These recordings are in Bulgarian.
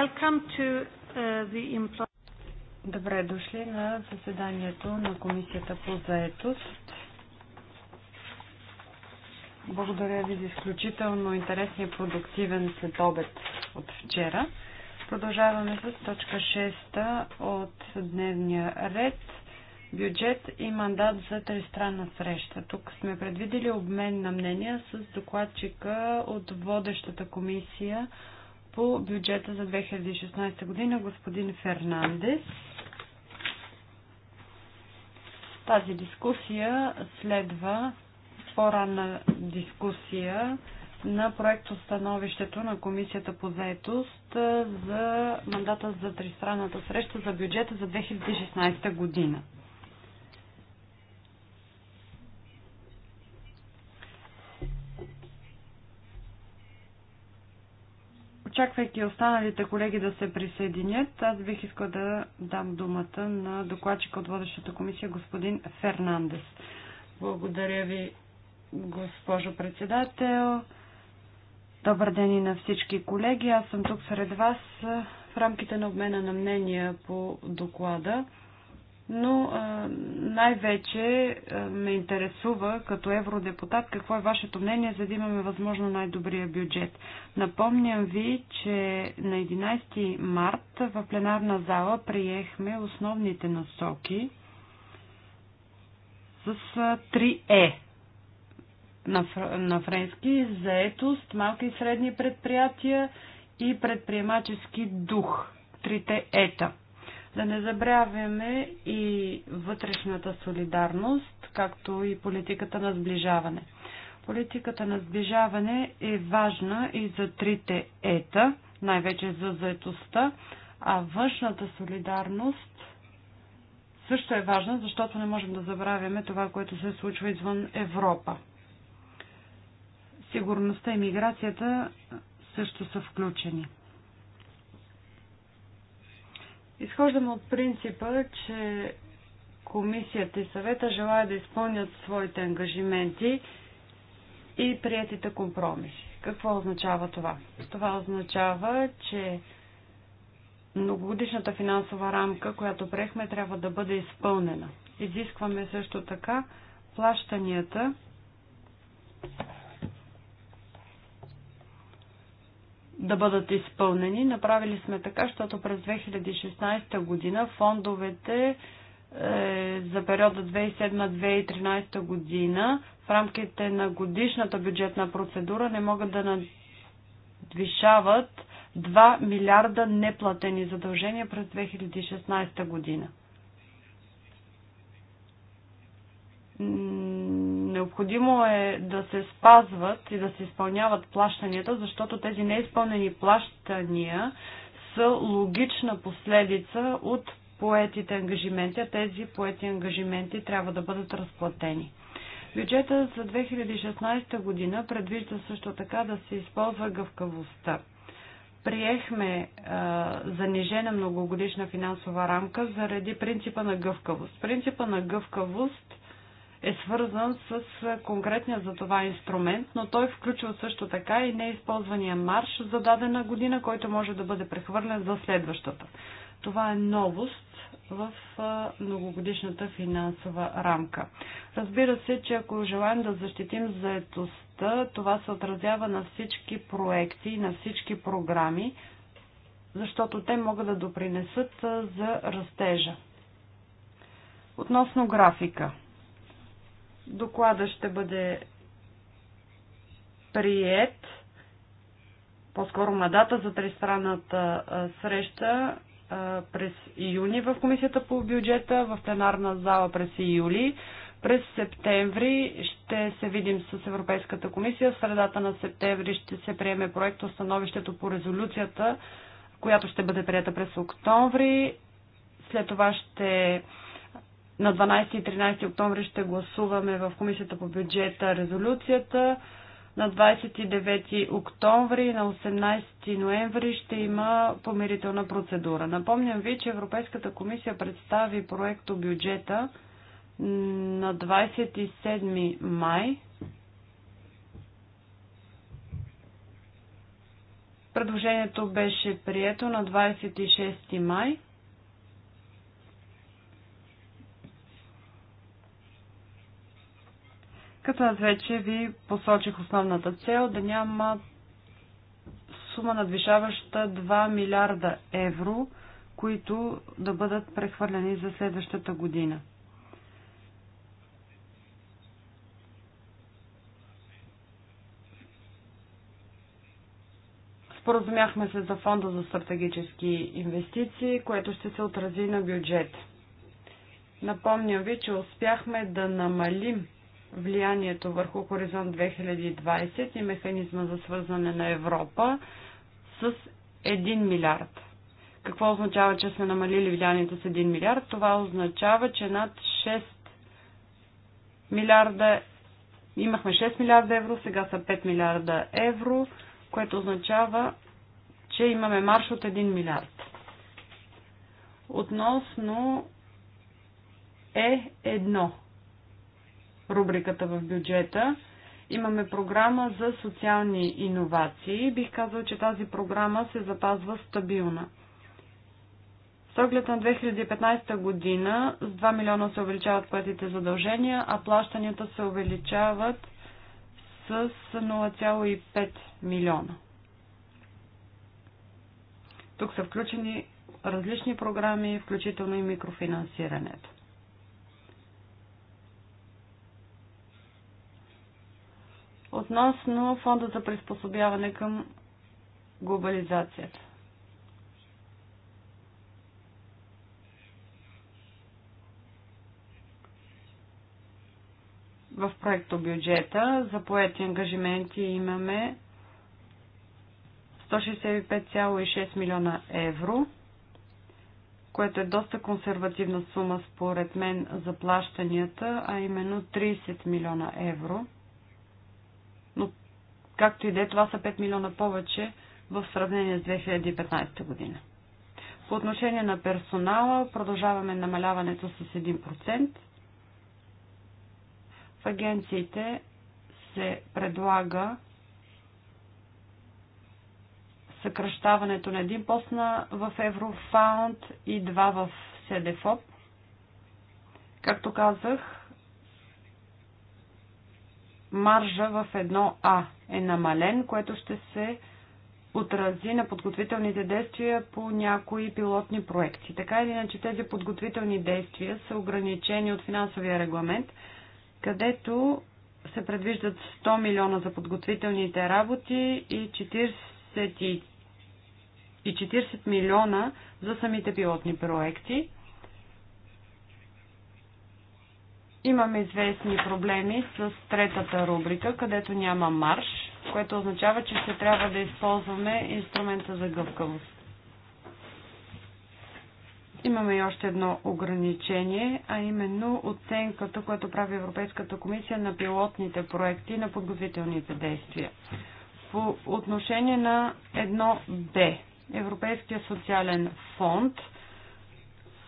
Welcome to uh, the Добре дошли на заседанието на Комисията по заетост. Благодаря ви за изключително интересния продуктивен следобед от вчера. Продължаваме с точка 6 от дневния ред бюджет и мандат за тристранна среща. Тук сме предвидели обмен на мнения с докладчика от водещата комисия по бюджета за 2016 година господин Фернандес. Тази дискусия следва по-ранна дискусия на проектостановището на Комисията по заетост за мандата за тристранната среща за бюджета за 2016 година. Очаквайки останалите колеги да се присъединят, аз бих искал да дам думата на докладчика от водещата комисия господин Фернандес. Благодаря ви, госпожо председател. Добър ден и на всички колеги. Аз съм тук сред вас в рамките на обмена на мнения по доклада но най-вече ме интересува като евродепутат какво е вашето мнение, за да имаме възможно най-добрия бюджет. Напомням ви, че на 11 март в пленарна зала приехме основните насоки с 3Е на, на френски заетост, малки и средни предприятия и предприемачески дух. Трите ета – да не забравяме и вътрешната солидарност, както и политиката на сближаване. Политиката на сближаване е важна и за трите ета, най-вече за заетостта, а външната солидарност също е важна, защото не можем да забравяме това, което се случва извън Европа. Сигурността и миграцията също са включени. Изхождаме от принципа, че комисията и съвета желаят да изпълнят своите ангажименти и приятите компромиси. Какво означава това? Това означава, че многогодишната финансова рамка, която прехме, трябва да бъде изпълнена. Изискваме също така плащанията да бъдат изпълнени. Направили сме така, защото през 2016 година фондовете е, за периода 2007-2013 година в рамките на годишната бюджетна процедура не могат да надвишават 2 милиарда неплатени задължения през 2016 година Необходимо е да се спазват и да се изпълняват плащанията, защото тези неизпълнени плащания са логична последица от поетите ангажименти, а тези поети ангажименти трябва да бъдат разплатени. Бюджета за 2016 година предвижда също така да се използва гъвкавостта. Приехме а, занижена многогодишна финансова рамка заради принципа на гъвкавост. Принципа на гъвкавост е свързан с конкретния за това инструмент, но той включва също така и неизползвания марш за дадена година, който може да бъде прехвърлен за следващата. Това е новост в многогодишната финансова рамка. Разбира се, че ако желаем да защитим заетостта, това се отразява на всички проекти, на всички програми, защото те могат да допринесат за растежа. Относно графика. Доклада ще бъде прият по-скоро на дата за тристранната среща през юни в Комисията по бюджета, в пленарна зала през юли. През септември ще се видим с Европейската комисия. В средата на септември ще се приеме проект становището по резолюцията, която ще бъде прията през октомври. След това ще на 12 и 13 октомври ще гласуваме в Комисията по бюджета резолюцията. На 29 октомври и на 18 ноември ще има помирителна процедура. Напомням ви, че Европейската комисия представи проекто бюджета на 27 май. Предложението беше прието на 26 май. Като аз вече ви посочих основната цел да няма сума надвишаваща 2 милиарда евро, които да бъдат прехвърлени за следващата година. Споразумяхме се за фонда за стратегически инвестиции, което ще се отрази на бюджет. Напомням ви, че успяхме да намалим влиянието върху Хоризонт 2020 и механизма за свързване на Европа с 1 милиард. Какво означава, че сме намалили влиянието с 1 милиард? Това означава, че над 6 милиарда, имахме 6 милиарда евро, сега са 5 милиарда евро, което означава, че имаме марш от 1 милиард. Относно е едно рубриката в бюджета. Имаме програма за социални иновации. Бих казал, че тази програма се запазва стабилна. С оглед на 2015 година с 2 милиона се увеличават платите задължения, а плащанията се увеличават с 0,5 милиона. Тук са включени различни програми, включително и микрофинансирането. относно фонда за приспособяване към глобализацията. В проекто бюджета за поети ангажименти имаме 165,6 милиона евро, което е доста консервативна сума според мен за плащанията, а именно 30 милиона евро – но както и е, това са 5 милиона повече в сравнение с 2015 година. По отношение на персонала продължаваме намаляването с 1%. В агенциите се предлага съкръщаването на един пост на, в Еврофаунд и два в СДФОП. Както казах, маржа в 1А е намален, което ще се отрази на подготвителните действия по някои пилотни проекти. Така или иначе тези подготвителни действия са ограничени от финансовия регламент, където се предвиждат 100 милиона за подготвителните работи и 40, и 40 милиона за самите пилотни проекти. Имаме известни проблеми с третата рубрика, където няма марш, което означава, че ще трябва да използваме инструмента за гъвкавост. Имаме и още едно ограничение, а именно оценката, която прави Европейската комисия на пилотните проекти на подготвителните действия. По отношение на едно Б, Европейския социален фонд –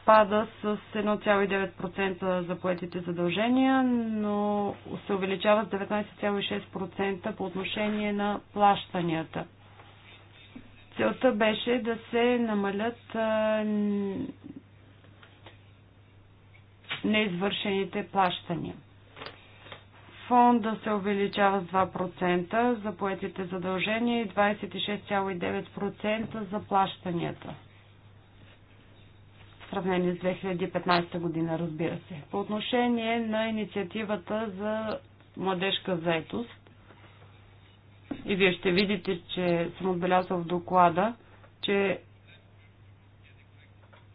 пада с 1,9% за поетите задължения, но се увеличава с 19,6% по отношение на плащанията. Целта беше да се намалят неизвършените плащания. Фонда се увеличава с 2% за поетите задължения и 26,9% за плащанията в сравнение с 2015 година, разбира се. По отношение на инициативата за младежка заетост, и вие ще видите, че съм отбелязал в доклада, че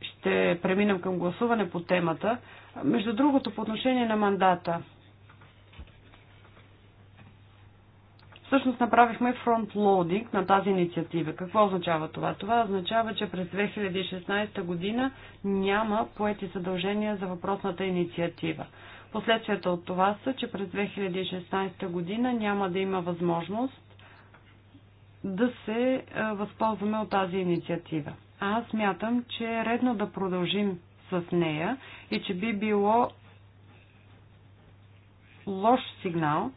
ще преминем към гласуване по темата. Между другото, по отношение на мандата, Всъщност направихме фронтлоудинг на тази инициатива. Какво означава това? Това означава, че през 2016 година няма поети задължения за въпросната инициатива. Последствията от това са, че през 2016 година няма да има възможност да се е, възползваме от тази инициатива. аз мятам, че е редно да продължим с нея и че би било лош сигнал,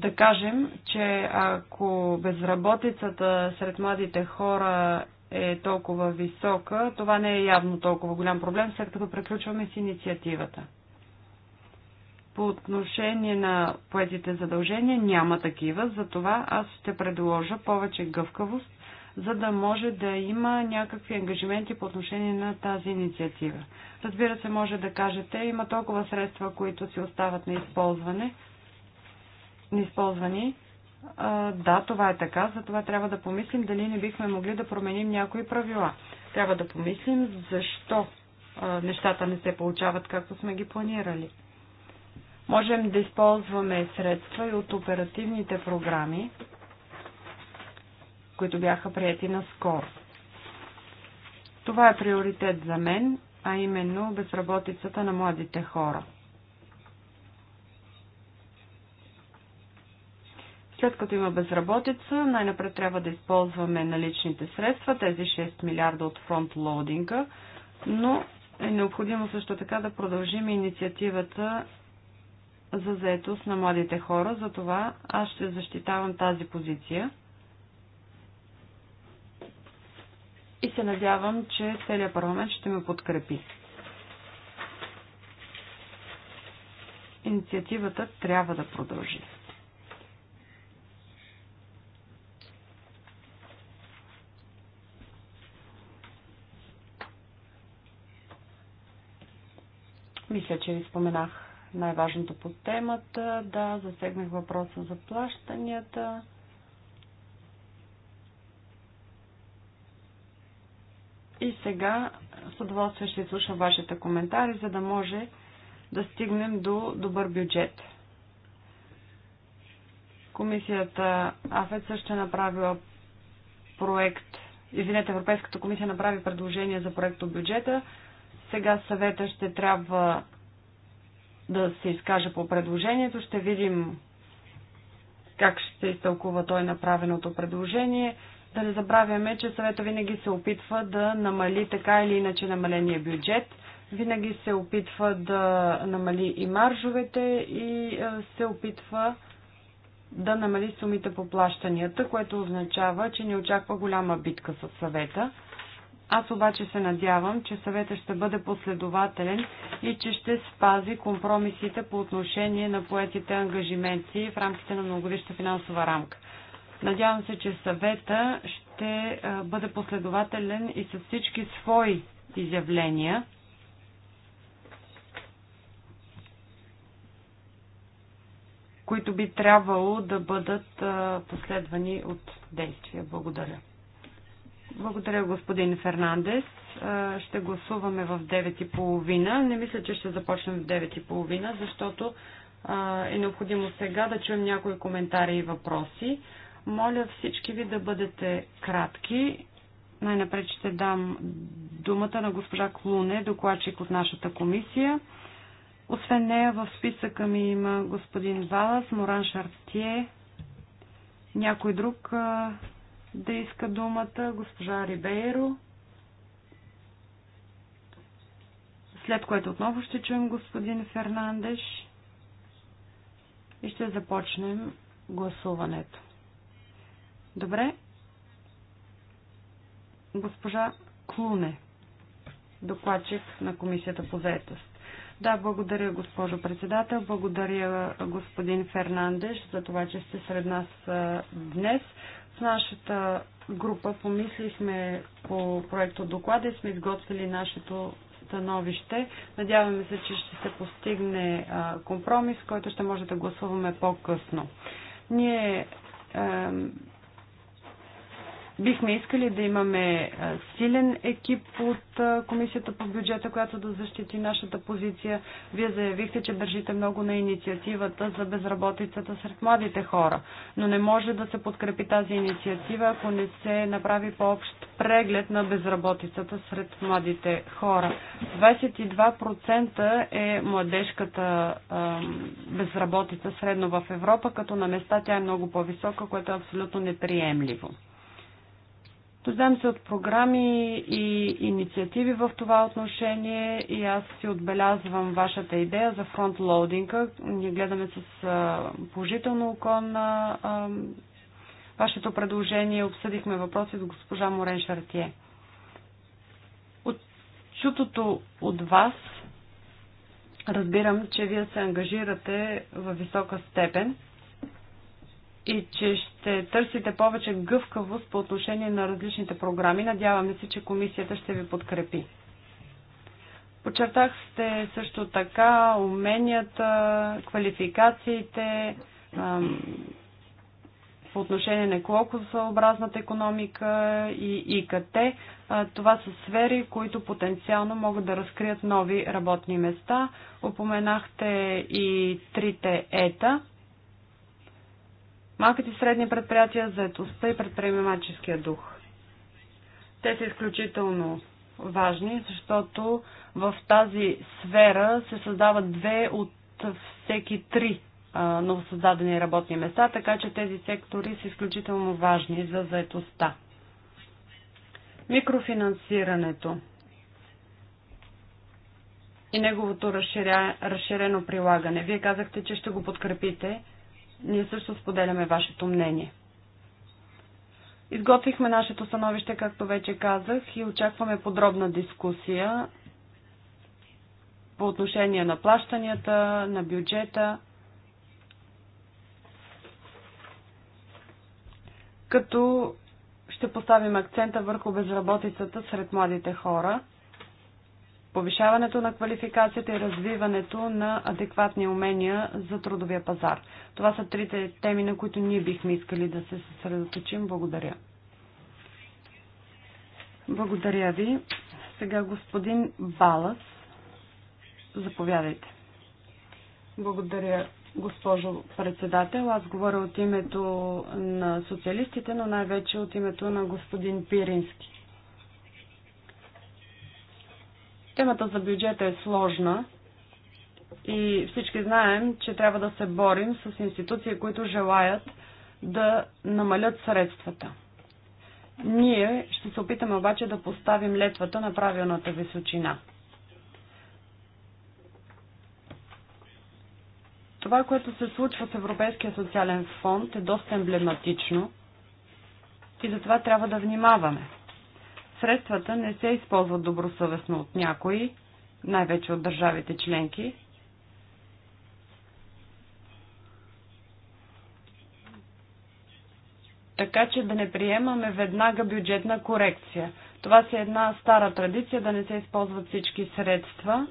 да кажем, че ако безработицата сред младите хора е толкова висока, това не е явно толкова голям проблем, след като приключваме с инициативата. По отношение на поетите задължения няма такива, затова аз ще предложа повече гъвкавост, за да може да има някакви ангажименти по отношение на тази инициатива. Разбира се, може да кажете, има толкова средства, които си остават на използване, използвани. Да, това е така, затова трябва да помислим дали не бихме могли да променим някои правила. Трябва да помислим защо нещата не се получават както сме ги планирали. Можем да използваме средства и от оперативните програми, които бяха прияти наскоро. Това е приоритет за мен, а именно безработицата на младите хора. След като има безработица, най-напред трябва да използваме наличните средства, тези 6 милиарда от фронтлоудинга, но е необходимо също така да продължим инициативата за заетост на младите хора. Затова аз ще защитавам тази позиция. И се надявам, че целият парламент ще ме подкрепи. Инициативата трябва да продължи. Мисля, че ви споменах най-важното по темата. Да, засегнах въпроса за плащанията. И сега с удоволствие ще слушам вашите коментари, за да може да стигнем до добър бюджет. Комисията АФЕД също е направила проект, извинете, Европейската комисия направи предложение за от бюджета. Сега съвета ще трябва да се изкаже по предложението. Ще видим как ще изтълкува той направеното предложение. Да не забравяме, че съвета винаги се опитва да намали така или иначе намаления бюджет. Винаги се опитва да намали и маржовете и е, се опитва да намали сумите по плащанията, което означава, че ни очаква голяма битка с съвета. Аз обаче се надявам, че съветът ще бъде последователен и че ще спази компромисите по отношение на поетите ангажименти в рамките на многовища финансова рамка. Надявам се, че съвета ще бъде последователен и с всички свои изявления. които би трябвало да бъдат последвани от действия. Благодаря. Благодаря, господин Фернандес. Ще гласуваме в 9.30. Не мисля, че ще започнем в 9.30, защото е необходимо сега да чуем някои коментари и въпроси. Моля всички ви да бъдете кратки. Най-напред ще дам думата на госпожа Клуне, докладчик от нашата комисия. Освен нея в списъка ми има господин Валас, Моран Шартие, някой друг да иска думата госпожа Рибейро. След което отново ще чуем господин Фернандеш и ще започнем гласуването. Добре? Госпожа Клуне, докладчик на Комисията по заетост. Да, благодаря, госпожо председател. Благодаря, господин Фернандеш, за това, че сте сред нас днес нашата група помислихме по проекто доклада и сме изготвили нашето становище. Надяваме се, че ще се постигне компромис, който ще може да гласуваме по-късно. Ние Бихме искали да имаме силен екип от Комисията по бюджета, която да защити нашата позиция. Вие заявихте, че държите много на инициативата за безработицата сред младите хора, но не може да се подкрепи тази инициатива, ако не се направи по-общ преглед на безработицата сред младите хора. 22% е младежката безработица средно в Европа, като на места тя е много по-висока, което е абсолютно неприемливо. Нуждаем се от програми и инициативи в това отношение и аз си отбелязвам вашата идея за фронтлоудинга. Ние гледаме с положително око на вашето предложение. Обсъдихме въпроси с госпожа Морен Шартие. От чутото от вас разбирам, че вие се ангажирате във висока степен – и че ще търсите повече гъвкавост по отношение на различните програми. Надяваме се, че комисията ще ви подкрепи. Почертах сте също така уменията, квалификациите по отношение на еколокосъобразната економика и ИКТ. Това са сфери, които потенциално могат да разкрият нови работни места. Опоменахте и трите ета – Малките и средни предприятия, заетостта и предприемаческия дух. Те са изключително важни, защото в тази сфера се създават две от всеки три новосъздадени работни места, така че тези сектори са изключително важни за заетостта. Микрофинансирането и неговото разширено прилагане. Вие казахте, че ще го подкрепите. Ние също споделяме вашето мнение. Изготвихме нашето становище, както вече казах, и очакваме подробна дискусия по отношение на плащанията, на бюджета. Като ще поставим акцента върху безработицата сред младите хора – повишаването на квалификацията и развиването на адекватни умения за трудовия пазар. Това са трите теми, на които ние бихме искали да се съсредоточим. Благодаря. Благодаря ви. Сега господин Балас, заповядайте. Благодаря, госпожо председател. Аз говоря от името на социалистите, но най-вече от името на господин Пирински. Темата за бюджета е сложна и всички знаем, че трябва да се борим с институции, които желаят да намалят средствата. Ние ще се опитаме обаче да поставим летвата на правилната височина. Това, което се случва с Европейския социален фонд е доста емблематично и затова трябва да внимаваме средствата не се използват добросъвестно от някои, най-вече от държавите членки. Така че да не приемаме веднага бюджетна корекция. Това си е една стара традиция да не се използват всички средства,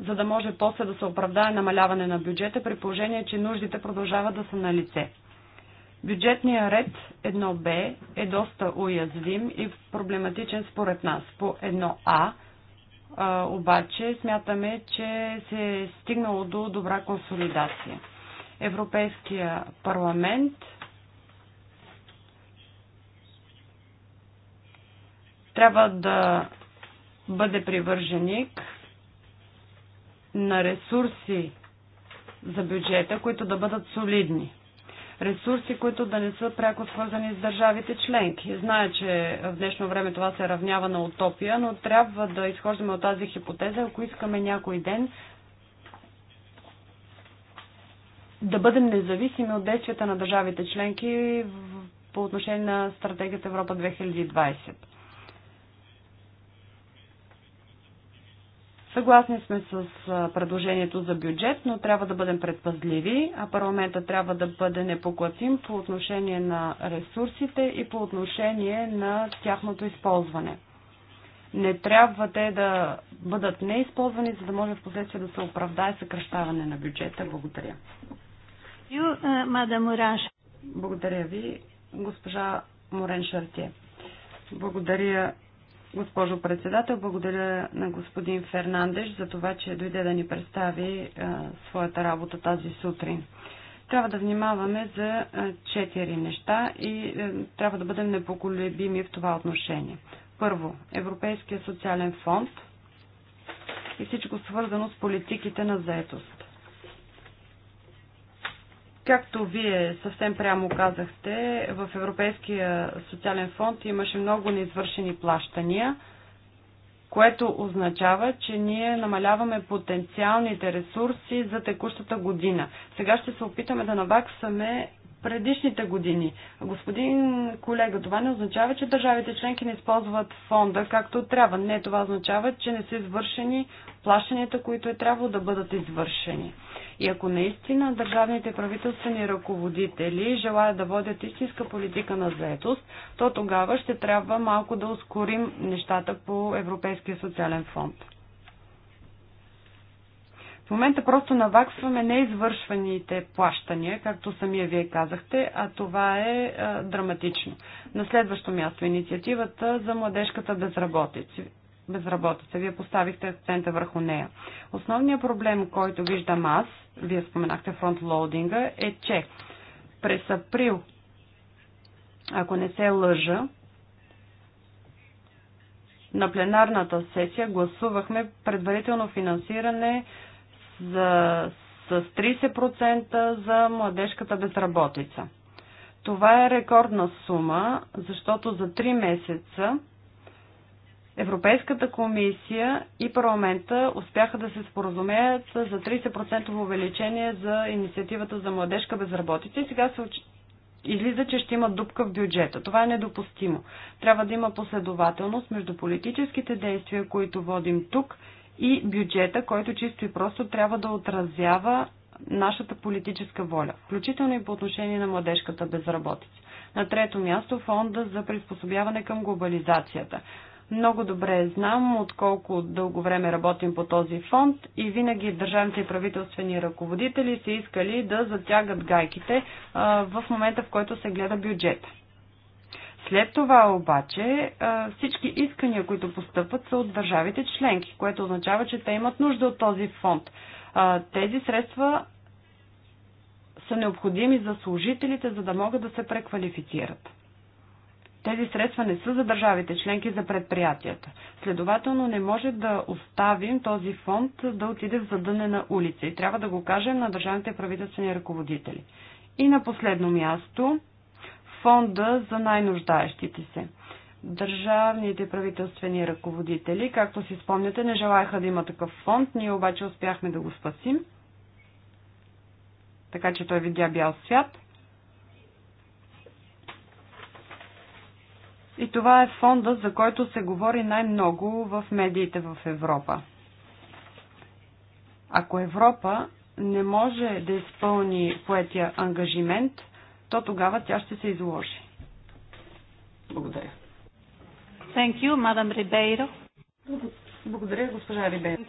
за да може после да се оправдае намаляване на бюджета при положение, че нуждите продължават да са на лице. Бюджетният ред 1Б е доста уязвим и проблематичен според нас. По 1А а, обаче смятаме, че се е стигнало до добра консолидация. Европейския парламент трябва да бъде привърженик на ресурси за бюджета, които да бъдат солидни ресурси, които да не са пряко свързани с държавите членки. Зная, че в днешно време това се равнява на утопия, но трябва да изхождаме от тази хипотеза, ако искаме някой ден да бъдем независими от действията на държавите членки по отношение на стратегията Европа 2020. Съгласни сме с предложението за бюджет, но трябва да бъдем предпазливи, а парламента трябва да бъде непоклатим по отношение на ресурсите и по отношение на тяхното използване. Не трябва те да бъдат неизползвани, за да може в последствие да се оправдае съкръщаване на бюджета. Благодаря. Е, Благодаря ви, госпожа Морен Шартие. Благодаря Госпожо председател, благодаря на господин Фернандеш за това, че дойде да ни представи а, своята работа тази сутрин. Трябва да внимаваме за а, четири неща и а, трябва да бъдем непоколебими в това отношение. Първо, Европейския социален фонд и всичко свързано с политиките на заетост. Както вие съвсем прямо казахте, в Европейския социален фонд имаше много неизвършени плащания, което означава, че ние намаляваме потенциалните ресурси за текущата година. Сега ще се опитаме да набаксаме предишните години. Господин колега, това не означава, че държавите членки не използват фонда както трябва. Не, това означава, че не са извършени плащанията, които е трябвало да бъдат извършени. И ако наистина държавните правителствени ръководители желаят да водят истинска политика на заетост, то тогава ще трябва малко да ускорим нещата по Европейския социален фонд. В момента просто наваксваме неизвършваните плащания, както самия вие казахте, а това е, е драматично. На следващо място инициативата за младежката безработица безработица. Вие поставихте акцента върху нея. Основният проблем, който виждам аз, вие споменахте фронтлоудинга, е, че през април, ако не се лъжа, на пленарната сесия гласувахме предварително финансиране за, с 30% за младежката безработица. Това е рекордна сума, защото за 3 месеца Европейската комисия и парламента успяха да се споразумеят за 30% увеличение за инициативата за младежка безработица и сега се излиза, че ще има дупка в бюджета. Това е недопустимо. Трябва да има последователност между политическите действия, които водим тук и бюджета, който чисто и просто трябва да отразява нашата политическа воля, включително и по отношение на младежката безработица. На трето място фонда за приспособяване към глобализацията. Много добре знам отколко дълго време работим по този фонд и винаги държавните и правителствени ръководители са искали да затягат гайките в момента, в който се гледа бюджета. След това обаче всички искания, които постъпват, са от държавите членки, което означава, че те имат нужда от този фонд. Тези средства са необходими за служителите, за да могат да се преквалифицират. Тези средства не са за държавите членки, за предприятията. Следователно не може да оставим този фонд да отиде в на улица и трябва да го кажем на държавните правителствени ръководители. И на последно място фонда за най-нуждаещите се. Държавните правителствени ръководители, както си спомняте, не желаяха да има такъв фонд, ние обаче успяхме да го спасим. Така че той видя бял свят. И това е фонда, за който се говори най-много в медиите в Европа. Ако Европа не може да изпълни поетия ангажимент, то тогава тя ще се изложи. Благодаря. Thank you, мадам Рибейро. Благодаря, госпожа Рибейро.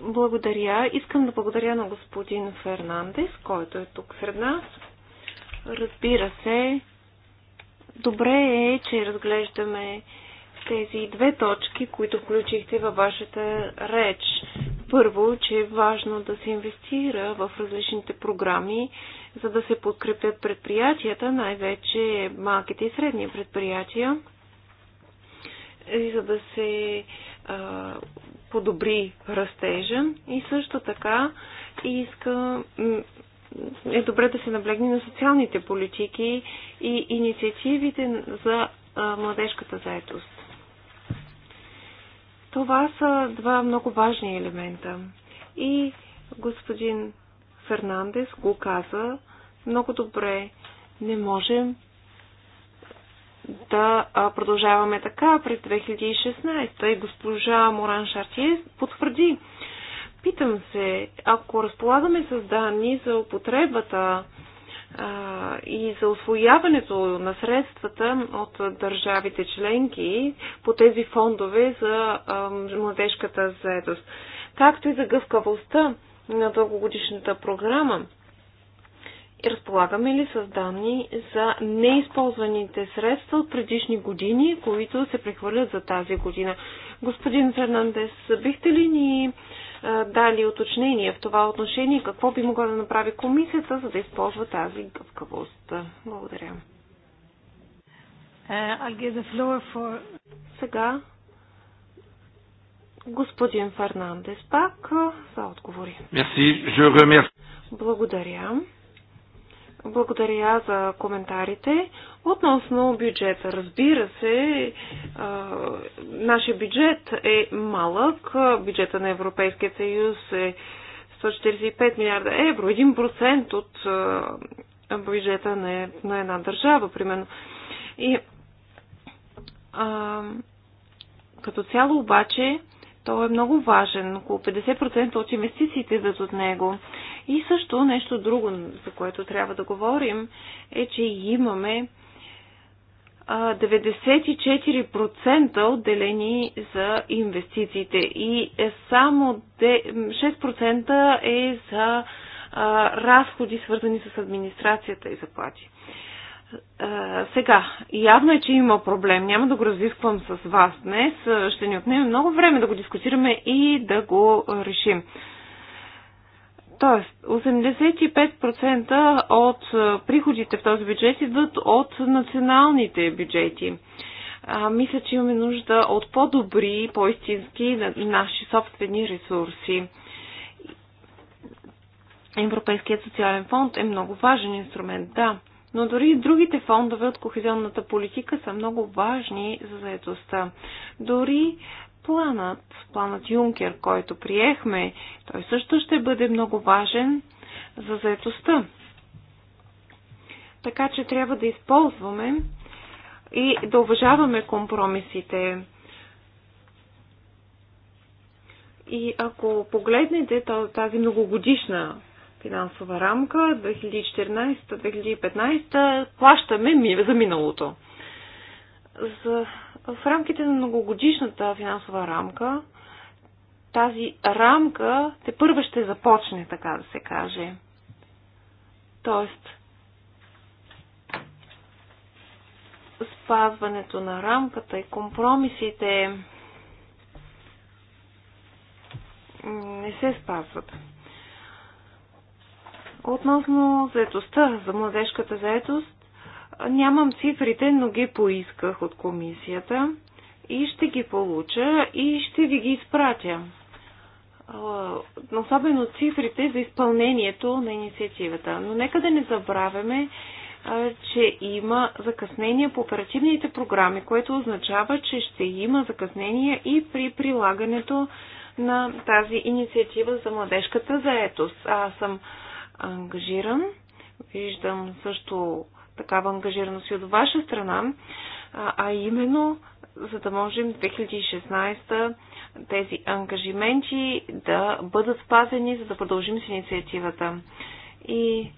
Благодаря. Искам да благодаря на господин Фернандес, който е тук сред нас. Разбира се, добре е, че разглеждаме тези две точки, които включихте във вашата реч. Първо, че е важно да се инвестира в различните програми, за да се подкрепят предприятията, най-вече малките и средни предприятия, и за да се а, подобри растежа. И също така искам е добре да се наблегне на социалните политики и инициативите за младежката заетост. Това са два много важни елемента. И господин Фернандес го каза много добре. Не можем да продължаваме така през 2016. И госпожа Моран Шартие потвърди, Питам се, ако разполагаме с данни за употребата а, и за освояването на средствата от държавите членки по тези фондове за а, младежката заедост, както и за гъвкавостта на дългогодишната програма, разполагаме ли с данни за неизползваните средства от предишни години, които се прехвърлят за тази година? Господин Фернандес, бихте ли ни дали уточнение в това отношение, какво би могла да направи комисията, за да използва тази гъвкавост. Благодаря. Uh, Сега господин Фернандес пак за отговори. Благодаря. Благодаря за коментарите. Относно бюджета, разбира се, нашия бюджет е малък. Бюджета на Европейския съюз е 145 милиарда евро, 1% от бюджета на, на една държава, примерно. И а, като цяло обаче той е много важен. Около 50% от инвестициите идват от него. И също нещо друго, за което трябва да говорим, е, че имаме 94% отделени за инвестициите и е, само 6% е за разходи, свързани с администрацията и заплати. Е, сега, явно е, че има проблем. Няма да го разисквам с вас днес. Е, ще ни отнеме много време да го дискутираме и да го решим. Тоест, 85% от е, приходите в този бюджет идват от националните бюджети. А, мисля, че имаме нужда от по-добри, по-истински наши собствени ресурси. Европейският социален фонд е много важен инструмент, да но дори и другите фондове от кохезионната политика са много важни за заедостта. Дори планът, планът Юнкер, който приехме, той също ще бъде много важен за заедостта. Така че трябва да използваме и да уважаваме компромисите. И ако погледнете тази многогодишна финансова рамка 2014-2015 плащаме за миналото. За, в рамките на многогодишната финансова рамка тази рамка те първа ще започне, така да се каже. Тоест, спазването на рамката и компромисите не се спазват. Относно заетостта, за младежката заетост, нямам цифрите, но ги поисках от комисията и ще ги получа и ще ви ги изпратя. Особено цифрите за изпълнението на инициативата. Но нека да не забравяме, че има закъснение по оперативните програми, което означава, че ще има закъснение и при прилагането на тази инициатива за младежката заетост. Аз съм ангажиран. Виждам също такава ангажираност и от ваша страна, а именно за да можем 2016 тези ангажименти да бъдат спазени, за да продължим с инициативата. И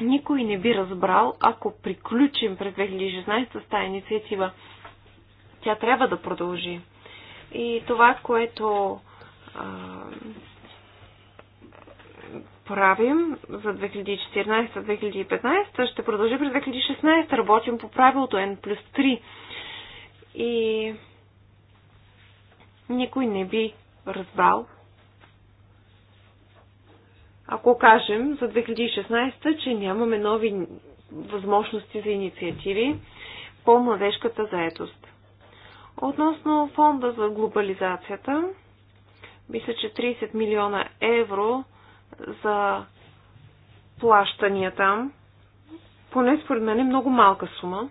никой не би разбрал, ако приключим през 2016 с тази инициатива. Тя трябва да продължи. И това, което а, правим за 2014-2015, ще продължи през 2016. Работим по правилото N плюс 3. И никой не би разбрал, ако кажем за 2016, че нямаме нови възможности за инициативи по младежката заетост. Относно фонда за глобализацията, мисля, че 30 милиона евро – за плащания там. Поне според мен е много малка сума.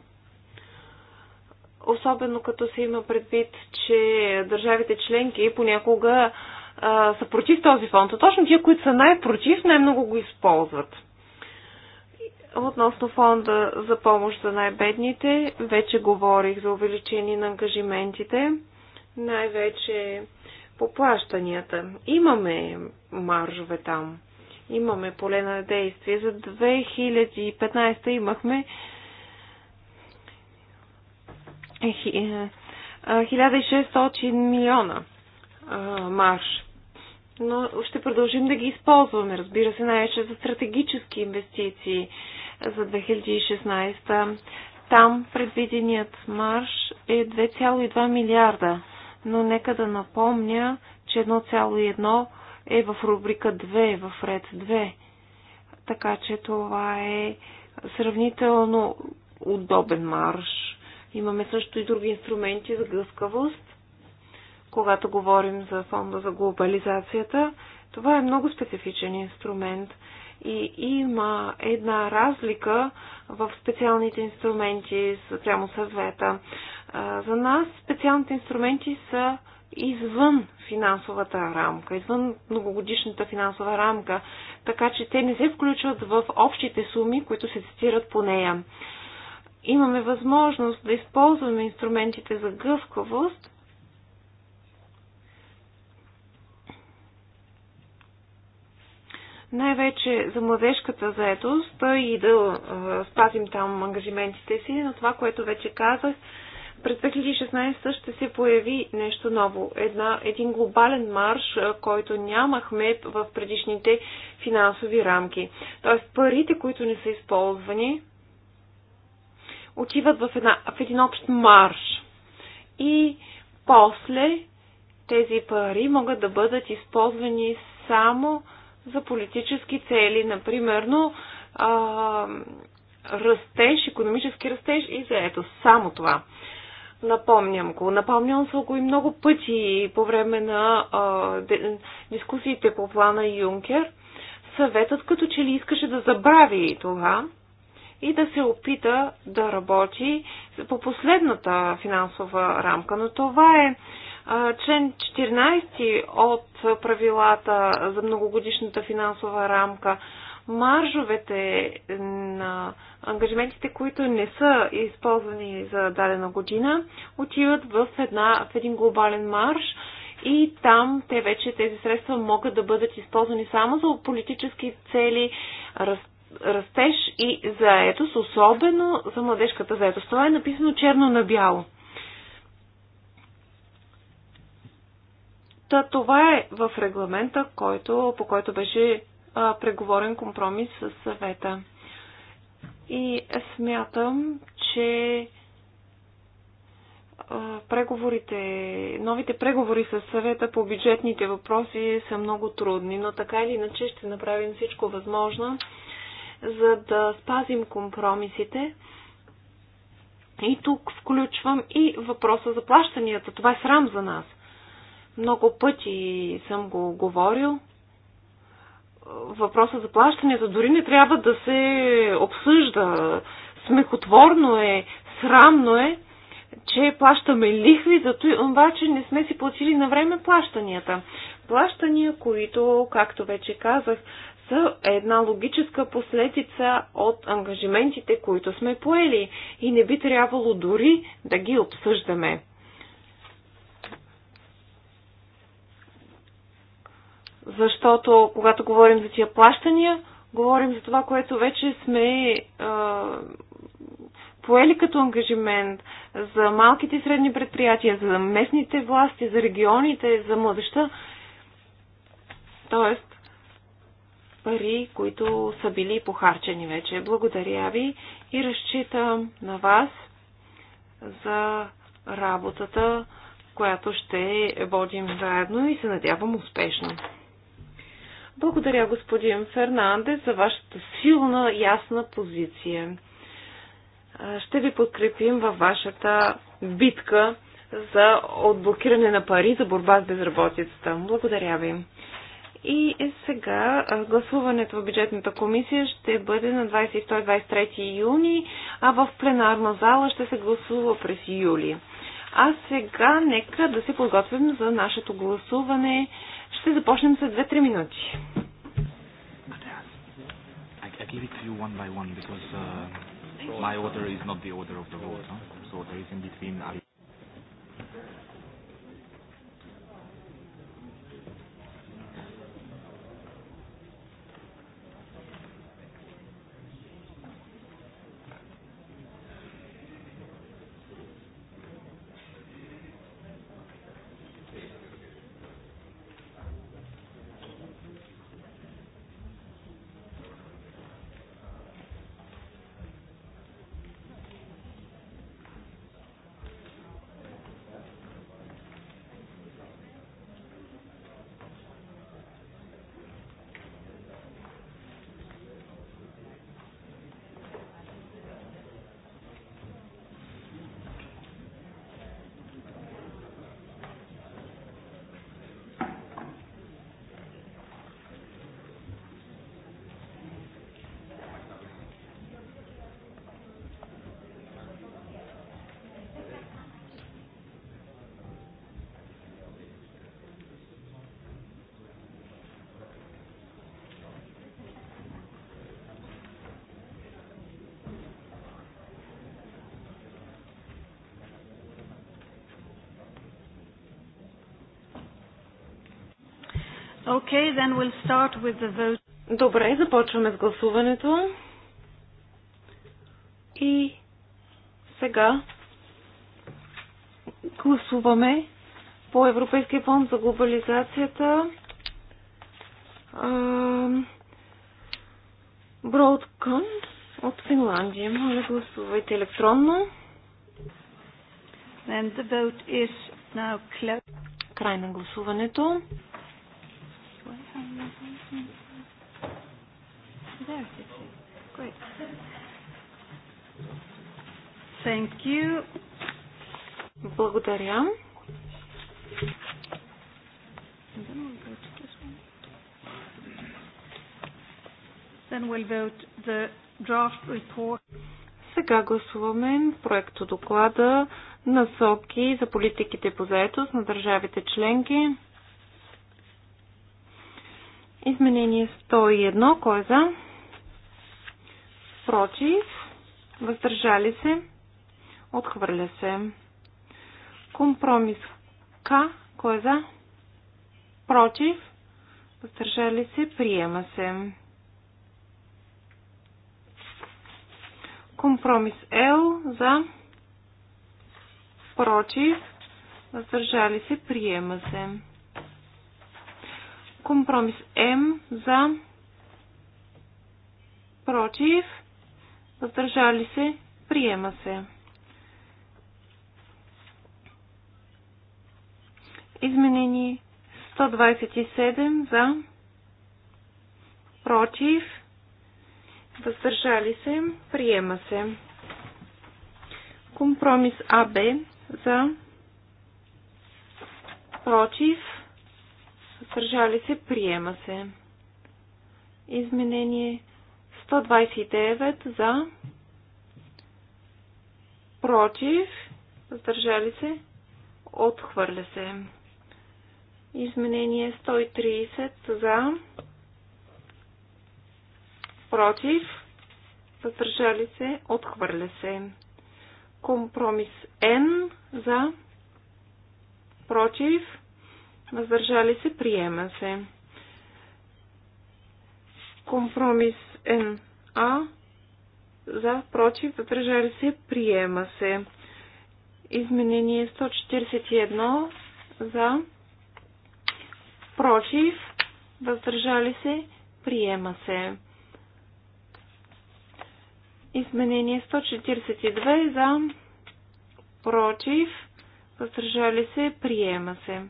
Особено като се има предвид, че държавите членки понякога а, са против този фонд. А точно тия, които са най-против, най-много го използват. Относно фонда за помощ за най-бедните, вече говорих за увеличение на ангажиментите, най-вече по плащанията. Имаме маржове там. Имаме поле на действие. За 2015 имахме 1600 е, е, милиона марш. Но ще продължим да ги използваме, разбира се, най-вече за стратегически инвестиции за 2016. Там предвиденият марш е 2,2 милиарда но нека да напомня, че 1,1 е в рубрика 2, в ред 2. Така че това е сравнително удобен марш. Имаме също и други инструменти за гъвкавост. Когато говорим за фонда за глобализацията, това е много специфичен инструмент и има една разлика в специалните инструменти спрямо съвета. За нас специалните инструменти са извън финансовата рамка, извън многогодишната финансова рамка, така че те не се включват в общите суми, които се цитират по нея. Имаме възможност да използваме инструментите за гъвкавост, най-вече за младежката заетост и да спазим там ангажиментите си, но това, което вече казах, през 2016 ще се появи нещо ново. Една, един глобален марш, който нямахме в предишните финансови рамки. Тоест парите, които не са използвани, отиват в, една, в един общ марш. И после тези пари могат да бъдат използвани само за политически цели, например, но, а, растеж, економически растеж и заето. Само това. Напомням го. Напомням се го и много пъти по време на а, дискусиите по плана Юнкер. Съветът като че ли искаше да забрави това и да се опита да работи по последната финансова рамка. Но това е а, член 14 от правилата за многогодишната финансова рамка. Маржовете на ангажиментите, които не са използвани за дадена година, отиват в, една, в един глобален марш и там те вече тези средства могат да бъдат използвани само за политически цели, растеж и заетост, особено за младежката заетост. Това е написано черно на бяло. Та това е в регламента, който, по който беше а, преговорен компромис с съвета. И смятам, че преговорите, новите преговори с съвета по бюджетните въпроси са много трудни, но така или иначе ще направим всичко възможно, за да спазим компромисите. И тук включвам и въпроса за плащанията. Това е срам за нас. Много пъти съм го говорил въпроса за плащанията дори не трябва да се обсъжда. Смехотворно е, срамно е, че плащаме лихви, зато обаче не сме си платили на време плащанията. Плащания, които, както вече казах, са една логическа последица от ангажиментите, които сме поели и не би трябвало дори да ги обсъждаме. защото когато говорим за тия плащания, говорим за това, което вече сме е, поели като ангажимент за малките и средни предприятия, за местните власти, за регионите, за младеща. Тоест, пари, които са били похарчени вече. Благодаря ви и разчитам на вас за работата, която ще водим заедно и се надявам успешно. Благодаря, господин Фернандес, за вашата силна, ясна позиция. Ще ви подкрепим във вашата битка за отблокиране на пари за борба с безработицата. Благодаря ви. И е сега гласуването в бюджетната комисия ще бъде на 22-23 юни, а в пленарна зала ще се гласува през юли. А сега нека да се подготвим за нашето гласуване ще започнем след 2-3 минути. I give it to you one by one because uh, my order is not the order of the vote, huh? so there is in between. Okay, then we'll start with the vote. Добре, започваме с гласуването. И сега гласуваме по Европейския фонд за глобализацията. Бродкън от Финландия. Моля, гласувайте електронно. And the vote is now closed. Край на гласуването. Thank you. Благодаря. Then we'll vote the draft report. Сега гласуваме проекто доклада насоки за политиките по заетост на държавите членки. Изменение 101. Кой е за? Против. Въздържали се. Отхвърля се. Компромис К. Кой е за? Против. Въздържали се. Приема се. Компромис Л. За. Против. Въздържали се. Приема се. Компромис М. За. Против. Въздържали се. Приема се. Изменение 127 за, против, въздържали се, приема се. Компромис АБ за, против, въздържали се, приема се. Изменение 129 за, против, въздържали се, отхвърля се. Изменение 130 за, против, въздържали се, отхвърля се. Компромис Н за, против, въздържали се, приема се. Компромис Н А за, против, въздържали се, приема се. Изменение 141 за, против, въздържали се, приема се. Изменение 142 за против, въздържали се, приема се.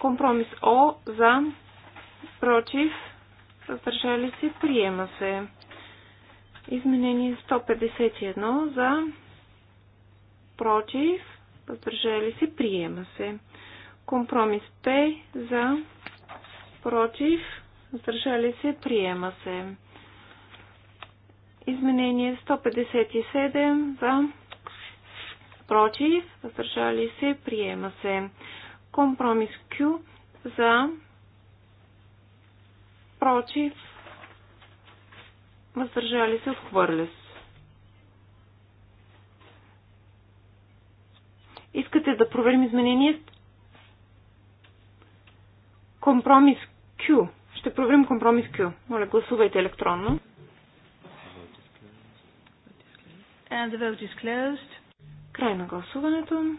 Компромис О за против, въздържали се, приема се. Изменение 151 за против, въздържали се, приема се. Компромис П за против, въздържали се, приема се. Изменение 157 за против, въздържали се, приема се. Компромис Q за против, въздържали се, отхвърля се. Искате да проверим изменение? Компромис ще проверим компромис Q. Моля, гласувайте електронно. And the vote is closed. Край на гласуването.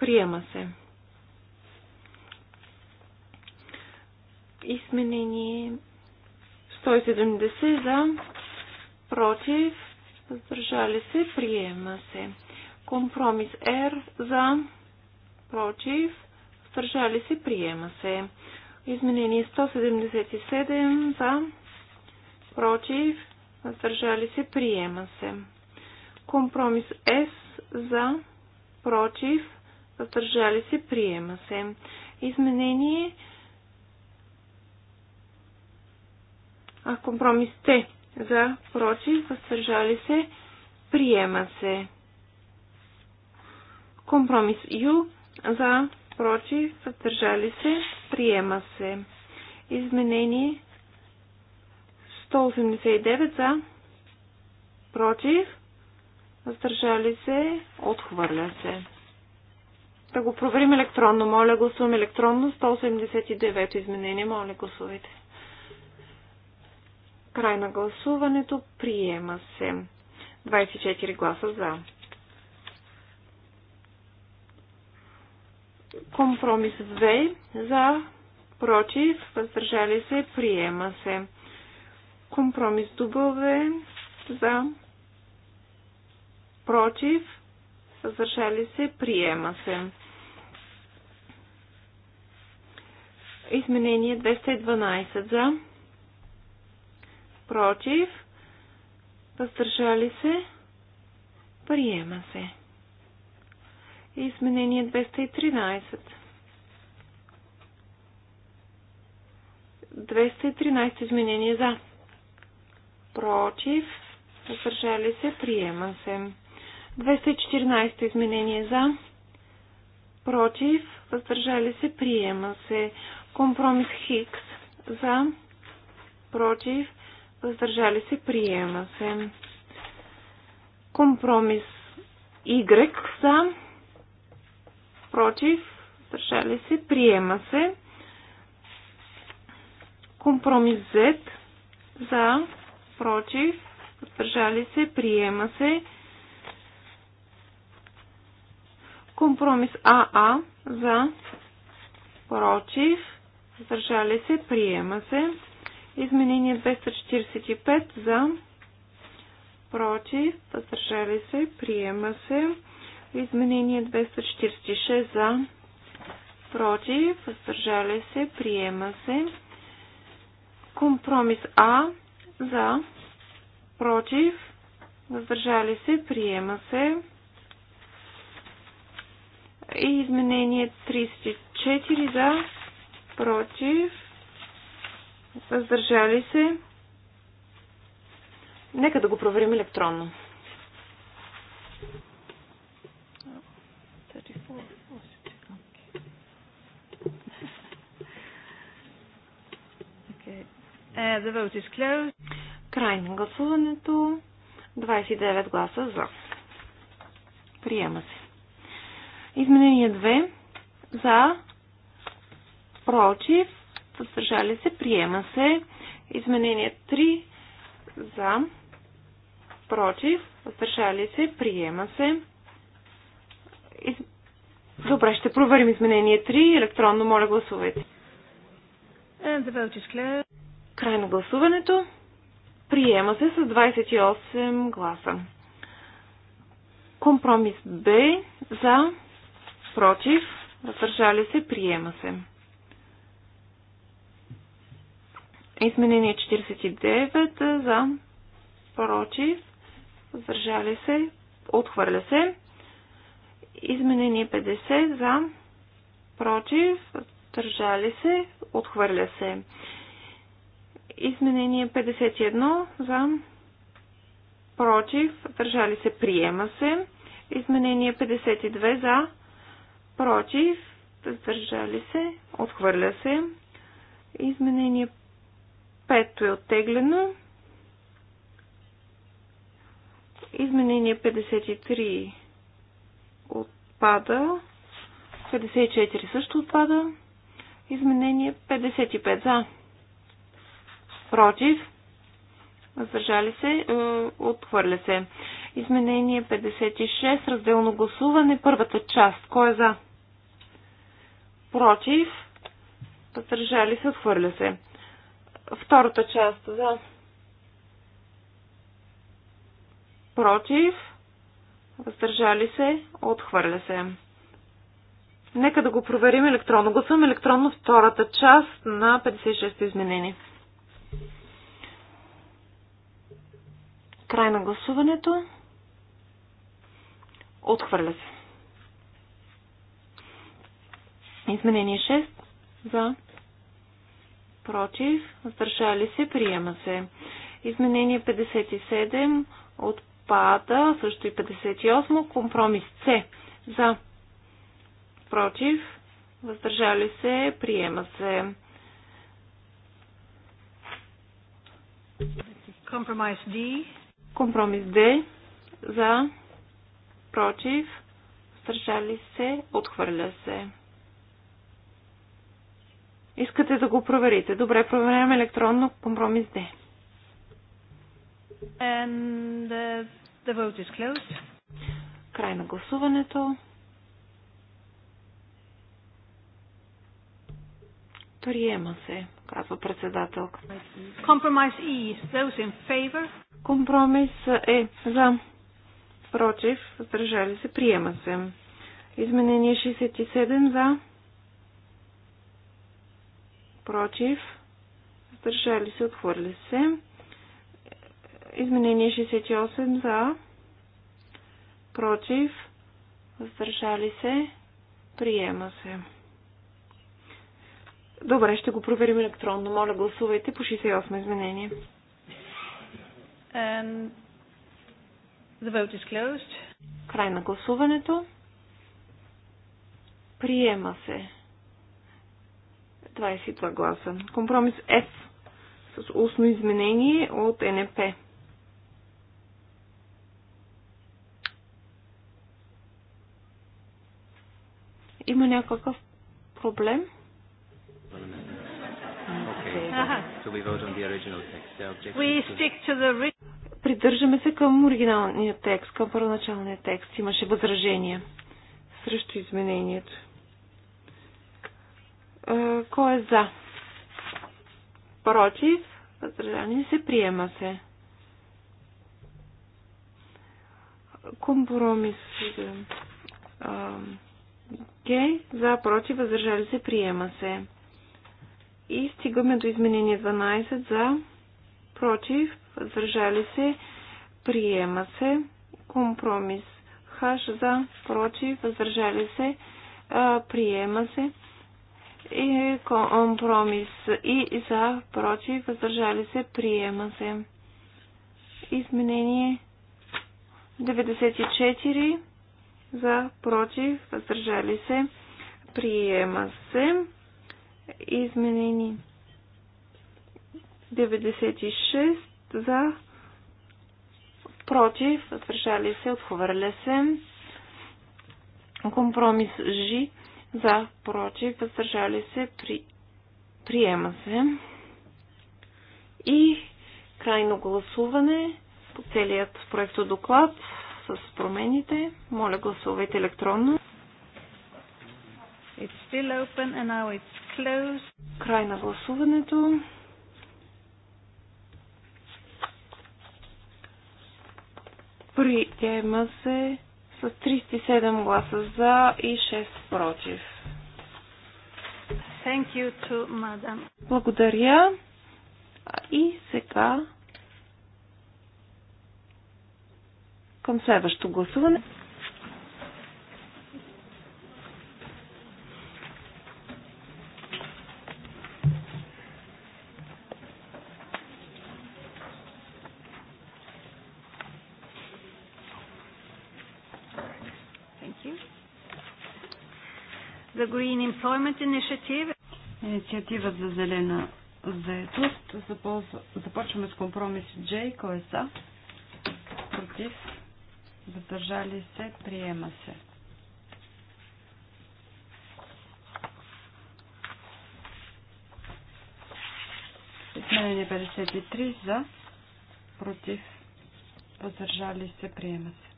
Приема се. Изменение 170 за против, въздържали се, приема се. Компромис R за против, въздържали се, приема се. Изменение 177 за, против, въздържали се, приема се. Компромис С за, против, въздържали се, приема се. Изменение а компромис Т за, против, въздържали се, приема се. Компромис Ю за, против, въздържали се, приема се. Изменение 189 за, против, въздържали се, отхвърля се. Да го проверим електронно. Моля, гласуваме електронно. 189 изменение. Моля, гласувайте. Край на гласуването. Приема се. 24 гласа за. Компромис 2 за, против, въздържали се, приема се. Компромис W за, против, въздържали се, приема се. Изменение 212 за, против, въздържали се, приема се и изменение 213. 213 изменение за. Против. Въздържали се. Приема се. 214 изменение за. Против. Въздържали се. Приема се. Компромис Хикс. За. Против. Въздържали се. Приема се. Компромис Y. За против, въздържали се, приема се. Компромис Z за, против, въздържали се, приема се. Компромис АА за, против, въздържали се, приема се. Изменение 245 за, против, въздържали се, приема се. Изменение 246 за, против, въздържали се, приема се. Компромис А за, против, въздържали се, приема се. И изменение 34 за, против, въздържали се. Нека да го проверим електронно. Е, the vote is closed. Край на гласуването. 29 гласа за. Приема се. Изменение 2. За. Против. Съдържали се. Приема се. Изменение 3. За. Против. Въздържали се. Приема се. Из... Добре, ще проверим изменение 3. Електронно, моля, гласувайте. And the vote is closed. Край на гласуването. Приема се с 28 гласа. Компромис Б за, против, въздържали се, приема се. Изменение 49 за, против, въздържали се, отхвърля се. Изменение 50 за, против, въздържали се, отхвърля се. Изменение 51 за против, държали се, приема се. Изменение 52 за против, държали се, отхвърля се. Изменение 5 е оттеглено. Изменение 53 отпада. 54 също отпада. Изменение 55 за против, въздържали се, отхвърля се. Изменение 56, разделно гласуване, първата част. Кой е за? Против, въздържали се, отхвърля се. Втората част за. Против, въздържали се, отхвърля се. Нека да го проверим електронно. Гласувам електронно втората част на 56-то изменение. Край на гласуването. Отхвърля се. Изменение 6. За. Против. Въздържали се. Приема се. Изменение 57. Отпада. Също и 58. Компромис С. За. Против. Въздържали се. Приема се. Компромис Д. Компромис Д. За. Против. Стържали се. Отхвърля се. Искате да го проверите. Добре, проверяваме електронно компромис Д. And the, the vote is closed. Край на гласуването. Приема се, казва председателка. Компромис е. Those in favor. Компромис е за. Против. Въздържали се. Приема се. Изменение 67 за. Против. Въздържали се. Отхвърли се. Изменение 68 за. Против. Въздържали се. Приема се. Добре, ще го проверим електронно. Моля, гласувайте по 68 изменение. And Край на гласуването. Приема се. 22 гласа. Компромис F с устно изменение от НП. Има някакъв проблем? Придържаме се към оригиналния текст, към първоначалния текст. Имаше възражения срещу изменението. Кой е за? Против? Въздържание се приема се. Компромис. okay. за, против, въздържали се, приема се. И стигаме до изменение 12 за, против, въздържали се, приема се, компромис хаш за, против, въздържали се, приема се и компромис и за, против, въздържали се, приема се. Изменение 94 за, против, въздържали се, приема се. Изменени 96 за против, въздържали се, отхвърля се. Компромис Ж за против, въздържали се, при... приема се. И крайно гласуване по целият проекто доклад с промените. Моля гласувайте електронно. It's still open and now it's closed. Край на гласуването. Приема се с 37 гласа за и 6 против. Thank you to madam. Благодаря. И сега към следващото гласуване. the Green Employment Initiative. Инициатива за зелена заетост. Започваме с компромис J. Кой е за? Против? Задържали се? Приема се. Изменение 53 за, против, Задържали се, приема се.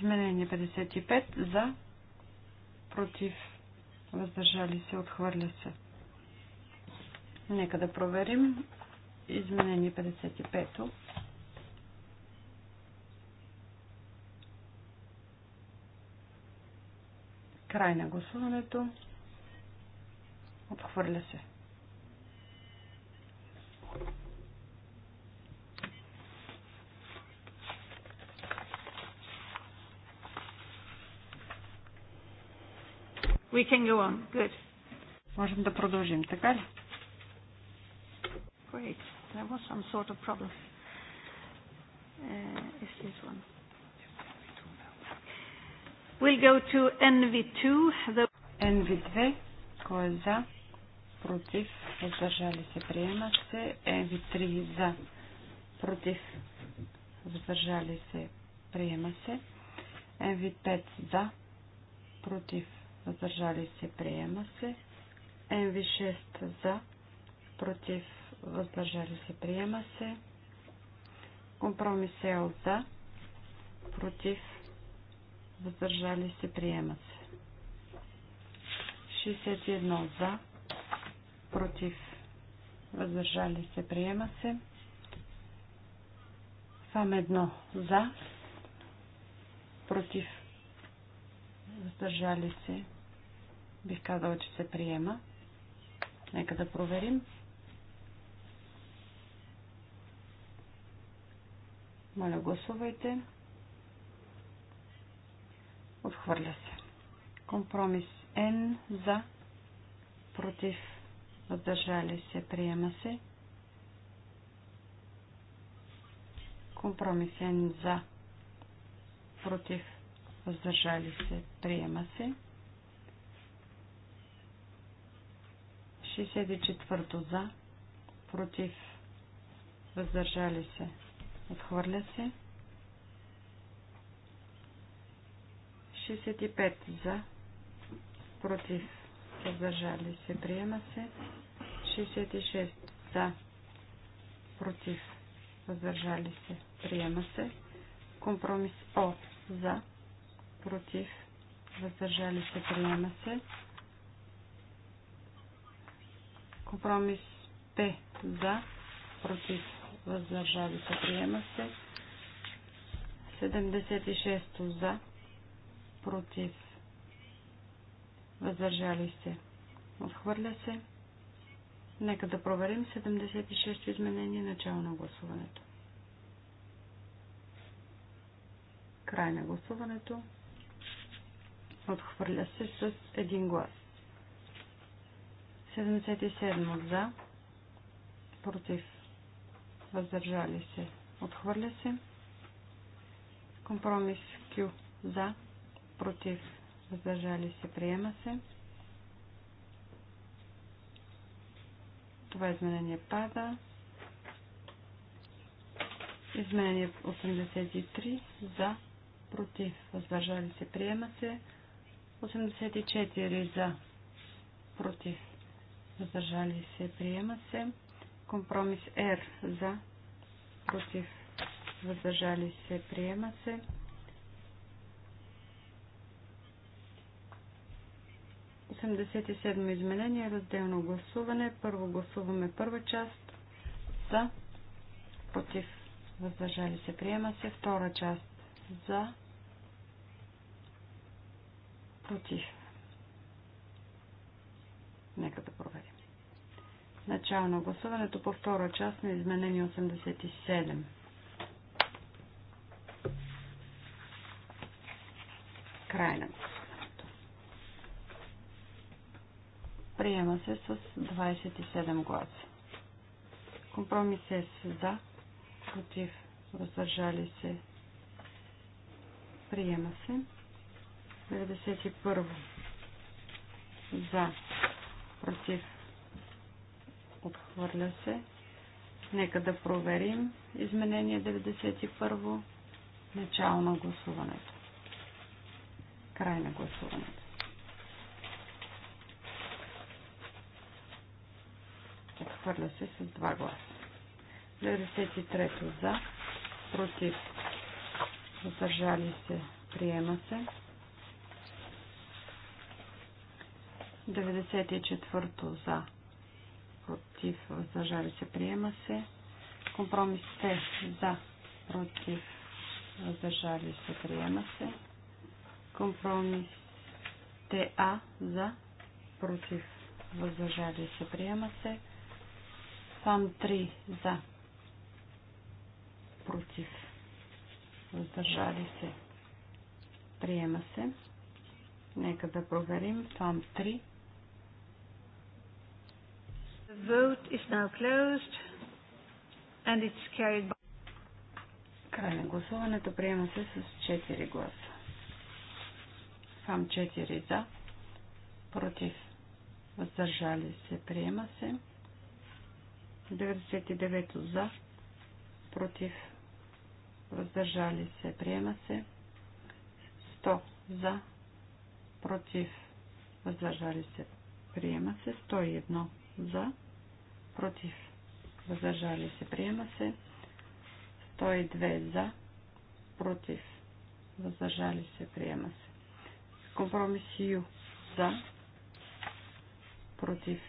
Изменение 55 за, против, въздържали се, отхвърля се. Нека да проверим. Изменение 55 Край на гласуването. Отхвърля се. We can go on. Good. Можем да продължим, така ли? Great. There was some sort of problem. Uh, is this one? We'll go to NV2. The... NV2. Кой е за? Против. Въздържали се. Приема се. NV3 за. Против. Въздържали се. Приема се. NV5 за. Против въздържали се, приема се. МВ6 за, против, въздържали се, приема се. Компромис L за, против, въздържали се, приема се. 61 за, против, въздържали се, приема се. ФАМ 1 за, против, въздържали се, Бих казала, че се приема. Нека да проверим. Моля, гласувайте. Отхвърля се. Компромис Н за, против, въздържали се, приема се. Компромис Н за, против, въздържали се, приема се. 64 за, против, въздържали се, отхвърля се. 65 за, против, въздържали се, приема се. 66 за, против, въздържали се, приема се. Компромис О за, против, въздържали се, приема се. Компромис П за, против, въздържали се, приема се. 76 за, против, въздържали се, отхвърля се. Нека да проверим 76-то изменение начало на гласуването. Край на гласуването. Отхвърля се с един глас. 77 за, против, въздържали се, отхвърля се. Компромис Q за, против, въздържали се, приема се. Това изменение пада. Изменение 83 за, против, въздържали се, приема се. 84 за, против, въздържали се, приема се. Компромис R за, против, въздържали се, приема се. седмо изменение, разделно гласуване. Първо гласуваме първа част за, против, въздържали се, приема се. Втора част за, против. Нека Начало на гласуването по втора част на изменение 87. Край на гласуването. Приема се с 27 гласа. Компромис е с за, против, въздържали се. Приема се. 91. За, против, Отхвърля се. Нека да проверим изменение 91. Начало на гласуването. Край на гласуването. Отхвърля се с два гласа. 93 за, против, Задържали се, приема се. 94 за, против, въздържали се, приема се. Компромис С за, против, въздържали се, приема се. Компромис ТА за, против, въздържали се, приема се. САМ 3 за, против, въздържали се, приема се. Нека да проверим. ФАМ 3 The vote is now closed and it's carried by... Край на гласуването приема се с 4 гласа. Сам 4 за, против, въздържали се, приема се. 99 за, против, въздържали се, приема се. 100 за, против, въздържали се, приема се. 101 за, против, въздържали се, приема се. 102 за, против, въздържали се, приема се. Компромис Ю за, против,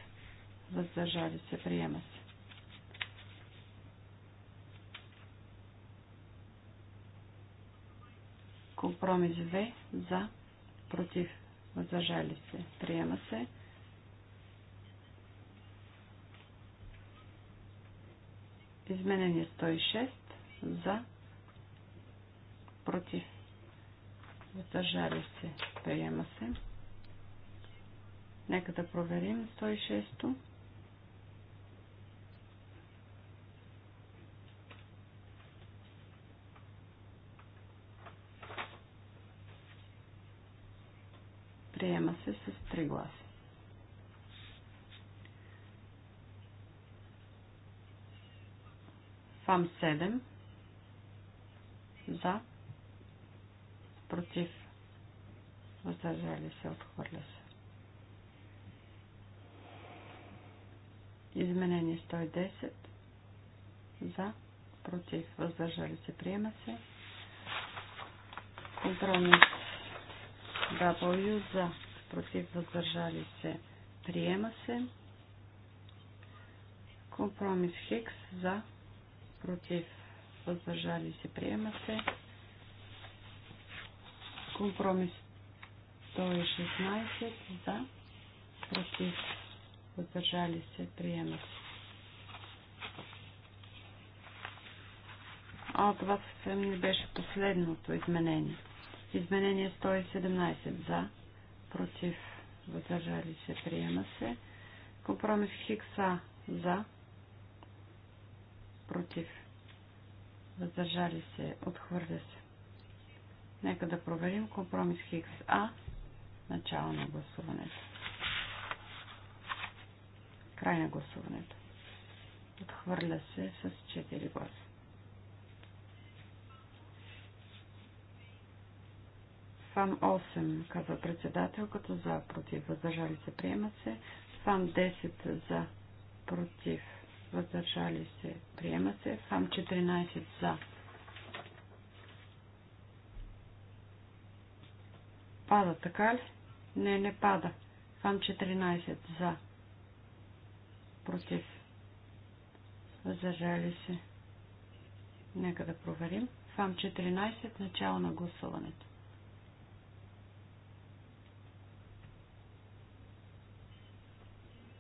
въздържали се, приема се. Компромис В за, против, въздържали се, приема се. Изменение 106 за против. Въздържали се. Приема се. Нека да проверим 106-то. Приема се с 3 гласа. ФАМ 7 за, против, въздържали се, отхвърля се. Изменение 110 за, против, въздържали се, приема се. Компромис W за, против, въздържали се, приема се. Компромис Хикс за, против, въздържали се, приема се. Компромис 116 за, против, въздържали се, приема се. А, това съвсем не беше последното изменение. Изменение 117 за, против, въздържали се, приема се. Компромис Хикса за, против, въздържали се, отхвърля се. Нека да проверим компромис ХИКС А, начало на гласуването. Край на гласуването. Отхвърля се с 4 гласа. ФАМ 8, казва председателката, за, против, въздържали се, приема се. ФАМ 10 за, против, въздържали се, приема се. Фам 14 за. Пада, така ли? Не, не пада. Фам 14 за. Против. Въздържали се. Нека да проверим. Фам 14, начало на гласуването.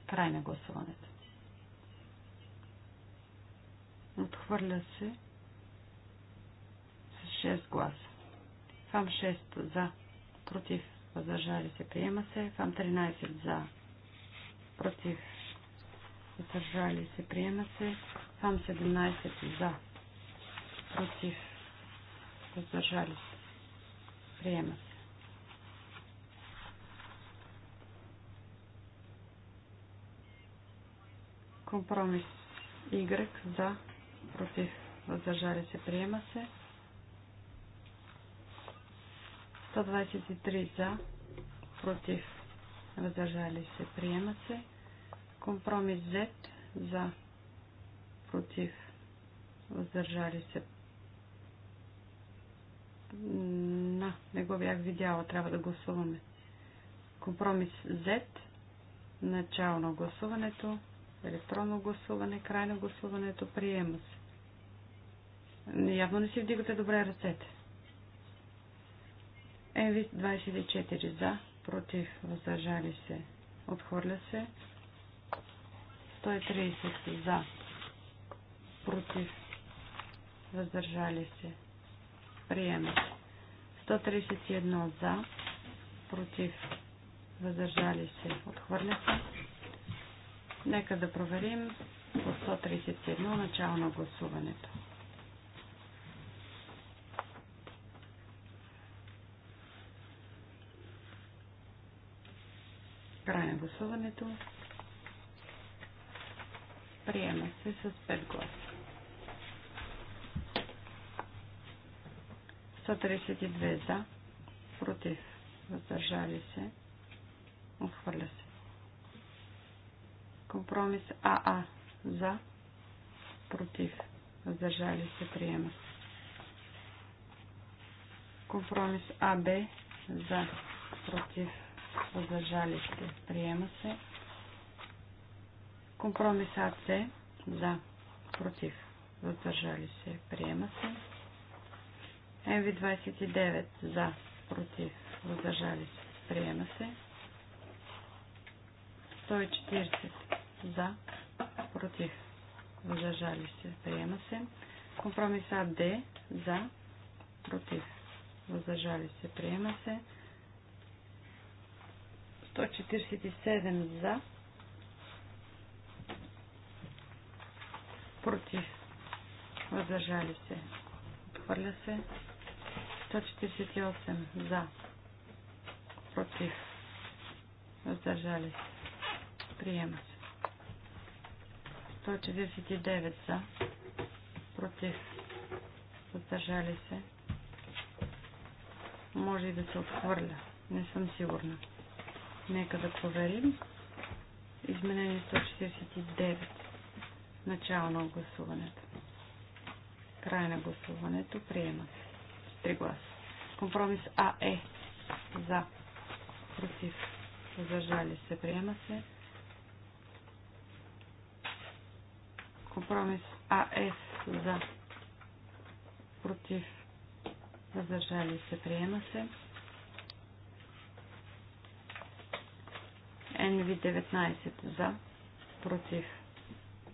Край на гласуването. Отхвърля се с 6 гласа. Фам 6 за. Против. Въздържали се. Приема се. Фам 13 за. Против. Въздържали се. Приема се. Фам 17 за. Против. Въздържали се. Приема се. Компромис Y за против, въздържали се, приема се. 123 за, против, въздържали се, приема се. Компромис Z за, против, въздържали се. На, не го бях видяла, трябва да гласуваме. Компромис Z, начало на гласуването, електронно гласуване, край на гласуването, приема се. Явно не си вдигате добре ръцете. Еви 24 за, против, въздържали се, отхвърля се. 130 за, против, въздържали се, приема се. 131 за, против, въздържали се, отхвърля се. Нека да проверим по 131 начало на гласуването. гласуването. Приема се с 5 гласа. 132 за, против, въздържали се, отхвърля се. Компромис АА за, против, въздържали се, приема се. Компромис АБ за, против, въздържали се, приема се. Компромис АЦ, за, против, въздържали се, приема се. МВ-29, за, против, въздържали се, приема се. 140, за, против, въздържали се, приема се. Компромис Д, за, против, въздържали се, приема се. 147 за. Против. Въздържали се. Отхвърля се. 148 за. Против. Въздържали се. Приема се. 149 за. Против. Въздържали се. Може и да се отхвърля. Не съм сигурна. 149. Нека да проверим. Изменение 149. Начало на гласуването. Край на гласуването. Приема се. Три гласа. Компромис А Е За. Против. Въздържали се. Приема се. Компромис А Е За. Против. зажали се. Приема се. ви 19 за, против,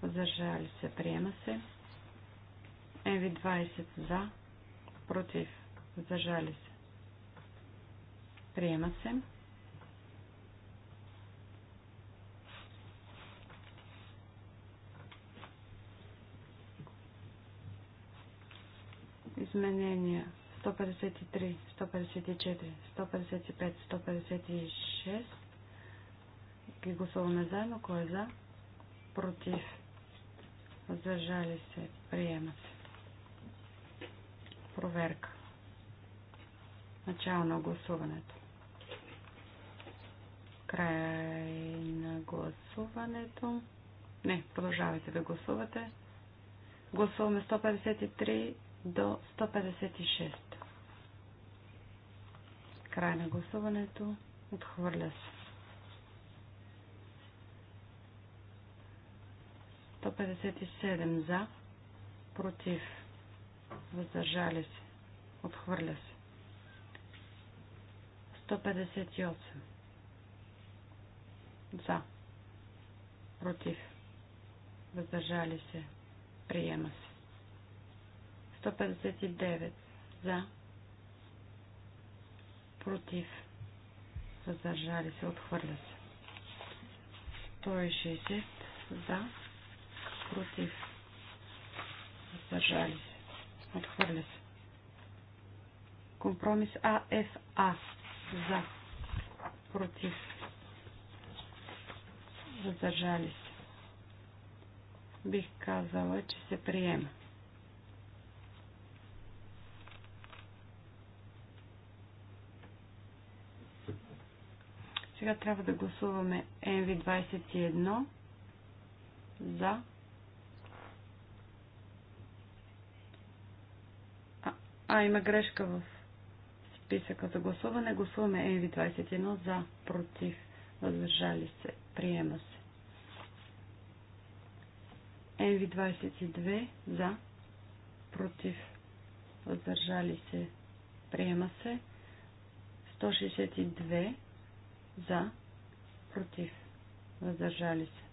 въздържали се, приема се. Енви 20 за, против, въздържали се, приема се. изменения 153, 154, 155, 156 ги гласуваме заедно. Кой е за? Против. Въздържали се. Приемат се. Проверка. Начало на гласуването. Край на гласуването. Не, продължавайте да гласувате. Гласуваме 153 до 156. Край на гласуването. Отхвърля се. 157 за, против, въздържали се, отхвърля се. 158 за, против, въздържали се, приема се. 159 за, против, въздържали се, отхвърля се. 160 за, против, въздържали се, отхвърля се. Компромис АФА за, против, въздържали се. Бих казала, че се приема. Сега трябва да гласуваме mv 21 за А, има грешка в списъка за гласуване. Гласуваме NV21 за, против, въздържали се, приема се. NV22 за, против, въздържали се, приема се. 162 за, против, въздържали се,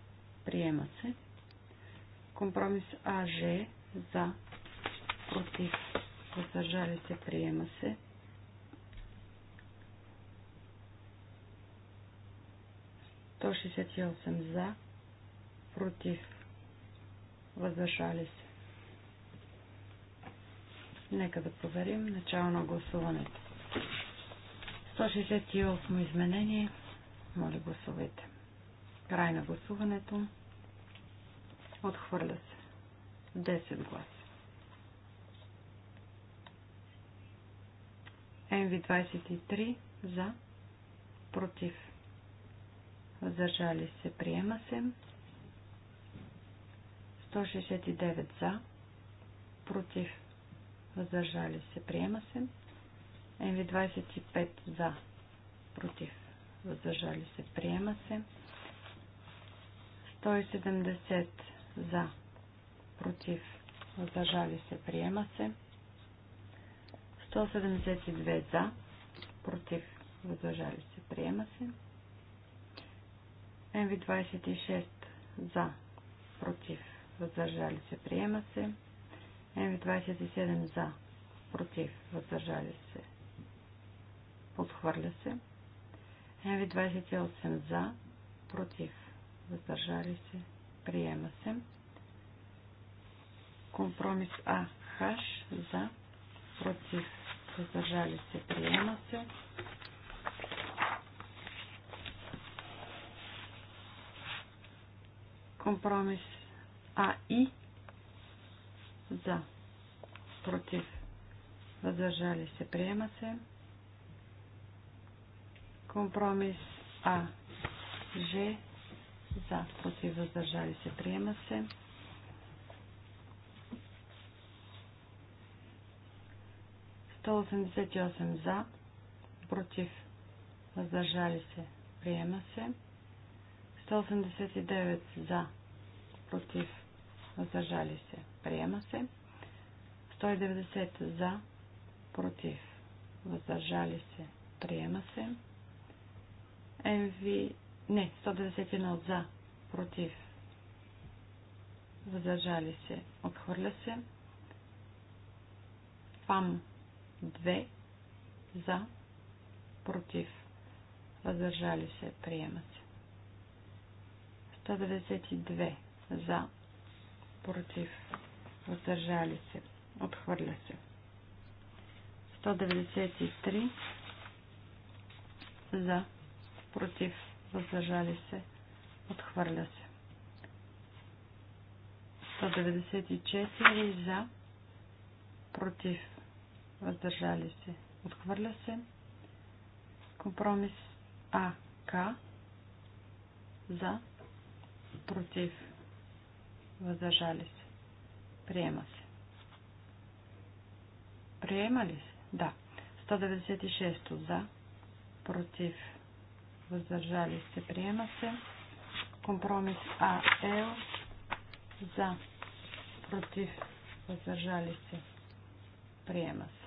приема се. Компромис АЖ за, против, въздържали се, приема се. Сто за, против, въздържали се. Нека да проверим начало на гласуването. 168 изменение. Моля гласувайте. Край на гласуването. Отхвърля се. 10 гласа. МВ-23 за, против, въздържали се, приема се. 169 за, против, въздържали се, приема се. МВ-25 за, против, въздържали се, приема се. 170 за, против, въздържали се, приема се. 172 за, против, въздържали се, приема се. МВ-26 за, против, въздържали се, приема се. МВ-27 за, против, въздържали се, подхвърля се. МВ-28 за, против, въздържали се, приема се. Компромис А, хаш, за, против, въздържали се, приема се. Компромис А и за, против, въздържали се, приема се. Компромис А, Ж, за, против, въздържали се, приема се. 188 за, против, въздържали се, приема се. 189 за, против, въздържали се, приема се. 190 за, против, въздържали се, приема се. МВ, не, 191 за, против, въздържали се, отхвърля се. ФАМ 2 за, против, въздържали се, приема се. 192 за, против, въздържали се, отхвърля се. 193 за, против, въздържали се, отхвърля се. 194 за, против, въздържали се, отхвърля се. Компромис АК за, против, въздържали се, приема се. Приема ли се? Да. 196 за, против, въздържали се, приема се. Компромис АЛ за, против, въздържали се, приема се.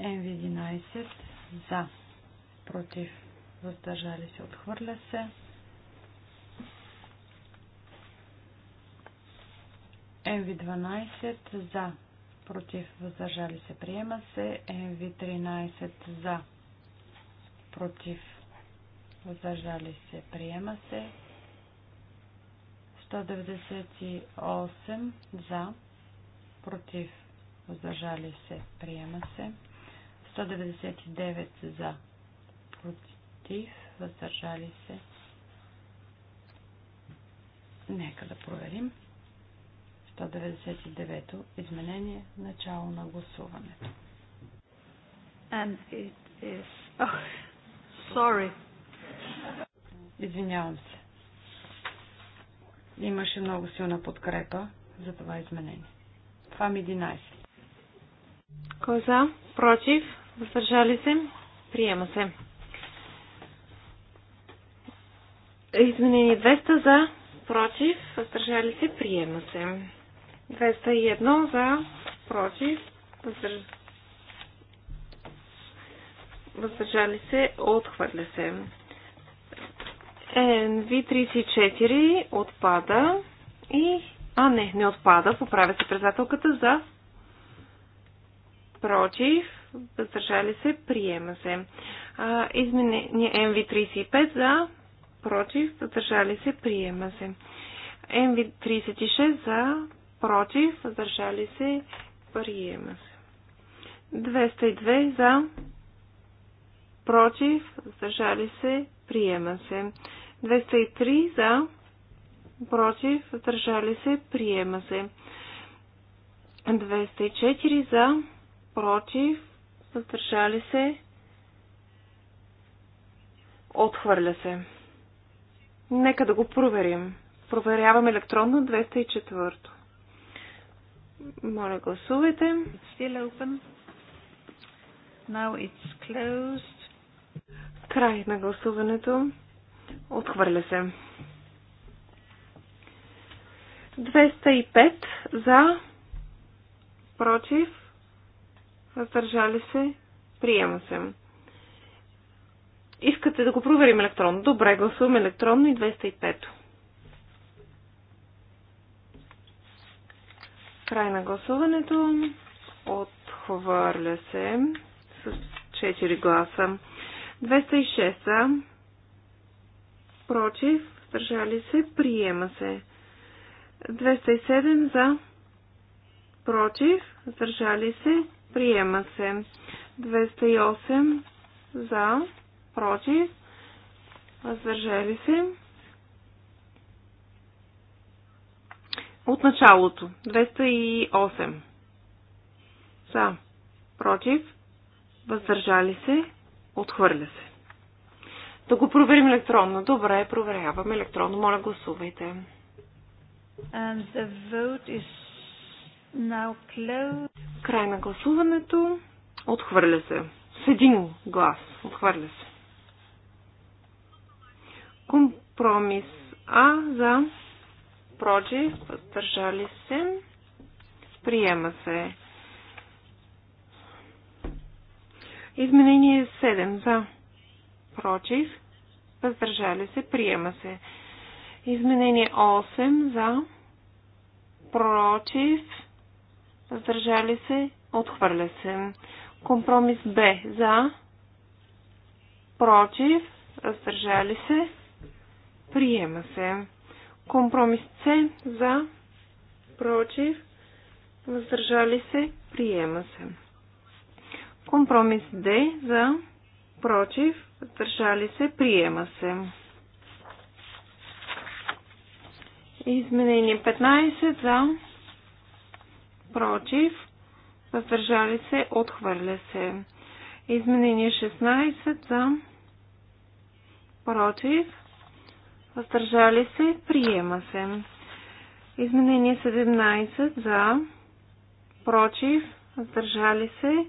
МВ11 за, против, въздържали се, отхвърля се. МВ12 за, против, въздържали се, приема се. МВ13 за, против, въздържали се, приема се. 198 за, против, въздържали се, приема се. 199 за. Против. Въздържали се. Нека да проверим. 199 изменение. Начало на гласуването. And it is... Oh, sorry. Извинявам се. Имаше много силна подкрепа за това изменение. Това ми 11. Кой е за? Против? Въздържали се? Приема се. Изменение 200 за, против, въздържали се, приема се. 201 за, против, въздържали се, отхвърля се. NV34 отпада и... А, не, не отпада, поправя се председателката за, против, въздържали се, приема се. Изменение mv 35 за, против, въздържали се, приема се. МВ-36 за, против, въздържали се, приема се. 202 за, против, въздържали се, приема се. 203 за, против, въздържали се, приема се. 204 за, против, въздържали се, отхвърля се. Нека да го проверим. Проверявам електронно 204. Моля, гласувайте. Still open. Now it's closed. Край на гласуването. Отхвърля се. 205 за, против, въздържали се, приема се. Искате да го проверим електронно? Добре, гласуваме електронно и 205. Край на гласуването. Отхвърля се с 4 гласа. 206 за. Против. Държали се. Приема се. 207 за. Против. Държали се. Приема се. 208 за, против, въздържали се. От началото. 208 за, против, въздържали се, отхвърля се. Да го проверим електронно. Добре, проверявам електронно. Моля, гласувайте. And the vote is Край на гласуването. Отхвърля се. С един глас. Отхвърля се. Компромис А за Проджи. въздържали се. Приема се. Изменение 7 за против, въздържали се, приема се. Изменение 8 за против, въздържали се, отхвърля се. Компромис Б за, против, въздържали се, приема се. Компромис С за, против, въздържали се, приема се. Компромис Д за, против, въздържали се, приема се. Изменение 15 за, против, въздържали се, отхвърля се. Изменение 16 за, против, въздържали се, приема се. Изменение 17 за, против, въздържали се,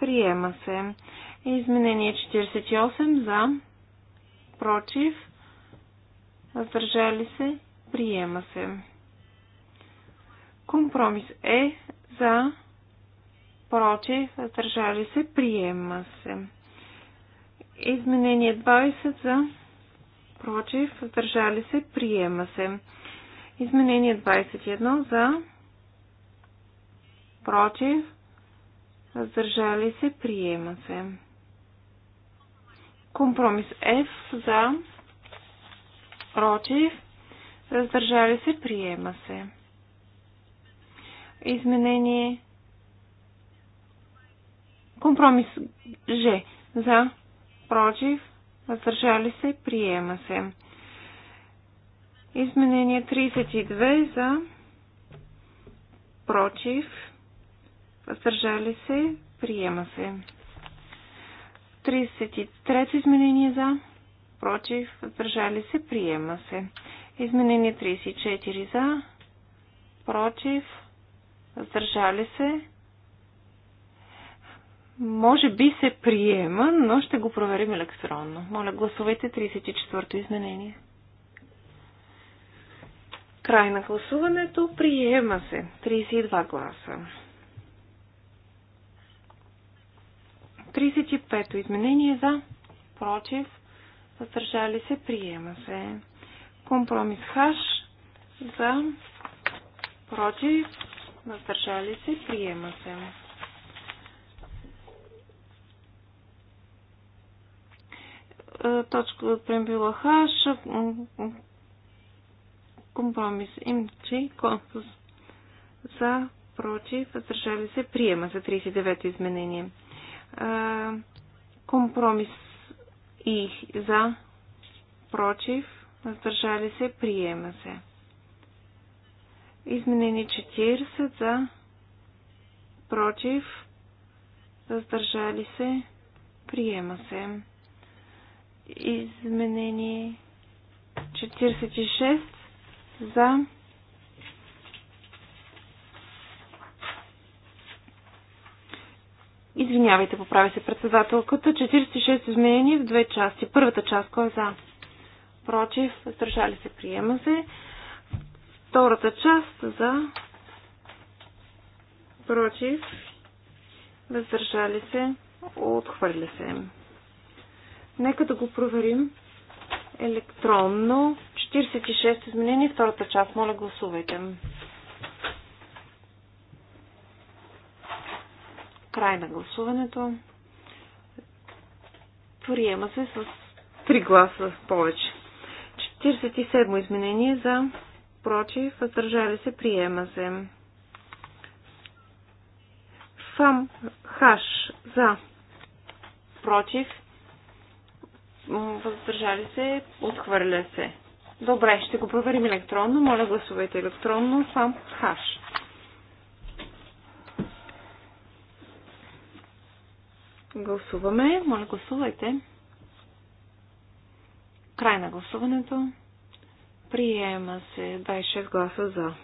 приема се. Изменение 48 за, против, въздържали се, приема се. Компромис е за, против, въздържали се, приема се. Изменение 20 за, против, въздържали се, приема се. Изменение 21 за, против, въздържали се, приема се. Компромис F за, против, въздържали се, приема се изменение. Компромис Ж. За, против, въздържали се, приема се. Изменение 32 за, против, въздържали се, приема се. 33 изменение за, против, въздържали се, приема се. Изменение 34 за, против, въздържали се. Може би се приема, но ще го проверим електронно. Моля, гласувайте 34-то изменение. Край на гласуването. Приема се. 32 гласа. 35-то изменение за, против, въздържали се, приема се. Компромис хаш за, против, въздържали се, приема се. Е, точка от прембила хаш, компромис че, консус за, против, въздържали се, приема за 39 изменение. Е, компромис и за, против, въздържали се, приема се. Изменени 40 за, против, въздържали се, приема се. Изменени 46 за, Извинявайте, поправи се председателката. 46 изменени в две части. Първата част, кой е за? Против, въздържали се, приема се. Втората част за против, въздържали се, отхвърля се. Нека да го проверим електронно. 46 изменени, втората част. Моля, гласувайте. Край на гласуването. Приема се с 3 гласа повече. 47 изменение за против, въздържали се, приема се. Фам хаш за против, въздържали се, отхвърля се. Добре, ще го проверим електронно. Моля, гласувайте електронно. Фам хаш. Гласуваме. Моля, гласувайте. Край на гласуването. Приема се 26 гласа за.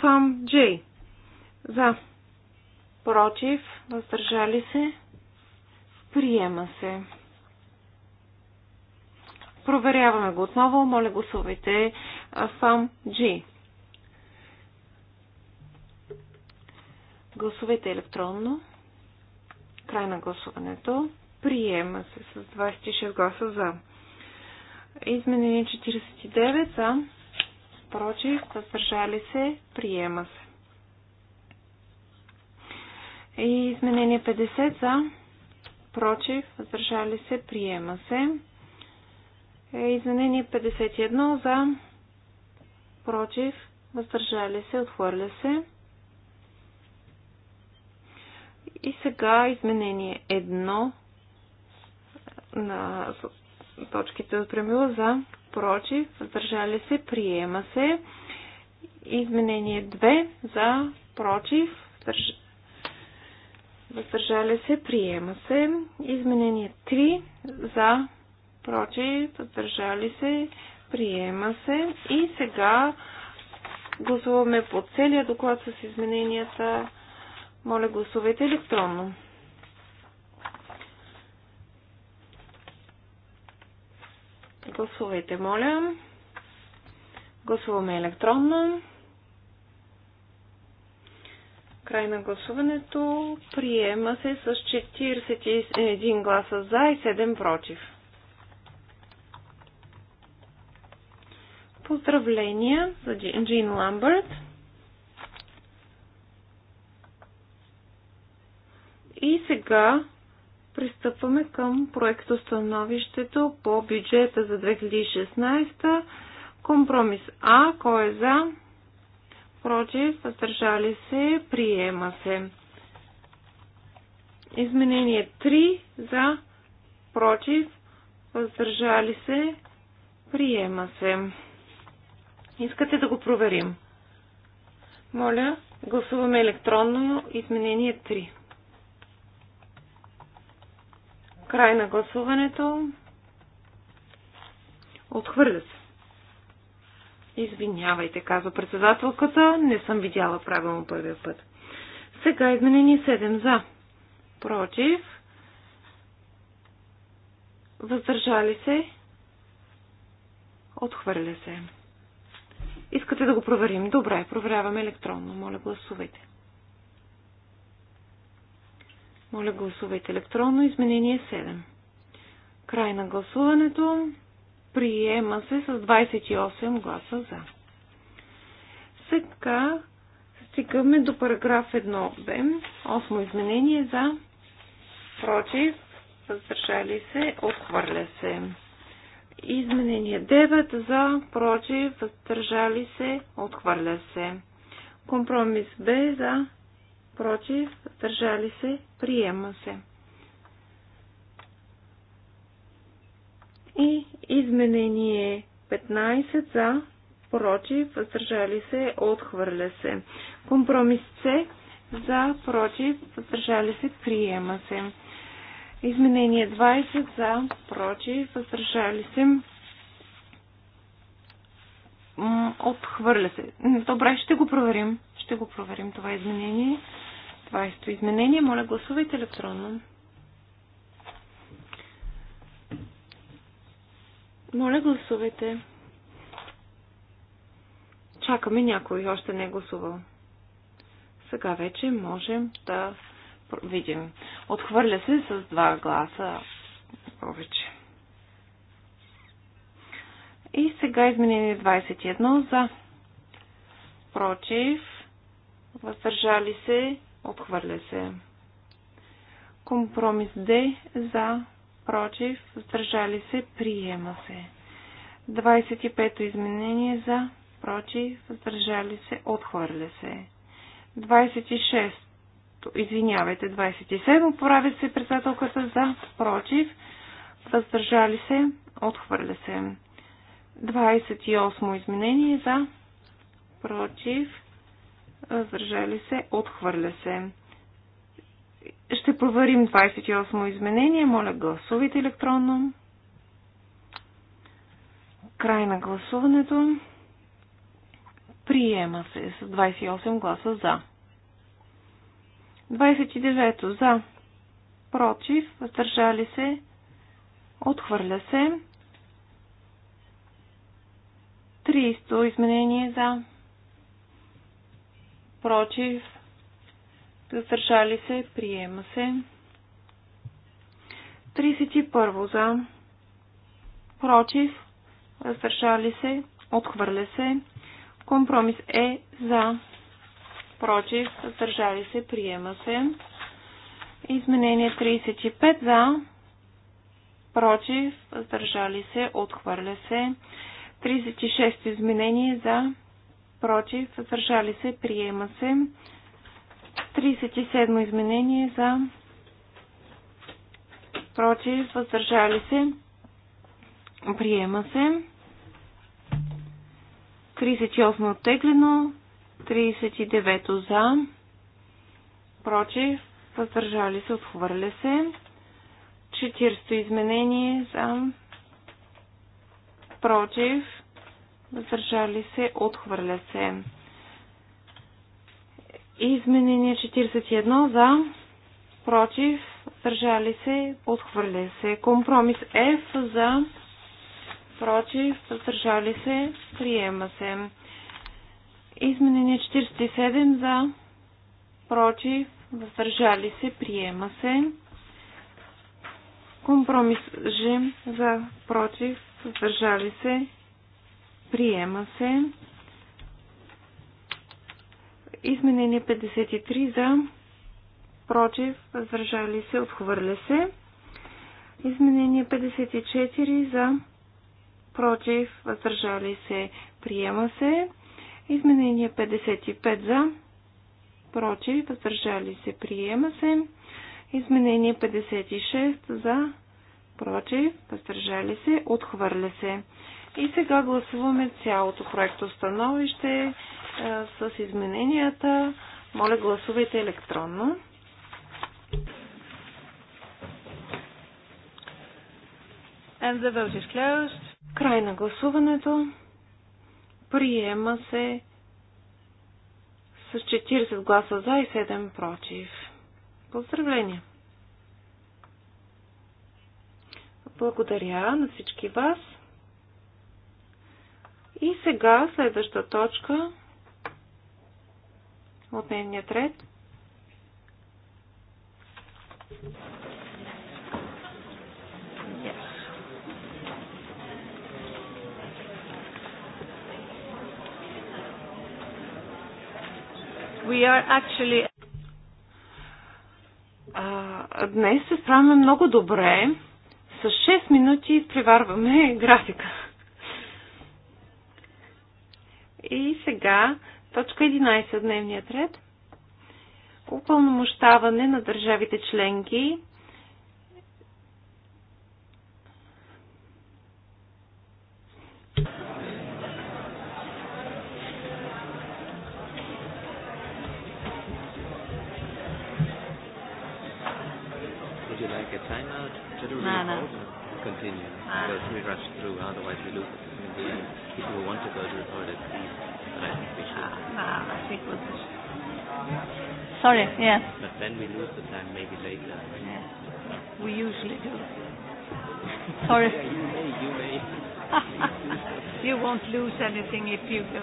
Фам Джей. За. Против. Въздържали се. Приема се. Проверяваме го отново. Моля гласувайте Фам Джи. Гласувайте електронно. Край на гласуването. Приема се с 26 гласа за. Изменени 49 за, против, въздържали се, приема се. И изменение 50 за, против, въздържали се, приема се. Е, изменение 51 за, против, въздържали се, отхвърля се. И сега изменение 1 на точките от правила за, против, въздържали се, приема се. Изменение 2 за, против, въздържали се, приема се. Изменение 3 за, против, въздържали се, приема се. И сега гласуваме по целия доклад с измененията. Моля, гласувайте електронно. Гласувайте, моля. Гласуваме електронно. Край на гласуването. Приема се с 41 гласа за и 7 против. Поздравления за Джин Ламбърт. И сега Пристъпваме към проекто становището по бюджета за 2016. Компромис А. Кой е за? Против. Въздържали се. Приема се. Изменение 3. За. Против. Въздържали се. Приема се. Искате да го проверим? Моля, гласуваме електронно изменение 3. Край на гласуването. Отхвърля се. Извинявайте, казва председателката. Не съм видяла правилно първия път. Сега изменени 7 за. Против. Въздържали се. Отхвърля се. Искате да го проверим? Добре, проверяваме електронно. Моля, гласувайте. Моля, гласувайте електронно. Изменение 7. Край на гласуването. Приема се с 28 гласа за. Сега стигаме до параграф 1 Б. Осмо изменение за. Против. Въздържали се. Отхвърля се. Изменение 9 за. Против. Въздържали се. Отхвърля се. Компромис Б за. Против. Въздържали се. Приема се. И изменение 15 за, против, въздържали се, отхвърля се. Компромис С за, против, въздържали се, приема се. Изменение 20 за, против, въздържали се, отхвърля се. Добре, ще го проверим. Ще го проверим това изменение. 20-то изменение. Моля, гласувайте електронно. Моля, гласувайте. Чакаме някой, още не е гласувал. Сега вече можем да видим. Отхвърля се с два гласа повече. И сега изменение 21 за против, въздържали се, Отхвърля се. Компромис Д за, против, въздържали се, приема се. 25-то изменение за, против, въздържали се, отхвърля се. 26 извинявайте, 27 поправя се председателката за, против, въздържали се, отхвърля се. 28 изменение за, против, въздържали се, отхвърля се. Ще проверим 28 изменение. Моля, гласувайте електронно. Край на гласуването. Приема се с 28 гласа за. 29 за. Против. Въздържали се. Отхвърля се. 30 изменение за против, въздържали се, приема се. 31 за, против, въздържали се, отхвърля се. Компромис е за, против, въздържали се, приема се. Изменение 35 за, против, въздържали се, отхвърля се. 36 изменение за, против, въздържали се, приема се. 37 изменение за, против, въздържали се, приема се. 38 оттеглено, 39 за, против, въздържали се, отхвърля се. 40 изменение за, против, въздържали се, отхвърля се. Изменение 41 за, против, въздържали се, отхвърля се. Компромис F за, против, въздържали се, приема се. Изменение 47 за, против, въздържали се, приема се. Компромис Ж за, против, въздържали се, Приема се. Изменение 53 за. Против. Въздържали се. Отхвърля се. Изменение 54 за. Против. Въздържали се. Приема се. Изменение 55 за. Против. Въздържали се. Приема се. Изменение 56 за. Против. Въздържали се. Отхвърля се. И сега гласуваме цялото проекто становище е, с измененията. Моля, гласувайте електронно. And the vote is closed. Край на гласуването. Приема се с 40 гласа за и 7 против. Поздравления! Благодаря на всички вас. И сега следваща точка от нейния ред. We are actually... а, днес се справяме много добре. С 6 минути изпреварваме графика. И сега, точка 11 от дневния ред. Упълномощаване на държавите членки Would you like a timeout? No, no. Continue. Ah. Because we rush through, otherwise we lose it people who want to go to the toilet, please. But I think we should. Uh, I think we should. Sorry, yes. But then we lose the time maybe later. Yeah. We usually do. Sorry. you may, you may. you won't lose anything if you go.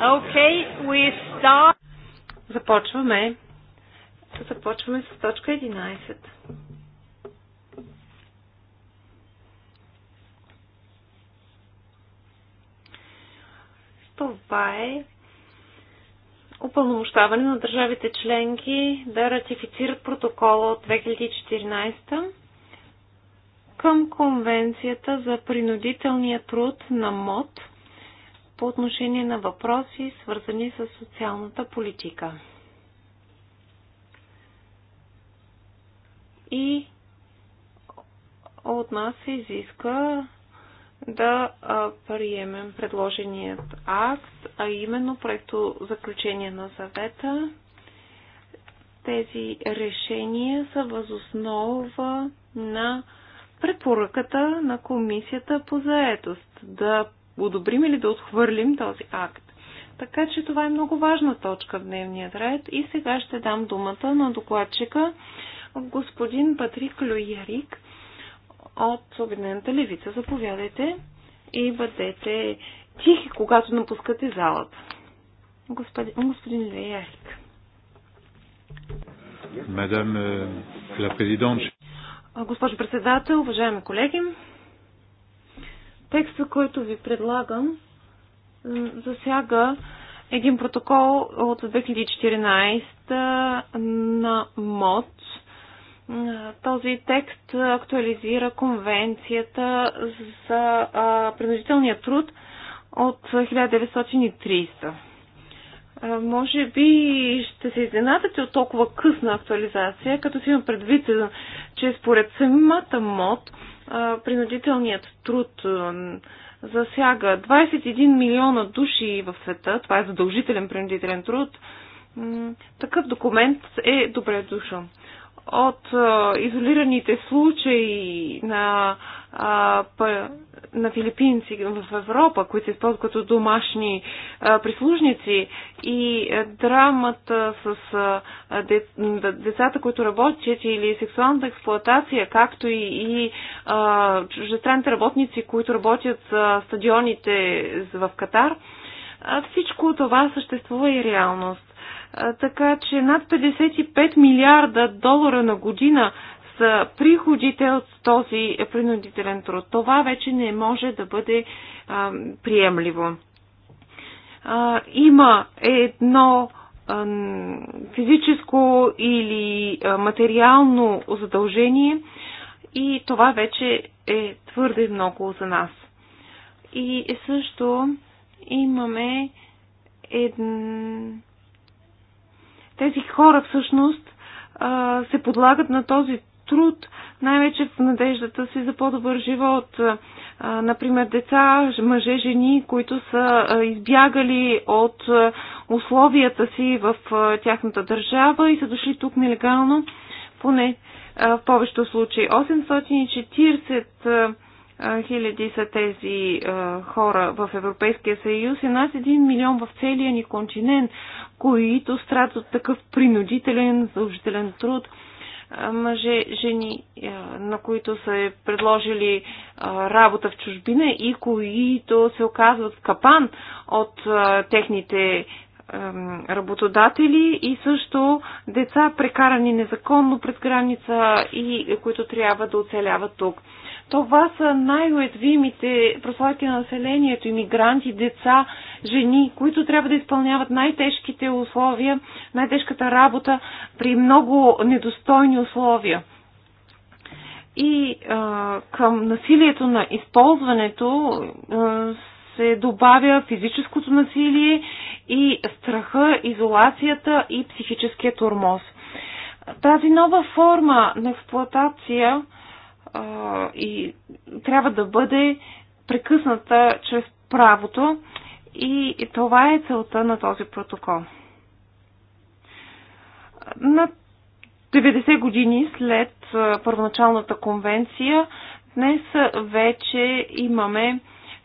Okay, we start. Започваме. Започваме с точка 11. Това е упълномощаване на държавите членки да ратифицират протокола от 2014 към Конвенцията за принудителния труд на МОД – по отношение на въпроси, свързани с социалната политика. И от нас се изиска да приемем предложеният акт, а именно проекто заключение на съвета. Тези решения са възоснова на препоръката на комисията по заетост да одобрим или да отхвърлим този акт. Така че това е много важна точка в дневния ред и сега ще дам думата на докладчика господин Патрик Люярик от Обединената левица. Заповядайте и бъдете тихи, когато напускате залата. Господин, господин Люярик. Мадам ла президент. Госпожо председател, уважаеми колеги, Текста, който ви предлагам, засяга един протокол от 2014 на МОД. Този текст актуализира конвенцията за принудителния труд от 1930. Може би ще се изненадате от толкова късна актуализация, като си има предвид, че според самата МОД принудителният труд засяга 21 милиона души в света, това е задължителен принудителен труд, такъв документ е добре дошъл. От изолираните случаи на а, па, на филипинци в Европа, които се използват като домашни а, прислужници и а, драмата с а, де, децата, които работят или сексуалната експлоатация, както и, и чуждестранните работници, които работят за стадионите в Катар, а, всичко това съществува и реалност така че над 55 милиарда долара на година приходите от този принудителен труд. Това вече не може да бъде а, приемливо. А, има едно а, физическо или материално задължение и това вече е твърде много за нас. И също имаме един... Тези хора всъщност се подлагат на този труд, най-вече в надеждата си за по-добър живот. Например, деца, мъже, жени, които са избягали от условията си в тяхната държава и са дошли тук нелегално, поне в повечето случаи. 840 хиляди са тези хора в Европейския съюз и над 1 милион в целия ни континент, които страдат от такъв принудителен, заужителен труд мъже, жени, на които са е предложили работа в чужбина и които се оказват в капан от техните работодатели и също деца прекарани незаконно през граница и които трябва да оцеляват тук. Това са най-уязвимите прослойки на населението, иммигранти, деца, жени, които трябва да изпълняват най-тежките условия, най-тежката работа при много недостойни условия. И а, към насилието на използването а, се добавя физическото насилие и страха, изолацията и психическия тормоз. Тази нова форма на експлоатация а, и трябва да бъде прекъсната чрез правото и, и това е целта на този протокол. На 90 години след първоначалната конвенция, днес вече имаме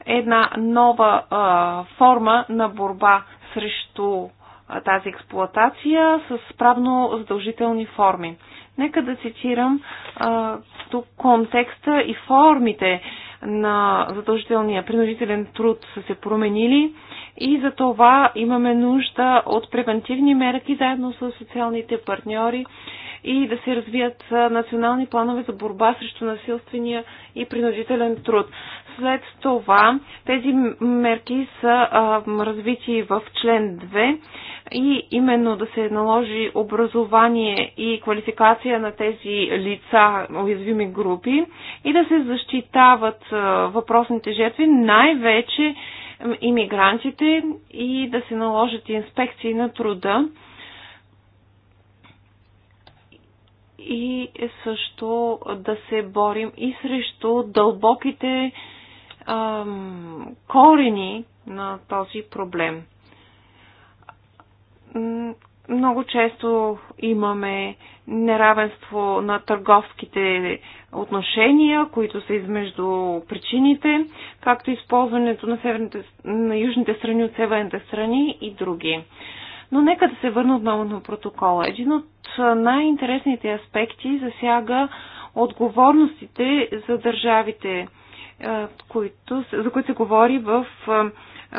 една нова а, форма на борба срещу а, тази експлоатация с правно задължителни форми. Нека да цитирам а, тук контекста и формите на задължителния принудителен труд са се променили и за това имаме нужда от превентивни мерки заедно с социалните партньори, и да се развият национални планове за борба срещу насилствения и принудителен труд. След това тези мерки са развити в член 2 и именно да се наложи образование и квалификация на тези лица, уязвими групи и да се защитават въпросните жертви, най-вече иммигрантите и да се наложат инспекции на труда и също да се борим и срещу дълбоките ам, корени на този проблем. Много често имаме неравенство на търговските отношения, които са измежду причините, както използването на, северните, на южните страни от северните страни и други. Но нека да се върна отново на протокола. Един от най-интересните аспекти засяга отговорностите за държавите, които, за които се говори в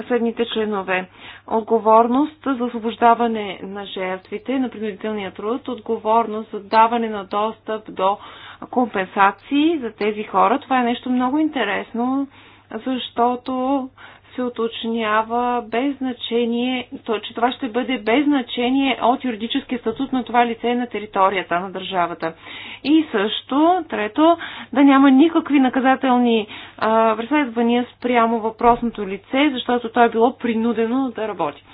следните членове. Отговорност за освобождаване на жертвите на принудителния труд, отговорност за даване на достъп до компенсации за тези хора. Това е нещо много интересно, защото се уточнява без значение, то, че това ще бъде без значение от юридическия статут на това лице на територията на държавата. И също, трето, да няма никакви наказателни а, преследвания спрямо въпросното лице, защото то е било принудено да работи.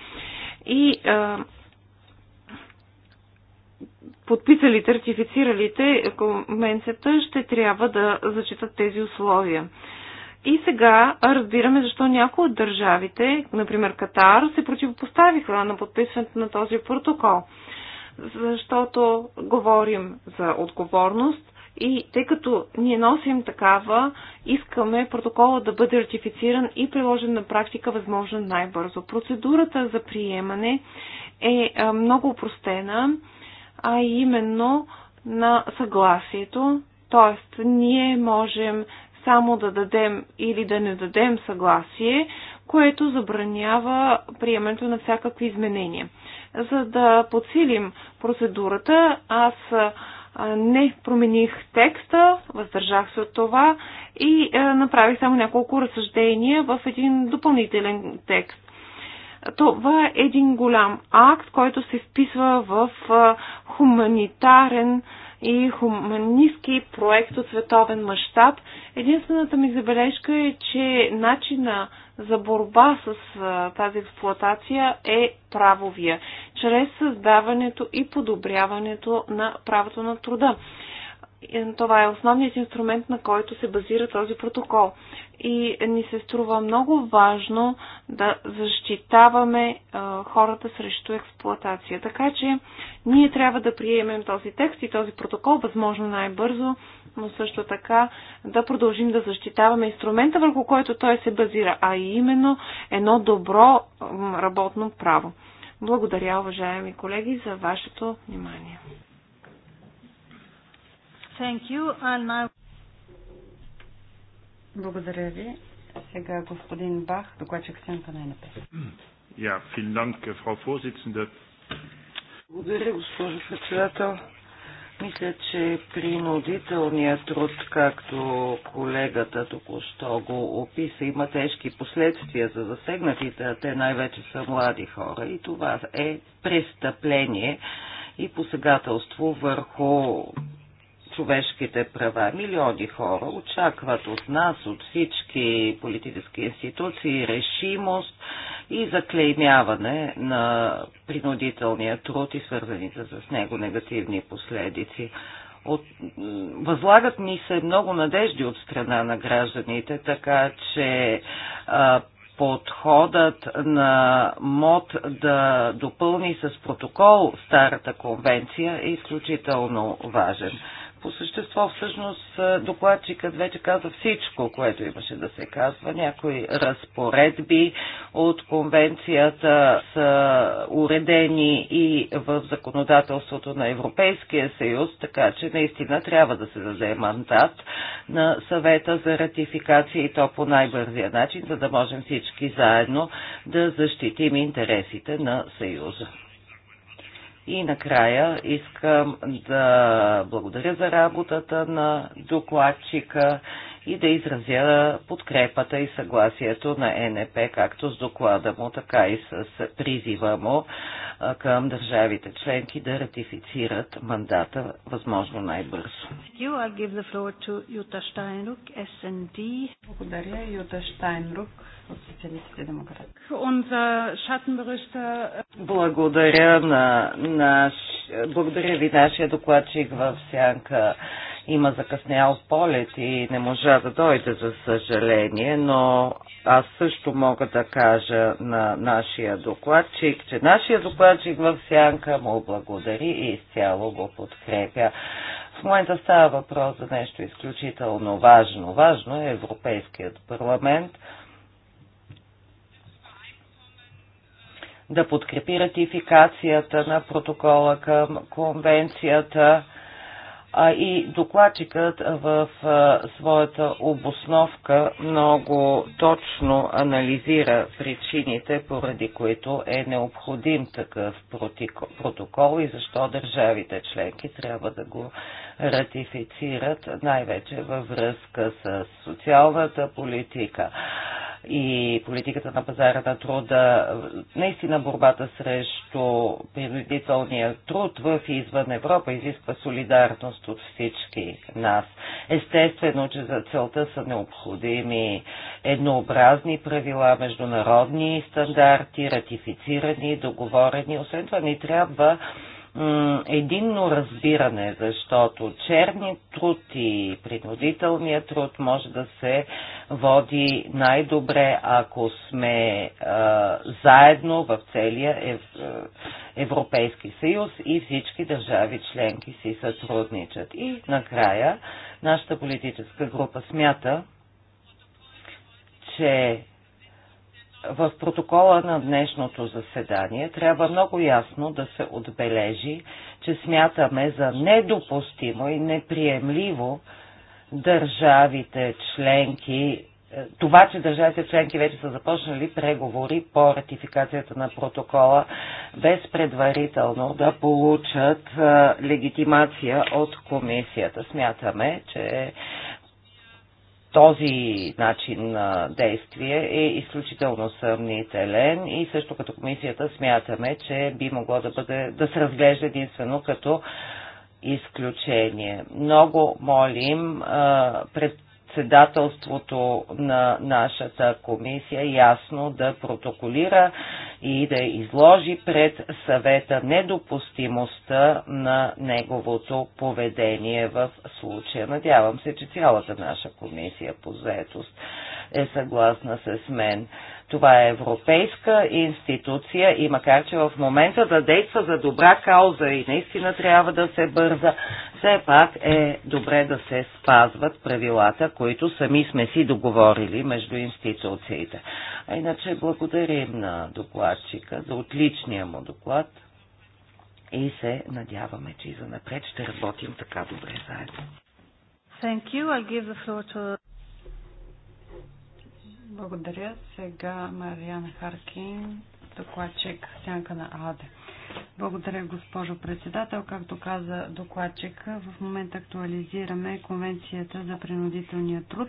И а, подписалите, ратифициралите конвенцията ще трябва да зачитат тези условия. И сега разбираме защо някои от държавите, например Катар, се противопоставиха на подписването на този протокол. Защото говорим за отговорност и тъй като ние носим такава, искаме протокола да бъде ратифициран и приложен на практика възможно най-бързо. Процедурата за приемане е много упростена, а именно на съгласието. Тоест, ние можем само да дадем или да не дадем съгласие, което забранява приемането на всякакви изменения. За да подсилим процедурата, аз не промених текста, въздържах се от това и направих само няколко разсъждения в един допълнителен текст. Това е един голям акт, който се вписва в хуманитарен и хуманистски проект от световен мащаб. Единствената ми забележка е, че начина за борба с тази експлуатация е правовия, чрез създаването и подобряването на правото на труда това е основният инструмент, на който се базира този протокол. И ни се струва много важно да защитаваме а, хората срещу експлоатация. Така че ние трябва да приемем този текст и този протокол възможно най-бързо, но също така да продължим да защитаваме инструмента, върху който той се базира, а именно едно добро работно право. Благодаря, уважаеми колеги, за вашето внимание. Thank you. And now... Благодаря ви. Сега господин Бах, докладчик Сенка на НП. Ja, vielen Благодаря, госпожо председател. Мисля, че принудителният труд, както колегата току-що го описа, има тежки последствия за засегнатите, а те най-вече са млади хора. И това е престъпление и посегателство върху човешките права. Милиони хора очакват от нас, от всички политически институции, решимост и заклеймяване на принудителния труд и свързаните с него негативни последици. От, възлагат ми се много надежди от страна на гражданите, така че а, подходът на МОД да допълни с протокол старата конвенция е изключително важен по същество всъщност докладчикът вече каза всичко, което имаше да се казва. Някои разпоредби от конвенцията са уредени и в законодателството на Европейския съюз, така че наистина трябва да се даде мандат на съвета за ратификация и то по най-бързия начин, за да можем всички заедно да защитим интересите на съюза. И накрая искам да благодаря за работата на докладчика и да изразя подкрепата и съгласието на НП, както с доклада му, така и с призива му към държавите членки да ратифицират мандата възможно най-бързо. Благодаря, Юта Штайнрук от социалистите демократи. Благодаря на наш, благодаря ви нашия докладчик в сянка има закъснял полет и не можа да дойде, за съжаление, но аз също мога да кажа на нашия докладчик, че нашия докладчик в Сянка му благодари и изцяло го подкрепя. В момента става въпрос за нещо изключително важно. Важно е Европейският парламент да подкрепи ратификацията на протокола към конвенцията а и докладчикът в своята обосновка много точно анализира причините, поради които е необходим такъв протокол и защо държавите членки трябва да го ратифицират, най-вече във връзка с социалната политика, и политиката на пазара на труда, наистина борбата срещу принудителния труд в и извън Европа изисква солидарност от всички нас. Естествено, че за целта са необходими еднообразни правила, международни стандарти, ратифицирани, договорени. Освен това ни трябва единно разбиране, защото черни труд и принудителния труд може да се води най-добре, ако сме а, заедно в целия ев, Европейски съюз и всички държави членки си сътрудничат. И накрая нашата политическа група смята, че в протокола на днешното заседание трябва много ясно да се отбележи, че смятаме за недопустимо и неприемливо държавите членки е, това, че държавите членки вече са започнали преговори по ратификацията на протокола, без предварително да получат е, легитимация от комисията. Смятаме, че този начин на действие е изключително съмнителен и също като комисията смятаме, че би могло да, бъде, да се разглежда единствено като изключение. Много молим пред председателството на нашата комисия ясно да протоколира и да изложи пред съвета недопустимостта на неговото поведение в случая. Надявам се, че цялата наша комисия по заетост е съгласна с мен. Това е европейска институция и макар, че в момента да действа за добра кауза и наистина трябва да се бърза, все пак е добре да се спазват правилата, които сами сме си договорили между институциите. А иначе благодарим на докладчика за отличния му доклад и се надяваме, че и за напред ще работим така добре заедно. Thank you. I give the floor to... Благодаря. Сега Мариана Харкин, докладчик Сянка на АДЕ. Благодаря, госпожо председател. Както каза докладчик, в момента актуализираме Конвенцията за принудителния труд.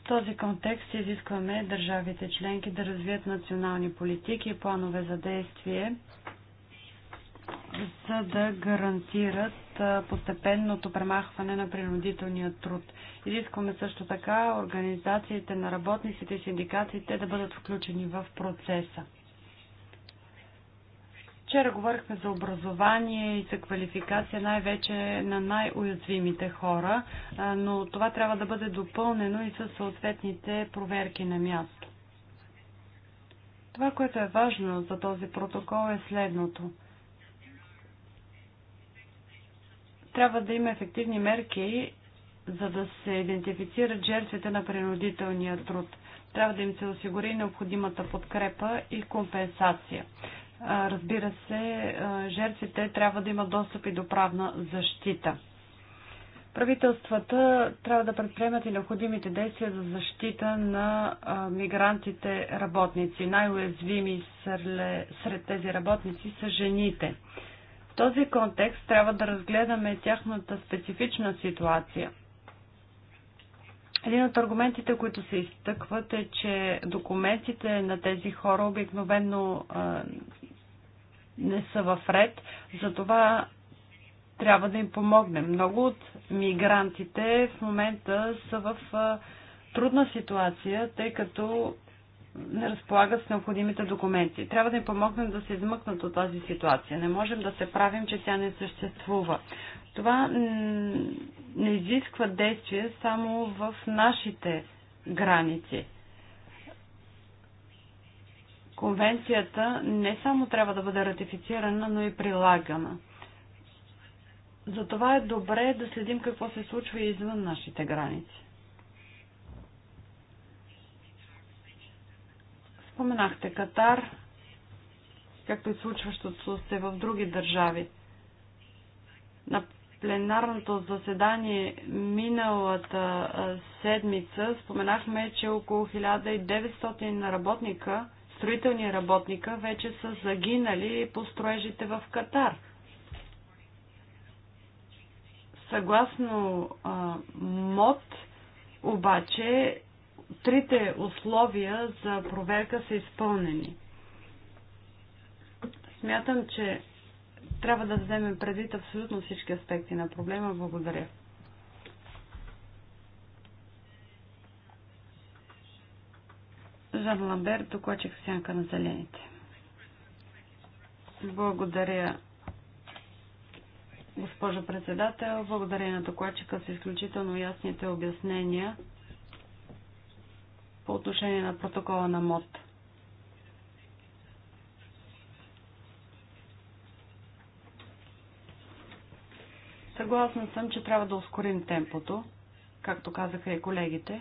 В този контекст изискваме държавите членки да развият национални политики и планове за действие за да гарантират постепенното премахване на принудителния труд. Изискваме също така организациите на работниците и синдикациите да бъдат включени в процеса. Вчера говорихме за образование и за квалификация най-вече на най-уязвимите хора, но това трябва да бъде допълнено и със съответните проверки на място. Това, което е важно за този протокол е следното. Трябва да има ефективни мерки, за да се идентифицират жертвите на принудителния труд. Трябва да им се осигури необходимата подкрепа и компенсация. Разбира се, жертвите трябва да имат достъп и до правна защита. Правителствата трябва да предприемат и необходимите действия за защита на мигрантите работници. Най-уязвими сред тези работници са жените. В този контекст трябва да разгледаме тяхната специфична ситуация. Един от аргументите, които се изтъкват е, че документите на тези хора обикновено не са в ред, затова трябва да им помогнем. Много от мигрантите в момента са в трудна ситуация, тъй като не разполагат с необходимите документи. Трябва да им помогнем да се измъкнат от тази ситуация. Не можем да се правим, че тя не съществува. Това не изисква действие само в нашите граници. Конвенцията не само трябва да бъде ратифицирана, но и прилагана. Затова е добре да следим какво се случва и извън нашите граници. Споменахте Катар, както и случващото се в други държави. На пленарното заседание миналата седмица споменахме, че около 1900 работника, строителни работника, вече са загинали по строежите в Катар. Съгласно МОД, обаче трите условия за проверка са изпълнени. Смятам, че трябва да вземем предвид абсолютно всички аспекти на проблема. Благодаря. Жан Ламбер, докладчик сянка на зелените. Благодаря, госпожо председател. Благодаря на докладчика с изключително ясните обяснения по отношение на протокола на МОД. Съгласна съм, че трябва да ускорим темпото, както казаха и колегите.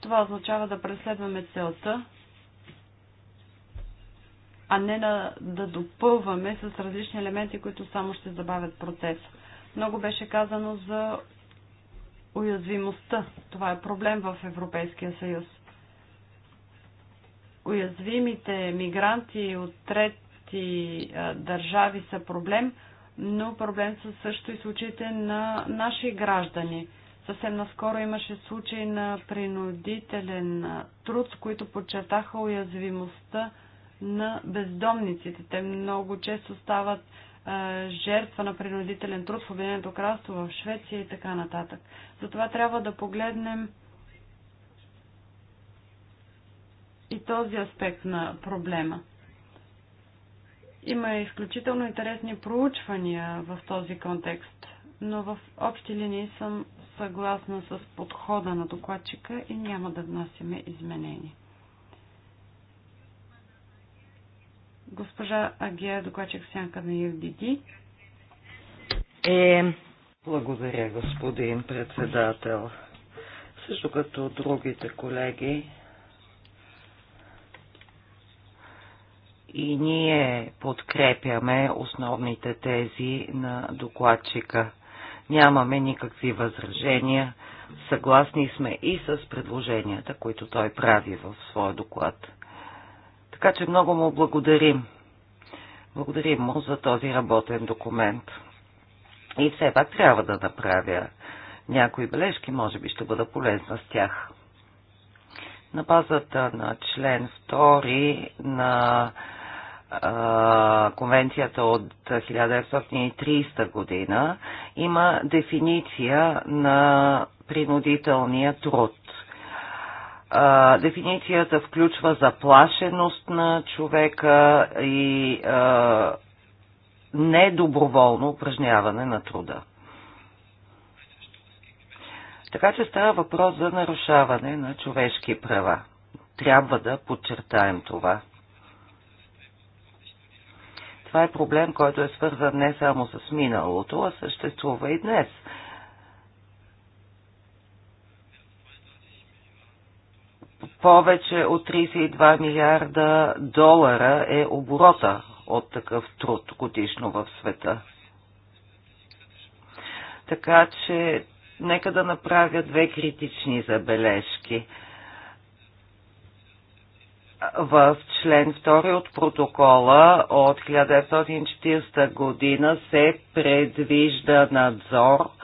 Това означава да преследваме целта, а не на, да допълваме с различни елементи, които само ще забавят процеса. Много беше казано за уязвимостта. Това е проблем в Европейския съюз. Уязвимите мигранти от трети държави са проблем, но проблем са също и случаите на наши граждани. Съвсем наскоро имаше случай на принудителен труд, с които подчертаха уязвимостта на бездомниците. Те много често стават жертва на принудителен труд в Обединеното кралство, в Швеция и така нататък. Затова трябва да погледнем и този аспект на проблема. Има изключително интересни проучвания в този контекст, но в общи линии съм съгласна с подхода на докладчика и няма да внасяме изменения. Госпожа Агия, докладчик сянка на ЮДД. Е, благодаря, господин председател. Също като другите колеги, и ние подкрепяме основните тези на докладчика. Нямаме никакви възражения. Съгласни сме и с предложенията, които той прави в своя доклад. Така че много му благодарим. Благодарим му за този работен документ. И все пак трябва да направя някои бележки, може би ще бъда полезна с тях. На базата на член 2 на а, конвенцията от 1930 година има дефиниция на принудителния труд а, дефиницията включва заплашеност на човека и а, недоброволно упражняване на труда. Така че става въпрос за нарушаване на човешки права. Трябва да подчертаем това. Това е проблем, който е свързан не само с миналото, а съществува и днес – Повече от 32 милиарда долара е оборота от такъв труд годишно в света. Така че нека да направя две критични забележки. В член 2 от протокола от 1940 година се предвижда надзор –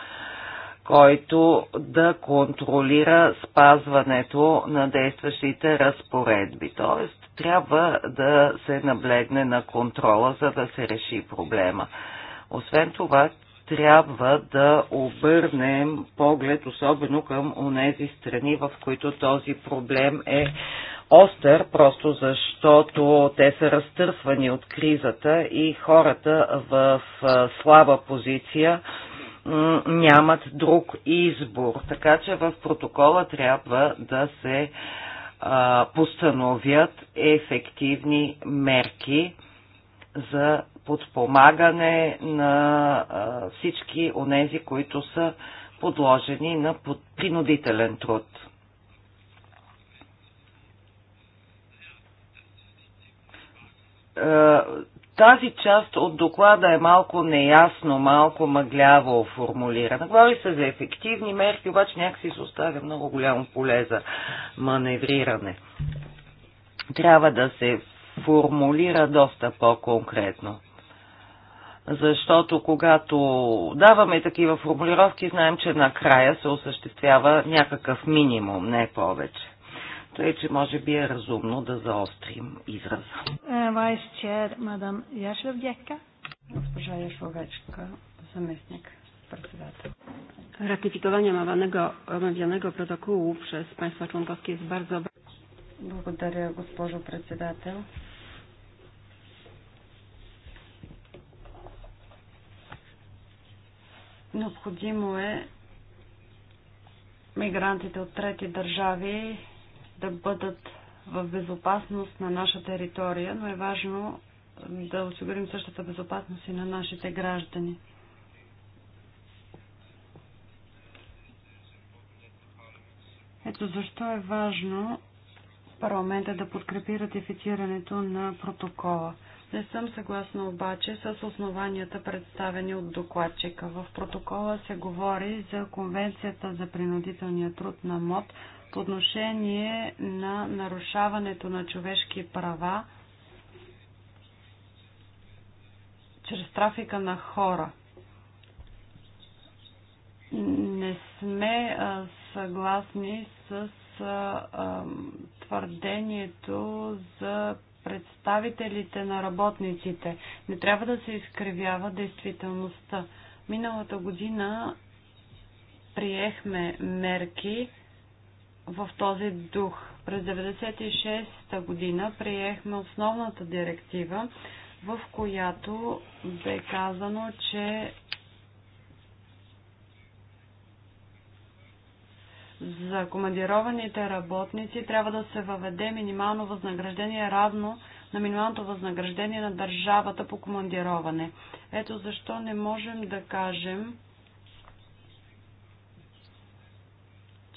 който да контролира спазването на действащите разпоредби. Тоест, трябва да се наблегне на контрола, за да се реши проблема. Освен това, трябва да обърнем поглед особено към онези страни, в които този проблем е остър, просто защото те са разтърсвани от кризата и хората в слаба позиция нямат друг избор. Така че в протокола трябва да се а, постановят ефективни мерки за подпомагане на а, всички онези, които са подложени на под, принудителен труд. А, тази част от доклада е малко неясно, малко мъгляво формулирана. Говори се за ефективни мерки, обаче някакси се оставя много голямо поле за маневриране. Трябва да се формулира доста по-конкретно. Защото когато даваме такива формулировки, знаем, че накрая се осъществява някакъв минимум, не повече. Тъй, е, че може би е разумно да заострим израза. Е, вайс чер, мадам Яшлев Гекка. Госпожа Яшловечка, заместник председател. Ratyfikowanie omawianego, omawianego protokołu przez państwa członkowskie jest bardzo Благодаря, госпожо председател. Необходимо е мигрантите от трети държави да бъдат в безопасност на наша територия, но е важно да осигурим същата безопасност и на нашите граждани. Ето защо е важно парламента да подкрепи ратифицирането на протокола. Не съм съгласна обаче с основанията представени от докладчика. В протокола се говори за Конвенцията за принудителния труд на МОД, по отношение на нарушаването на човешки права чрез трафика на хора. Не сме а, съгласни с а, а, твърдението за представителите на работниците. Не трябва да се изкривява действителността. Миналата година приехме мерки, в този дух. През 1996 година приехме основната директива, в която бе казано, че за командированите работници трябва да се въведе минимално възнаграждение равно на минималното възнаграждение на държавата по командироване. Ето защо не можем да кажем,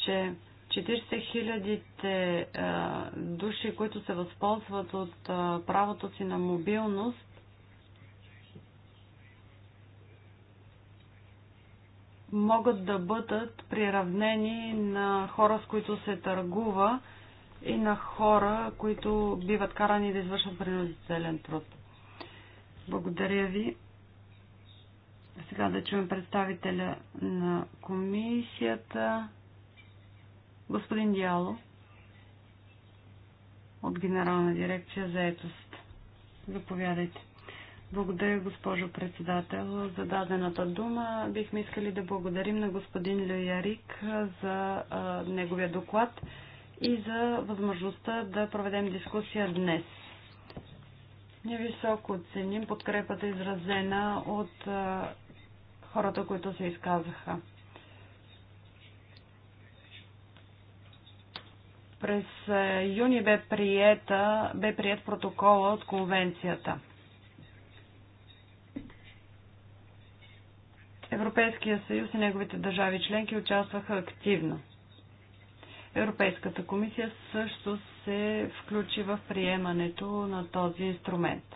че 40 хилядите души, които се възползват от правото си на мобилност, могат да бъдат приравнени на хора, с които се търгува и на хора, които биват карани да извършват принудителен труд. Благодаря ви. Сега да чуем представителя на комисията. Господин Дяло от Генерална дирекция за етост. Заповядайте. Благодаря, госпожо председател, за дадената дума. Бихме искали да благодарим на господин Люярик за а, неговия доклад и за възможността да проведем дискусия днес. Ние високо оценим подкрепата изразена от а, хората, които се изказаха. През е, юни бе, приета, бе прият протокола от конвенцията. Европейския съюз и неговите държави членки участваха активно. Европейската комисия също се включи в приемането на този инструмент.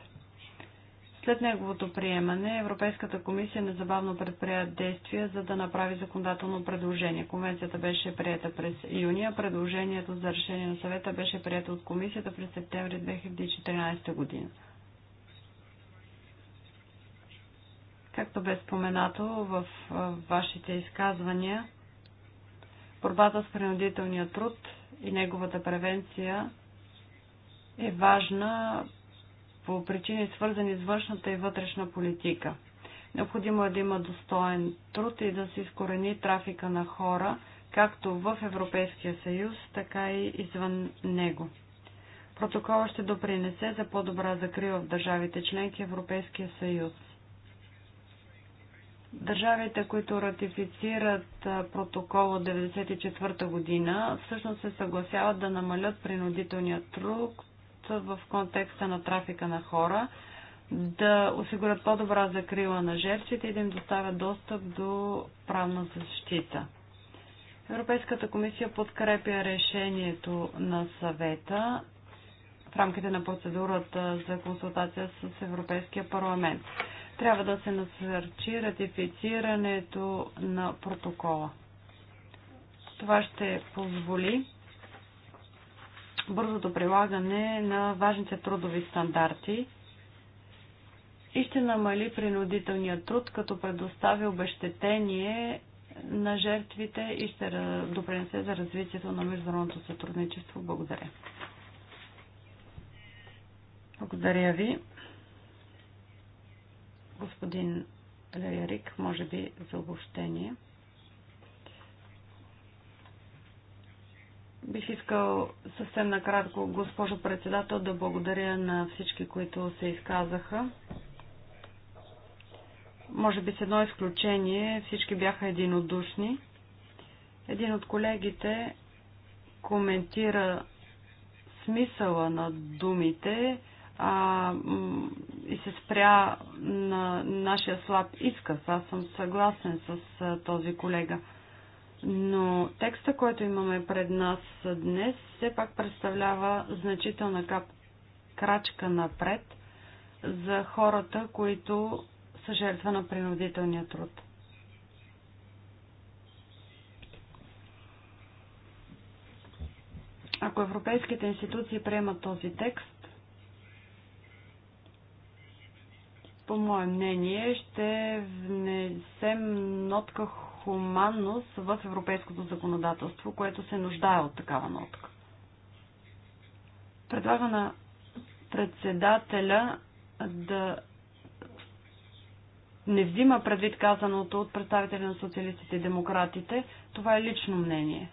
След неговото приемане Европейската комисия незабавно предприя действия, за да направи законодателно предложение. Конвенцията беше прията през юни, а предложението за решение на съвета беше прието от комисията през септември 2014 година. Както бе споменато в вашите изказвания, борбата с принудителния труд и неговата превенция е важна по причини свързани с външната и вътрешна политика. Необходимо е да има достоен труд и да се изкорени трафика на хора, както в Европейския съюз, така и извън него. Протокола ще допринесе за по-добра закрива в държавите членки Европейския съюз. Държавите, които ратифицират протокол от 1994 година, всъщност се съгласяват да намалят принудителния труд в контекста на трафика на хора, да осигурят по-добра закрила на жертвите и да им доставят достъп до правна защита. Европейската комисия подкрепя решението на съвета в рамките на процедурата за консултация с Европейския парламент. Трябва да се насърчи ратифицирането на протокола. Това ще позволи бързото прилагане на важните трудови стандарти и ще намали принудителния труд, като предостави обещетение на жертвите и ще допринесе за развитието на международното сътрудничество. Благодаря. Благодаря ви. Господин Лерик, може би за обобщение. Бих искал съвсем накратко, госпожо председател, да благодаря на всички, които се изказаха. Може би с едно изключение всички бяха единодушни. Един от колегите коментира смисъла на думите а, и се спря на нашия слаб изказ. Аз съм съгласен с този колега но текста, който имаме пред нас днес, все пак представлява значителна кап... крачка напред за хората, които са жертва на принудителния труд. Ако европейските институции приемат този текст, по мое мнение, ще внесем нотка хуманност в европейското законодателство, което се нуждае от такава нотка. Предлага на председателя да не взима предвид казаното от представители на социалистите и демократите. Това е лично мнение.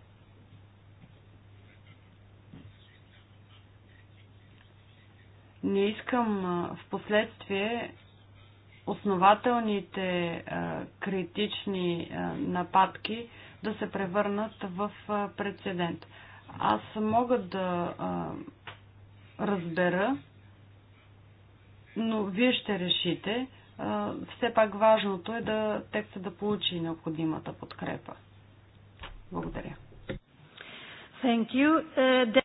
Не искам в последствие основателните критични нападки да се превърнат в прецедент. Аз мога да разбера, но вие ще решите. Все пак важното е да текста да получи необходимата подкрепа. Благодаря. Thank you. Uh,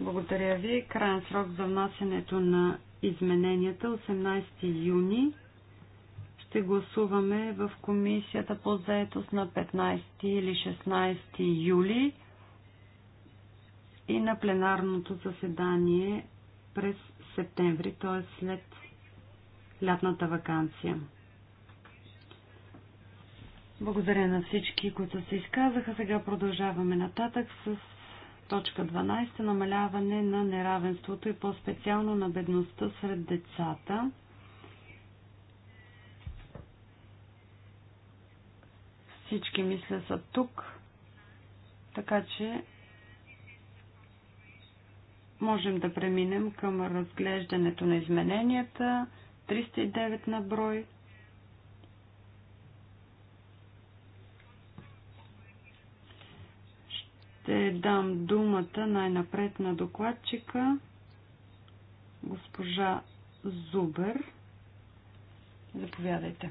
Благодаря ви. Крайен срок за внасянето на измененията 18 юни ще гласуваме в комисията по заетост на 15 или 16 юли и на пленарното заседание през септември, т.е. след лятната вакансия. Благодаря на всички, които се изказаха. Сега продължаваме нататък с точка 12 намаляване на неравенството и по-специално на бедността сред децата. Всички мисля са тук, така че можем да преминем към разглеждането на измененията. 309 на брой. Ще дам думата най-напред на докладчика госпожа Зубер. Заповядайте.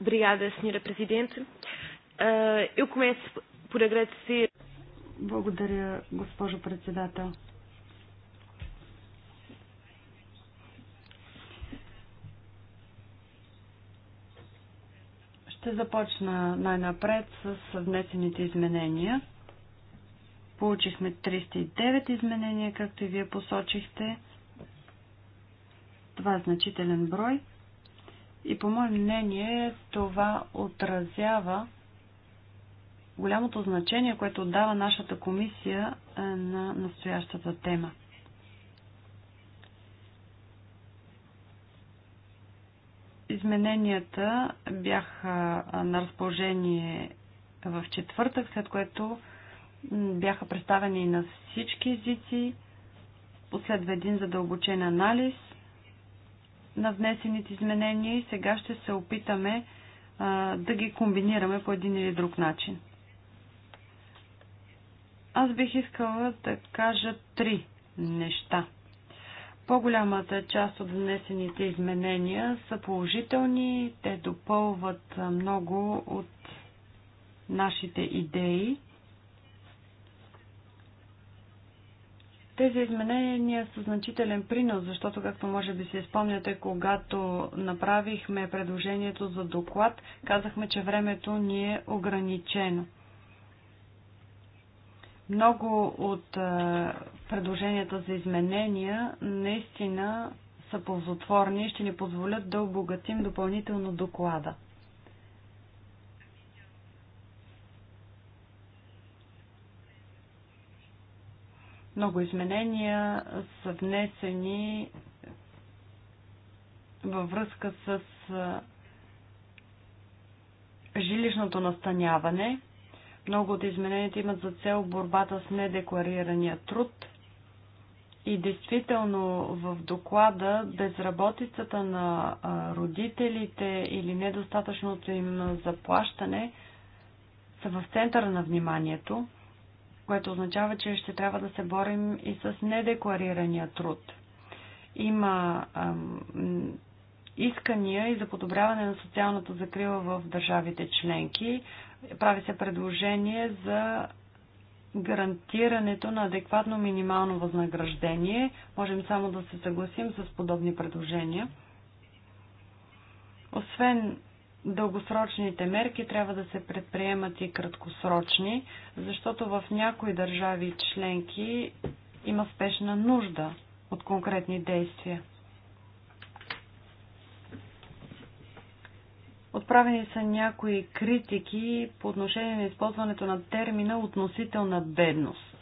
Obrigada, Sra. Presidente. Ah, eu começo por agradecer. Благодаря, госпожо председател. Ще започна най-напред с внесените изменения. Получихме 309 изменения, както и вие посочихте. Това е значителен брой. И по мое мнение това отразява голямото значение, което дава нашата комисия е, на настоящата тема. Измененията бяха е, на разположение в четвъртък, след което бяха представени на всички езици. Последва един задълбочен анализ – на внесените изменения и сега ще се опитаме а, да ги комбинираме по един или друг начин. Аз бих искала да кажа три неща. По-голямата част от внесените изменения са положителни, те допълват много от нашите идеи Тези изменения са значителен принос, защото, както може би се спомняте, когато направихме предложението за доклад, казахме, че времето ни е ограничено. Много от предложенията за изменения наистина са ползотворни и ще ни позволят да обогатим допълнително доклада. Много изменения са внесени във връзка с жилищното настаняване. Много от измененията имат за цел борбата с недекларирания труд. И действително в доклада безработицата на родителите или недостатъчното им заплащане са в центъра на вниманието което означава, че ще трябва да се борим и с недекларирания труд. Има ам, искания и за подобряване на социалната закрила в държавите членки. Прави се предложение за гарантирането на адекватно минимално възнаграждение. Можем само да се съгласим с подобни предложения. Освен дългосрочните мерки трябва да се предприемат и краткосрочни, защото в някои държави членки има спешна нужда от конкретни действия. Отправени са някои критики по отношение на използването на термина относителна бедност.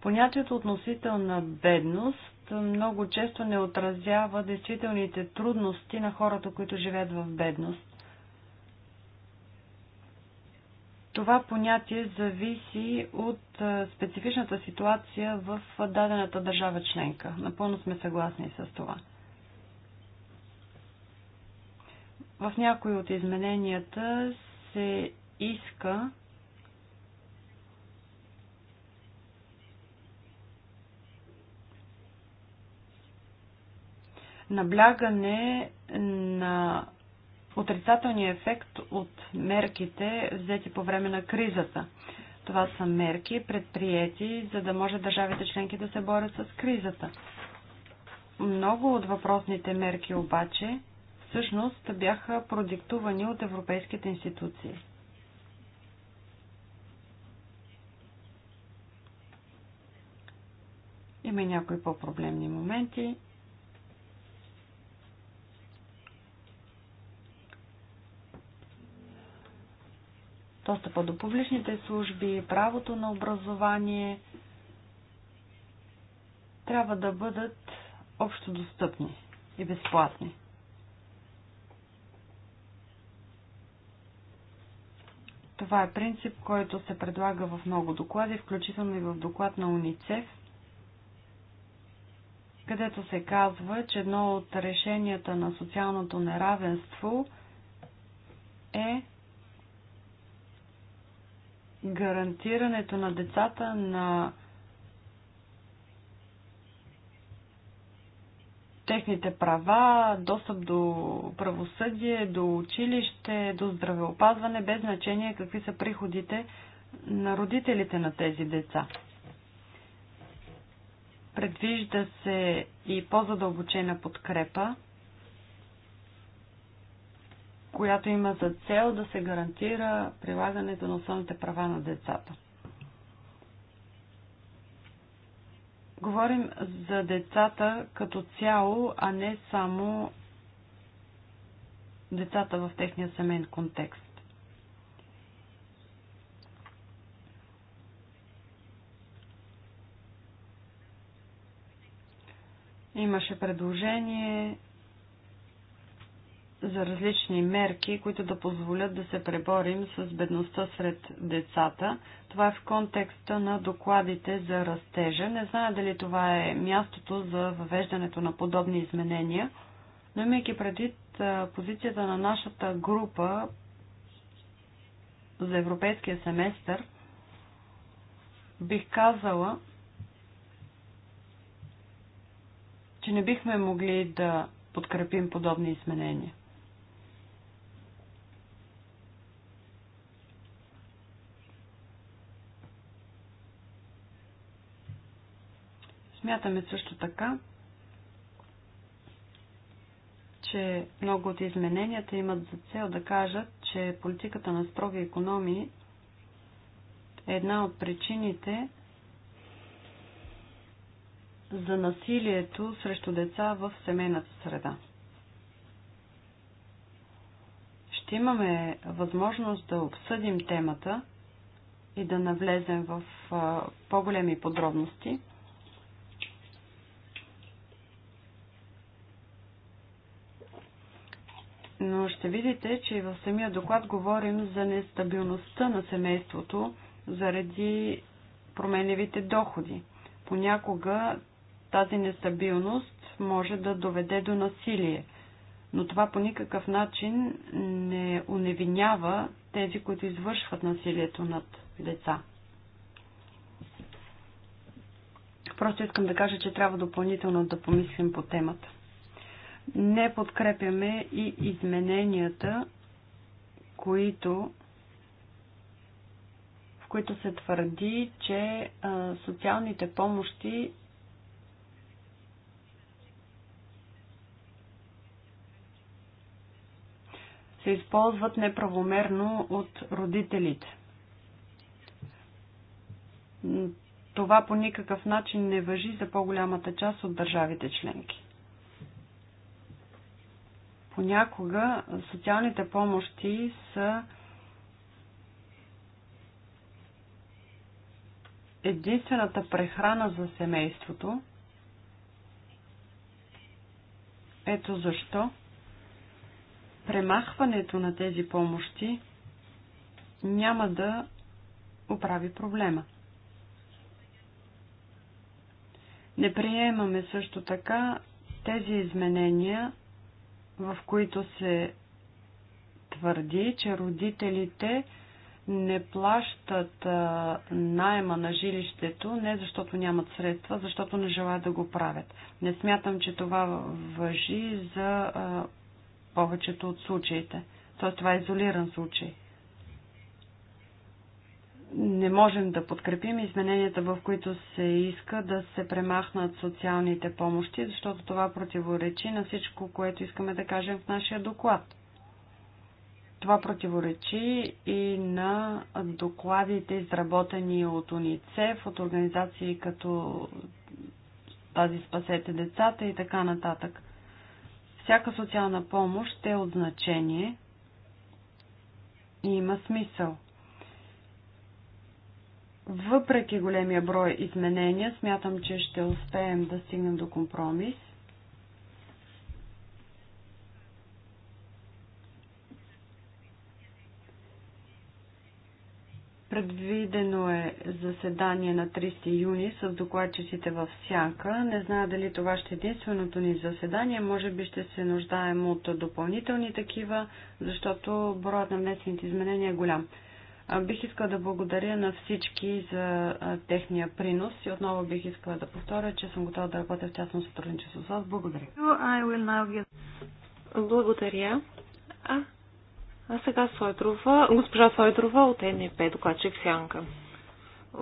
Понятието относителна бедност много често не отразява действителните трудности на хората, които живеят в бедност. това понятие зависи от специфичната ситуация в дадената държава членка. Напълно сме съгласни с това. В някои от измененията се иска наблягане на отрицателния ефект от мерките, взети по време на кризата. Това са мерки, предприяти, за да може държавите членки да се борят с кризата. Много от въпросните мерки обаче всъщност бяха продиктувани от европейските институции. Има някои по-проблемни моменти, достъпа до публичните служби, правото на образование трябва да бъдат общо достъпни и безплатни. Това е принцип, който се предлага в много доклади, включително и в доклад на УНИЦЕФ, където се казва, че едно от решенията на социалното неравенство е гарантирането на децата на техните права, достъп до правосъдие, до училище, до здравеопазване, без значение какви са приходите на родителите на тези деца. Предвижда се и по-задълбочена подкрепа която има за цел да се гарантира прилагането на основните права на децата. Говорим за децата като цяло, а не само децата в техния семейен контекст. Имаше предложение за различни мерки, които да позволят да се преборим с бедността сред децата. Това е в контекста на докладите за растежа. Не зная дали това е мястото за въвеждането на подобни изменения, но имайки предвид позицията на нашата група за европейския семестър, бих казала, че не бихме могли да подкрепим подобни изменения. Смятаме също така, че много от измененията имат за цел да кажат, че политиката на строги економии е една от причините за насилието срещу деца в семейната среда. Ще имаме възможност да обсъдим темата и да навлезем в по-големи подробности. Но ще видите, че и в самия доклад говорим за нестабилността на семейството заради променевите доходи. Понякога тази нестабилност може да доведе до насилие, но това по никакъв начин не уневинява тези, които извършват насилието над деца. Просто искам да кажа, че трябва допълнително да помислим по темата. Не подкрепяме и измененията, които в които се твърди, че а, социалните помощи се използват неправомерно от родителите. Това по никакъв начин не въжи за по-голямата част от държавите членки. Понякога социалните помощи са единствената прехрана за семейството. Ето защо премахването на тези помощи няма да оправи проблема. Не приемаме също така тези изменения в които се твърди, че родителите не плащат найема на жилището не защото нямат средства, защото не желаят да го правят. Не смятам, че това въжи за повечето от случаите. Тоест това е изолиран случай не можем да подкрепим измененията, в които се иска да се премахнат социалните помощи, защото това противоречи на всичко, което искаме да кажем в нашия доклад. Това противоречи и на докладите, изработени от УНИЦЕФ, от организации като тази Спасете децата и така нататък. Всяка социална помощ е от значение и има смисъл – въпреки големия брой изменения, смятам, че ще успеем да стигнем до компромис. Предвидено е заседание на 30 юни с докладчиците във всяка. Не зная дали това ще е единственото ни заседание. Може би ще се нуждаем от допълнителни такива, защото броят на внесените изменения е голям. Бих искала да благодаря на всички за техния принос и отново бих искала да повторя, че съм готова да работя в тясно сътрудничество с вас. Благодаря. Благодаря. А, а сега Сойдрова, госпожа Сойдрова от НП, докладчик Сянка.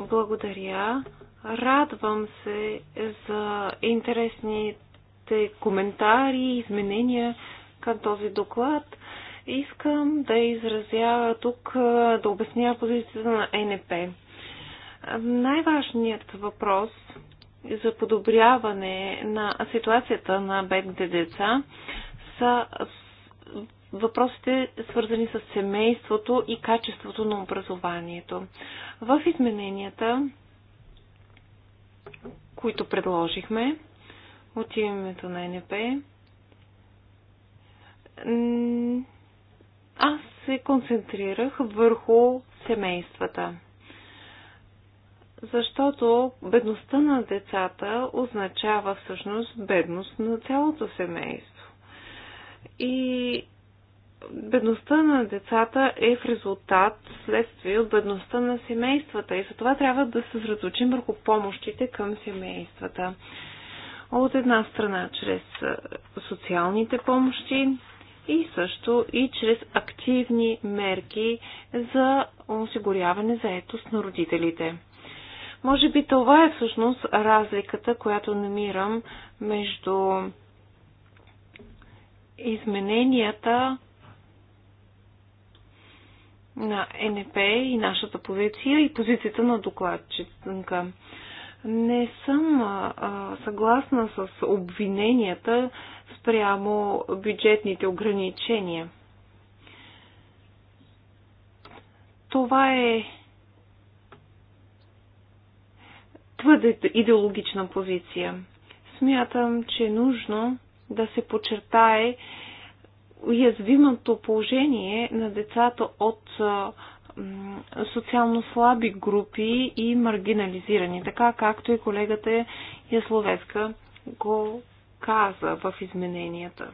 Благодаря. Радвам се за интересните коментари изменения към този доклад. Искам да изразя тук, да обясня позицията на НП. Най-важният въпрос за подобряване на ситуацията на бедните деца са въпросите свързани с семейството и качеството на образованието. В измененията, които предложихме от името на НП, аз се концентрирах върху семействата. Защото бедността на децата означава всъщност бедност на цялото семейство. И бедността на децата е в резултат, следствие от бедността на семействата. И за това трябва да се съсредоточим върху помощите към семействата. От една страна, чрез социалните помощи, и също и чрез активни мерки за осигуряване заетост на родителите. Може би това е всъщност разликата, която намирам между измененията на НП и нашата позиция и позицията на докладчика. Не съм а, съгласна с обвиненията спрямо бюджетните ограничения. Това е твърде идеологична позиция. Смятам, че е нужно да се почертае уязвимото положение на децата от социално слаби групи и маргинализирани, така както и колегата Ясловецка го каза в измененията.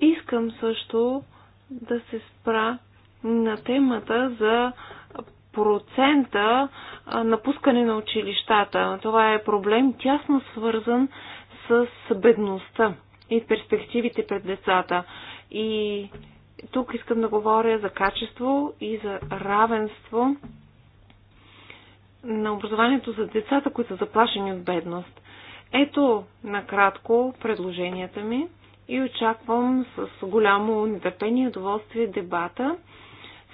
Искам също да се спра на темата за процента напускане на училищата. Това е проблем тясно свързан с бедността и перспективите пред децата. И тук искам да говоря за качество и за равенство на образованието за децата, които са заплашени от бедност. Ето накратко предложенията ми и очаквам с голямо нетърпение и удоволствие дебата.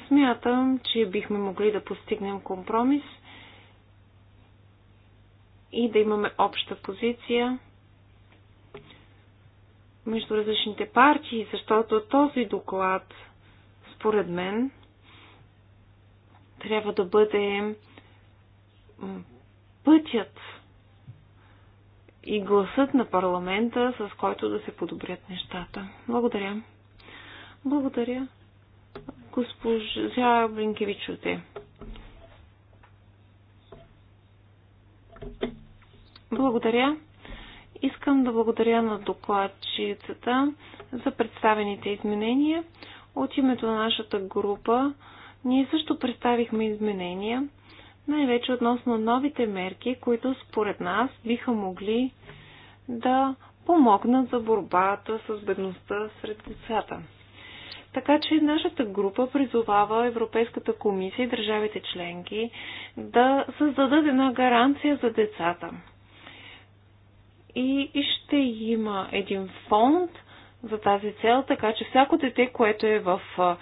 Смятам, че бихме могли да постигнем компромис и да имаме обща позиция между различните партии, защото този доклад, според мен, трябва да бъде пътят и гласът на парламента, с който да се подобрят нещата. Благодаря. Благодаря. Госпожа Блинкевичуте. Благодаря. Искам да благодаря на докладчицата за представените изменения. От името на нашата група ние също представихме изменения, най-вече относно новите мерки, които според нас биха могли да помогнат за борбата с бедността сред децата. Така че нашата група призовава Европейската комисия и държавите членки да създадат една гаранция за децата – и ще има един фонд за тази цел, така че всяко дете, което е в а,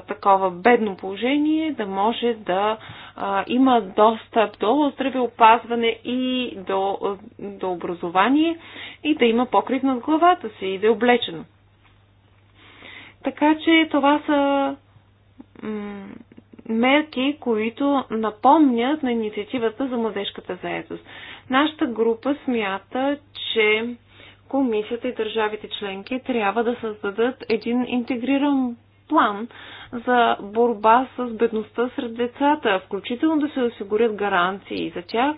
такова бедно положение, да може да а, има достъп до здравеопазване и до, до образование и да има покрив над главата си и да е облечено. Така че това са мерки, които напомнят на инициативата за младежката заедост. Нашата група смята, че комисията и държавите членки трябва да създадат един интегриран план за борба с бедността сред децата, включително да се осигурят гаранции за тях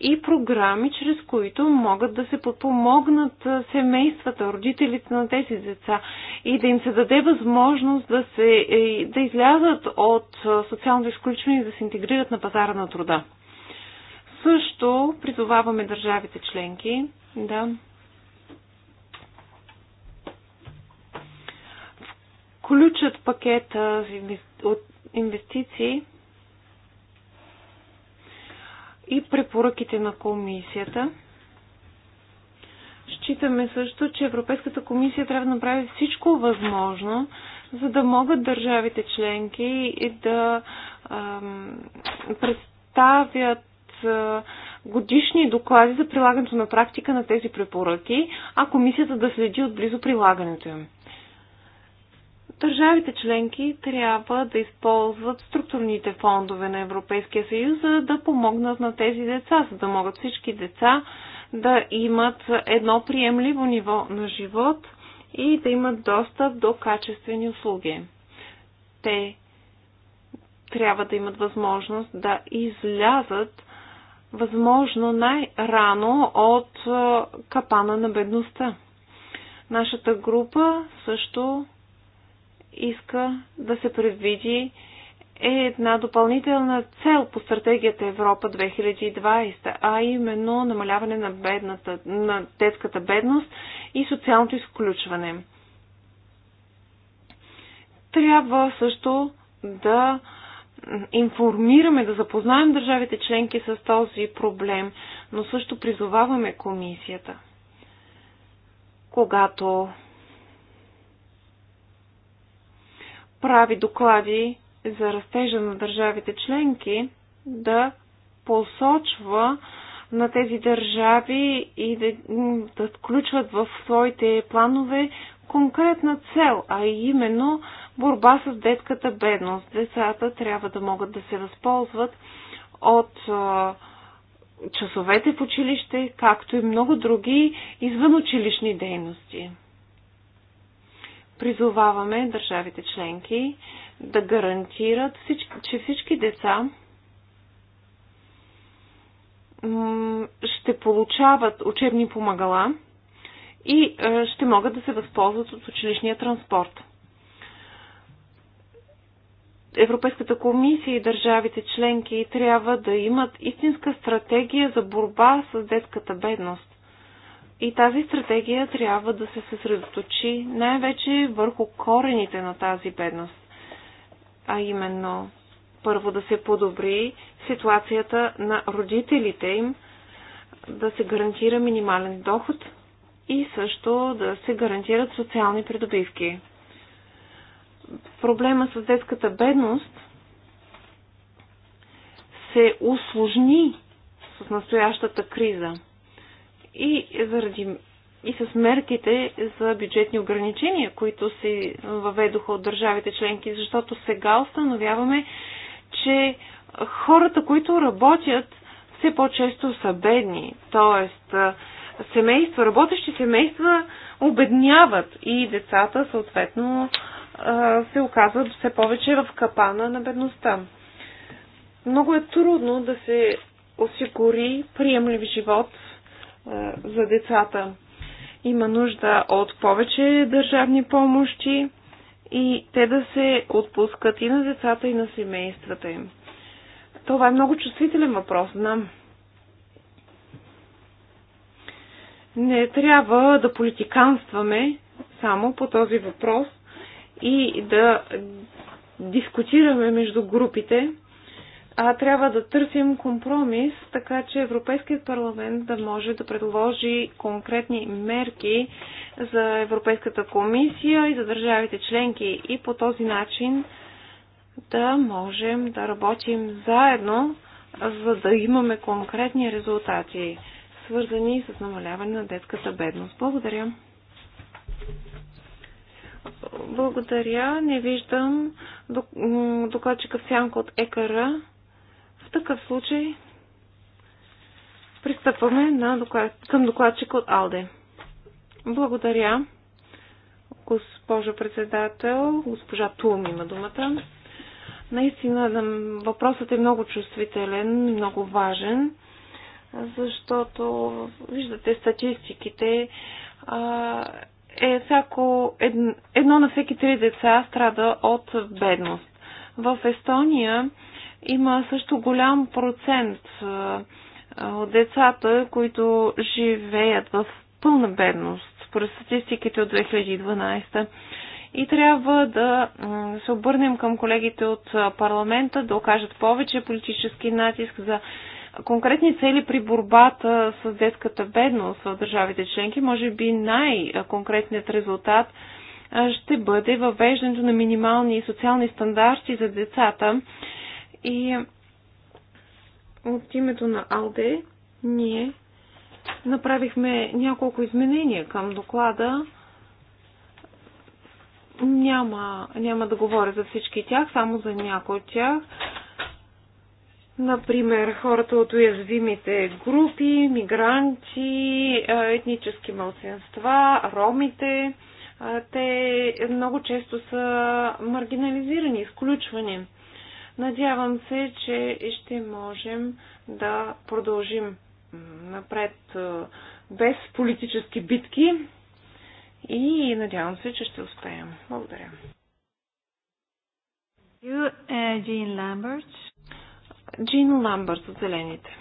и програми, чрез които могат да се подпомогнат семействата, родителите на тези деца и да им се даде възможност да, се, е, да излязат от социалното изключване и да се интегрират на пазара на труда. Също призоваваме държавите членки да. Включат пакета от инвестиции и препоръките на комисията. Считаме също, че Европейската комисия трябва да направи всичко възможно, за да могат държавите членки да ам, представят Ам, годишни доклади за прилагането на практика на тези препоръки, а комисията да следи отблизо прилагането им. Държавите членки трябва да използват структурните фондове на Европейския съюз, за да помогнат на тези деца, за да могат всички деца да имат едно приемливо ниво на живот и да имат достъп до качествени услуги. Те трябва да имат възможност да излязат възможно най-рано от капана на бедността. Нашата група също иска да се предвиди е една допълнителна цел по стратегията Европа 2020, а именно намаляване на, бедната, на детската бедност и социалното изключване. Трябва също да информираме, да запознаем държавите членки с този проблем, но също призоваваме комисията, когато прави доклади за растежа на държавите членки, да посочва на тези държави и да, да включват в своите планове конкретна цел, а именно борба с детската бедност. Децата трябва да могат да се възползват от часовете в училище, както и много други извънучилищни дейности. Призоваваме държавите членки да гарантират, че всички деца ще получават учебни помагала и ще могат да се възползват от училищния транспорт. Европейската комисия и държавите членки трябва да имат истинска стратегия за борба с детската бедност. И тази стратегия трябва да се съсредоточи най-вече върху корените на тази бедност. А именно, първо да се подобри ситуацията на родителите им, да се гарантира минимален доход и също да се гарантират социални придобивки проблема с детската бедност се усложни с настоящата криза и заради и с мерките за бюджетни ограничения, които се въведоха от държавите членки, защото сега установяваме, че хората, които работят, все по-често са бедни. Тоест, семейства, работещи семейства обедняват и децата, съответно, се оказват все повече в капана на бедността. Много е трудно да се осигури приемлив живот за децата. Има нужда от повече държавни помощи и те да се отпускат и на децата, и на семействата им. Това е много чувствителен въпрос, знам. Не трябва да политиканстваме само по този въпрос – и да дискутираме между групите, а трябва да търсим компромис, така че Европейският парламент да може да предложи конкретни мерки за Европейската комисия и за държавите членки и по този начин да можем да работим заедно, за да имаме конкретни резултати, свързани с намаляване на детската бедност. Благодаря. Благодаря. Не виждам докладчика Сянко сянка от ЕКР. В такъв случай пристъпваме на доклад, към докладчика от АЛДЕ. Благодаря. Госпожо председател, госпожа Тулм има думата. Наистина въпросът е много чувствителен, много важен, защото виждате статистиките. А, е всяко едно, едно на всеки три деца страда от бедност. В Естония има също голям процент от децата, които живеят в пълна бедност, според статистиките от 2012. И трябва да се обърнем към колегите от парламента да окажат повече политически натиск за конкретни цели при борбата с детската бедност в държавите членки, може би най-конкретният резултат ще бъде въвеждането на минимални социални стандарти за децата. И от името на АЛДЕ ние направихме няколко изменения към доклада. Няма, няма да говоря за всички тях, само за някои от тях. Например, хората от уязвимите групи, мигранти, етнически малцинства, ромите, те много често са маргинализирани, изключвани. Надявам се, че ще можем да продължим напред без политически битки и надявам се, че ще успеем. Благодаря. Джин Ламбърт. Джин Ламбърт от Зелените.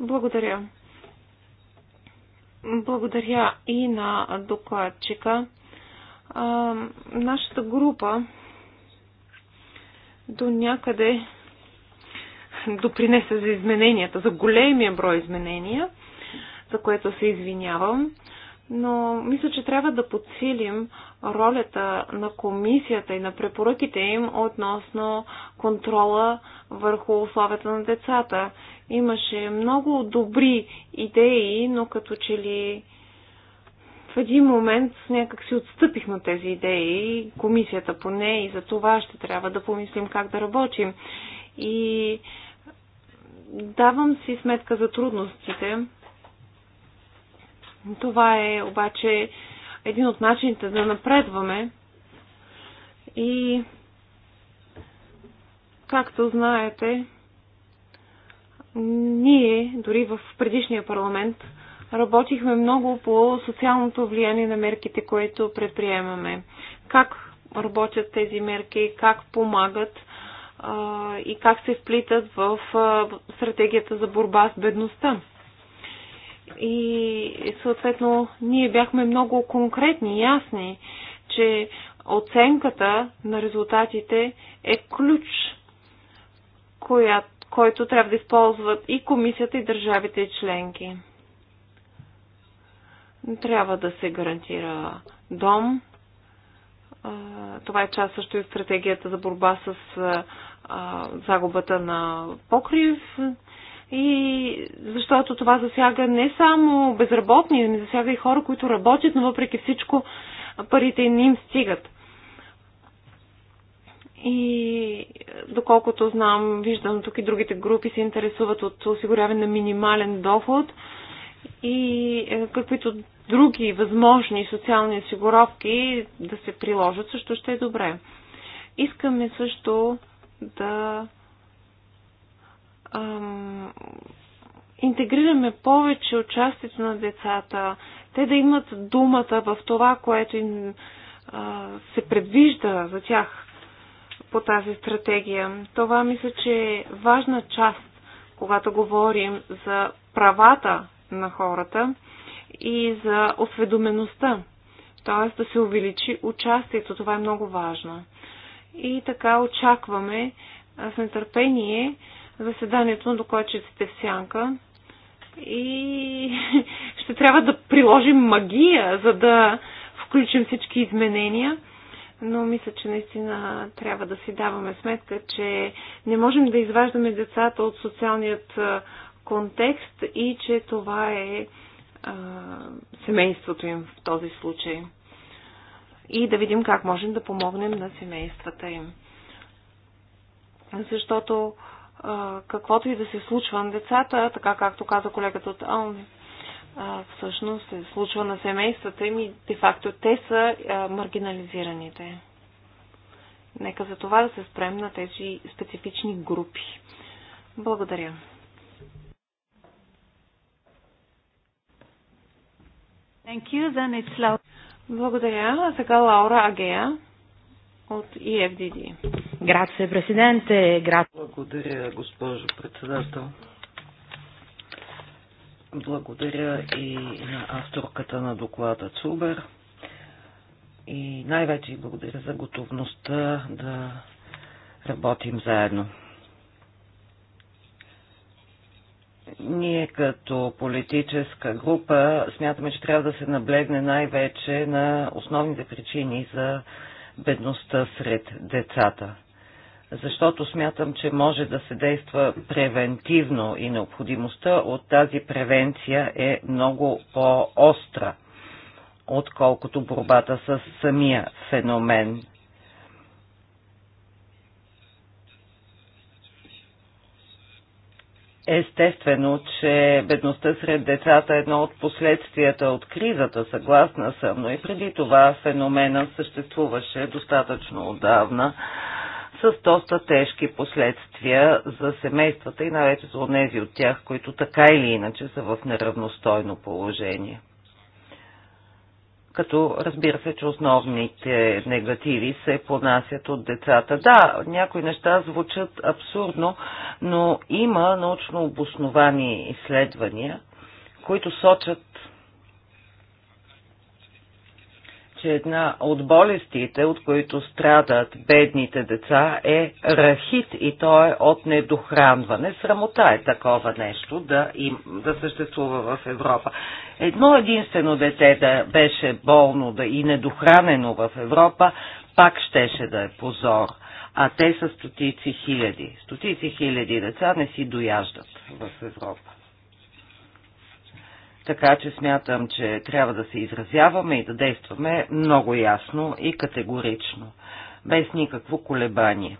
Благодаря. Благодаря и на докладчика. А, нашата група до някъде допринесе за измененията, за големия брой изменения, за което се извинявам, но мисля, че трябва да подсилим ролята на комисията и на препоръките им относно контрола върху условията на децата. Имаше много добри идеи, но като че ли в един момент някак си отстъпихме от тези идеи, комисията поне, и за това ще трябва да помислим как да работим. И давам си сметка за трудностите. Това е обаче един от начините да напредваме. И, както знаете, ние, дори в предишния парламент, работихме много по социалното влияние на мерките, които предприемаме. Как работят тези мерки, как помагат и как се вплитат в стратегията за борба с бедността. И съответно ние бяхме много конкретни, ясни, че оценката на резултатите е ключ, коя, който трябва да използват и комисията, и държавите и членки. Трябва да се гарантира дом. Това е част също и стратегията за борба с загубата на покрив и защото това засяга не само безработни, но засяга и хора, които работят, но въпреки всичко парите не им стигат. И доколкото знам, виждам тук и другите групи се интересуват от осигуряване на минимален доход и е, каквито други възможни социални осигуровки да се приложат също ще е добре. Искаме също да ам, интегрираме повече участието на децата, те да имат думата в това, което им а, се предвижда за тях по тази стратегия. Това мисля, че е важна част, когато говорим за правата на хората и за осведомеността. Т.е. да се увеличи участието. Това е много важно. И така очакваме с нетърпение заседанието на докладчиците в Сянка и ще трябва да приложим магия, за да включим всички изменения. Но мисля, че наистина трябва да си даваме сметка, че не можем да изваждаме децата от социалният контекст и че това е а, семейството им в този случай. И да видим как можем да помогнем на семействата им. Защото каквото и да се случва на децата, така както каза колегата от ООН, всъщност се случва на семействата им и де-факто те са маргинализираните. Нека за това да се спрем на тези специфични групи. Благодаря. Thank you. Then it's Благодаря. А сега Лаура Агея от EFDD. Грация, президенте. Благодаря, госпожо председател. Благодаря и на авторката на доклада Цубер. И най-вече благодаря за готовността да работим заедно. Ние като политическа група смятаме, че трябва да се наблегне най-вече на основните причини за бедността сред децата. Защото смятам, че може да се действа превентивно и необходимостта от тази превенция е много по-остра, отколкото борбата с самия феномен Естествено, че бедността сред децата е едно от последствията от кризата, съгласна съм, но и преди това феномена съществуваше достатъчно отдавна с доста тежки последствия за семействата и най-вече за онези от тях, които така или иначе са в неравностойно положение като разбира се, че основните негативи се понасят от децата. Да, някои неща звучат абсурдно, но има научно обосновани изследвания, които сочат, че една от болестите, от които страдат бедните деца, е рахит и то е от недохранване. Срамота е такова нещо да, им, да съществува в Европа. Едно единствено дете да беше болно да и недохранено в Европа, пак щеше да е позор. А те са стотици хиляди. Стотици хиляди деца не си дояждат в Европа. Така че смятам, че трябва да се изразяваме и да действаме много ясно и категорично, без никакво колебание.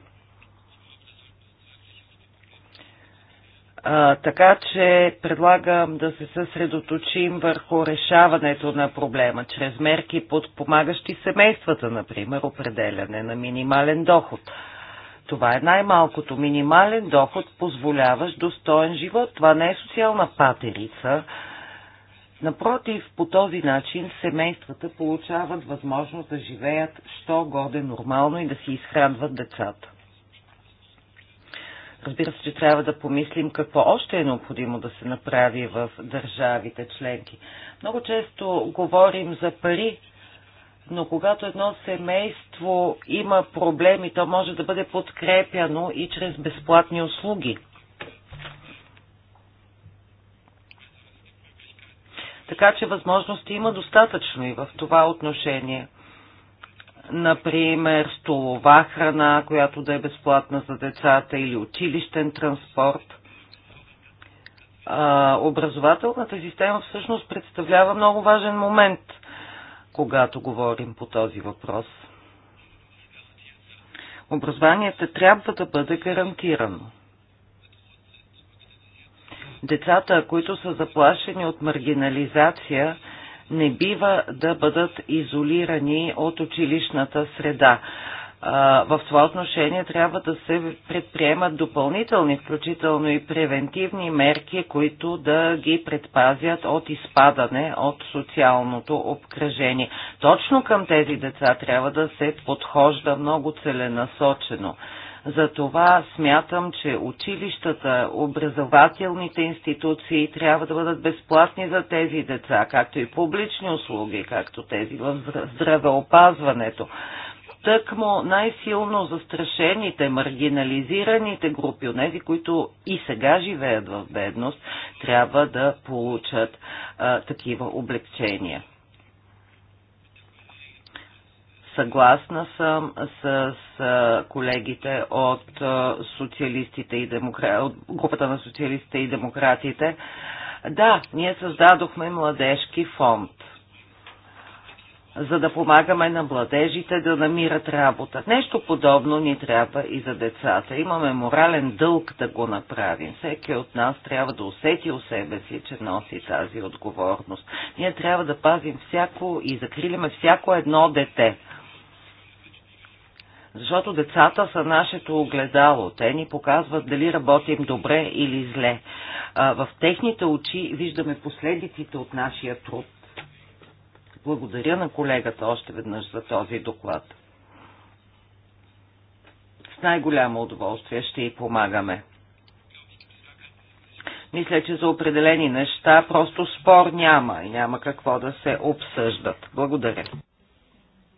А, така че предлагам да се съсредоточим върху решаването на проблема чрез мерки подпомагащи семействата, например, определяне на минимален доход. Това е най-малкото минимален доход, позволяващ достоен живот. Това не е социална патерица, Напротив, по този начин семействата получават възможност да живеят що годе нормално и да си изхранват децата. Разбира се, че трябва да помислим какво още е необходимо да се направи в държавите членки. Много често говорим за пари, но когато едно семейство има проблеми, то може да бъде подкрепяно и чрез безплатни услуги. Така че възможности има достатъчно и в това отношение. Например, столова храна, която да е безплатна за децата или училищен транспорт. А, образователната система всъщност представлява много важен момент, когато говорим по този въпрос. Образованието трябва да бъде гарантирано децата, които са заплашени от маргинализация, не бива да бъдат изолирани от училищната среда. В това отношение трябва да се предприемат допълнителни, включително и превентивни мерки, които да ги предпазят от изпадане от социалното обкръжение. Точно към тези деца трябва да се подхожда много целенасочено. Затова смятам, че училищата, образователните институции трябва да бъдат безплатни за тези деца, както и публични услуги, както тези в здравеопазването. Тъкмо най-силно застрашените, маргинализираните групи, онези, които и сега живеят в бедност, трябва да получат а, такива облегчения. Съгласна съм с, с колегите от социалистите и демокра... от групата на социалистите и демократите. Да, ние създадохме младежки фонд за да помагаме на младежите да намират работа. Нещо подобно ни трябва и за децата. Имаме морален дълг да го направим. Всеки от нас трябва да усети у себе си, че носи тази отговорност. Ние трябва да пазим всяко и закриляме всяко едно дете. Защото децата са нашето огледало. Те ни показват дали работим добре или зле. А, в техните очи виждаме последиците от нашия труд. Благодаря на колегата още веднъж за този доклад. С най-голямо удоволствие ще й помагаме. Мисля, че за определени неща просто спор няма и няма какво да се обсъждат. Благодаря.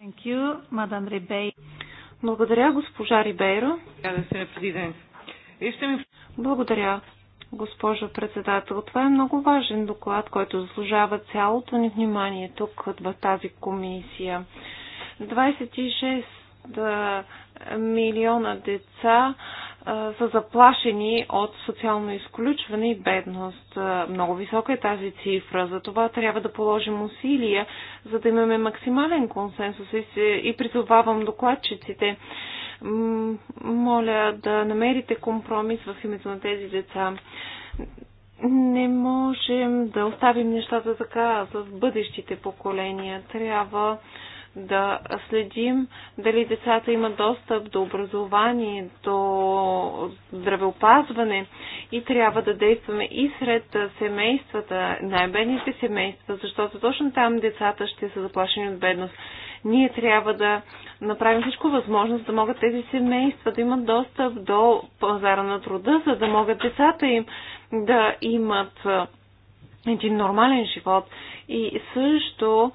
Thank you, благодаря, госпожа Рибейро. Благодаря, госпожо председател. Това е много важен доклад, който заслужава цялото ни внимание тук в тази комисия. 26 милиона деца са заплашени от социално изключване и бедност. Много висока е тази цифра, за това трябва да положим усилия, за да имаме максимален консенсус и, се, и призовавам докладчиците. Моля да намерите компромис в името на тези деца. Не можем да оставим нещата така за бъдещите поколения. Трябва да следим дали децата имат достъп до образование, до здравеопазване и трябва да действаме и сред семействата, най-бедните семейства, защото точно там децата ще са заплашени от бедност. Ние трябва да направим всичко възможно, за да могат тези семейства да имат достъп до пазара на труда, за да могат децата им да имат един нормален живот. И също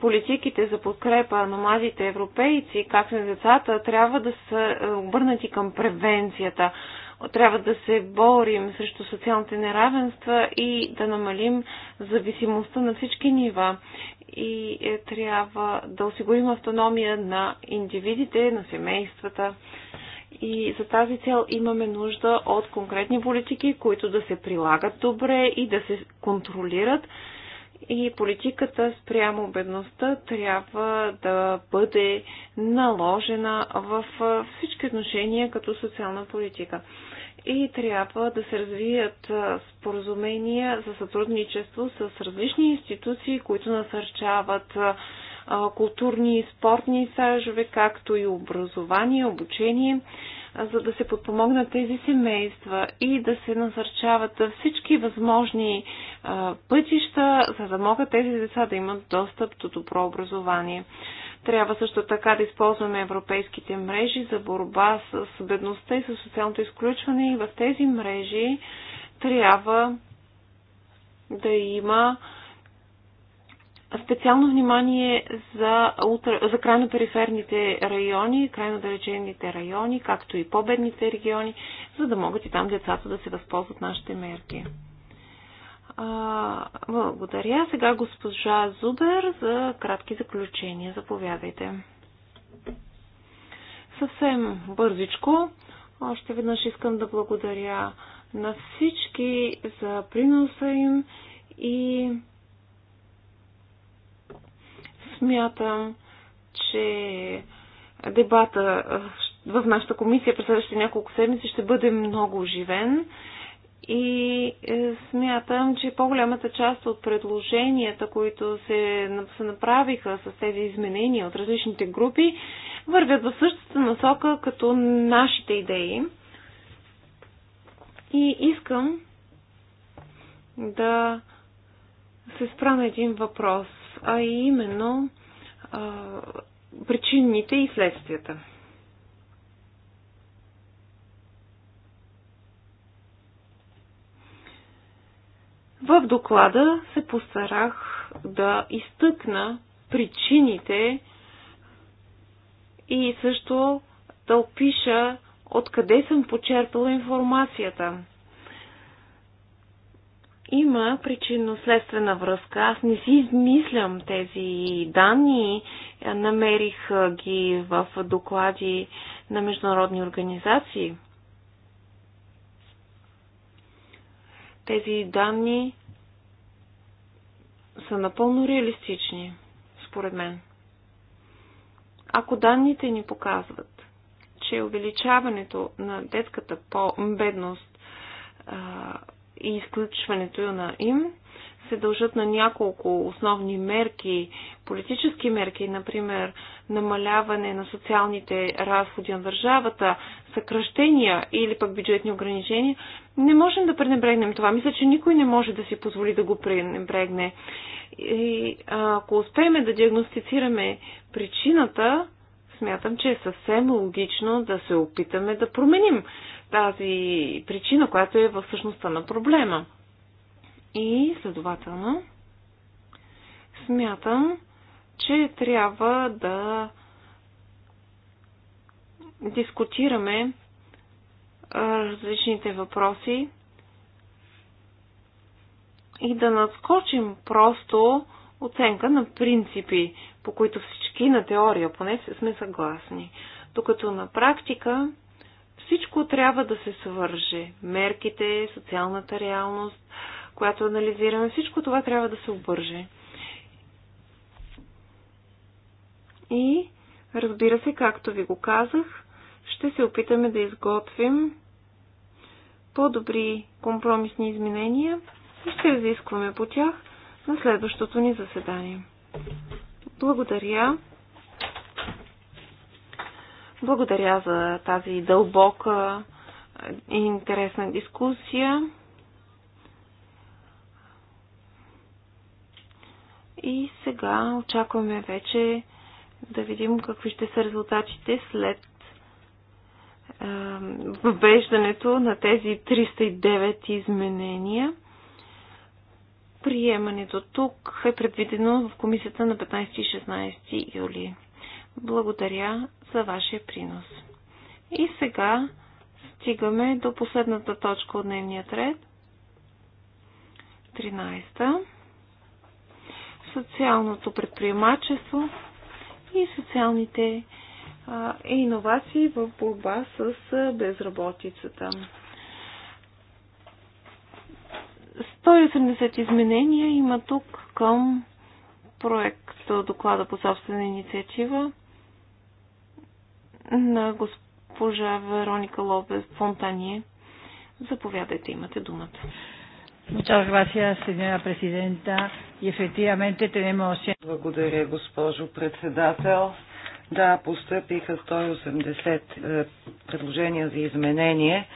политиките за подкрепа на младите европейци, както и децата, трябва да са е, обърнати към превенцията. Трябва да се борим срещу социалните неравенства и да намалим зависимостта на всички нива. И е, трябва да осигурим автономия на индивидите, на семействата. И за тази цел имаме нужда от конкретни политики, които да се прилагат добре и да се контролират, и политиката спрямо бедността трябва да бъде наложена в всички отношения като социална политика. И трябва да се развият споразумения за сътрудничество с различни институции, които насърчават културни и спортни сажове, както и образование, обучение, за да се подпомогнат тези семейства и да се насърчават всички възможни пътища, за да могат тези деца да имат достъп до добро образование. Трябва също така да използваме европейските мрежи за борба с бедността и с социалното изключване и в тези мрежи трябва да има специално внимание за, за крайно периферните райони, крайно далечените райони, както и по-бедните региони, за да могат и там децата да се възползват нашите мерки. А, благодаря. Сега госпожа Зубер за кратки заключения. Заповядайте. Съвсем бързичко. Още веднъж искам да благодаря на всички за приноса им и смятам, че дебата в нашата комисия през следващите няколко седмици ще бъде много оживен. И е, смятам, че по-голямата част от предложенията, които се, се направиха с тези изменения от различните групи, вървят в същата насока като нашите идеи. И искам да се спра на един въпрос, а именно а, причините и следствията. В доклада се постарах да изтъкна причините и също да опиша откъде съм почерпала информацията. Има причинно-следствена връзка. Аз не си измислям тези данни. Намерих ги в доклади на международни организации. Тези данни са напълно реалистични, според мен. Ако данните ни показват, че увеличаването на детската бедност и изключването на им се дължат на няколко основни мерки, политически мерки, например намаляване на социалните разходи на държавата, съкръщения или пък бюджетни ограничения, не можем да пренебрегнем това. Мисля, че никой не може да си позволи да го пренебрегне. И ако успеем да диагностицираме причината, смятам, че е съвсем логично да се опитаме да променим тази причина, която е в същността на проблема. И, следователно, смятам, че трябва да дискутираме различните въпроси и да надскочим просто оценка на принципи, по които всички на теория поне сме съгласни. Докато на практика всичко трябва да се свърже. Мерките, социалната реалност, която анализираме. Всичко това трябва да се обърже. И, разбира се, както ви го казах, ще се опитаме да изготвим по-добри компромисни изменения и ще разискваме по тях на следващото ни заседание. Благодаря. Благодаря за тази дълбока и интересна дискусия. И сега очакваме вече да видим какви ще са резултатите след въвеждането на тези 309 изменения. Приемането тук е предвидено в комисията на 15 и 16 юли. Благодаря за вашия принос. И сега стигаме до последната точка от дневния ред. 13 социалното предприемачество и социалните иновации в борба с безработицата. 180 изменения има тук към проекта доклада по собствена инициатива на госпожа Вероника Лобе Фонтание. Заповядайте, имате думата. Muchas gracias, señora presidenta. Благодаря, госпожо председател. Да, постъпиха 180 е, предложения за изменение,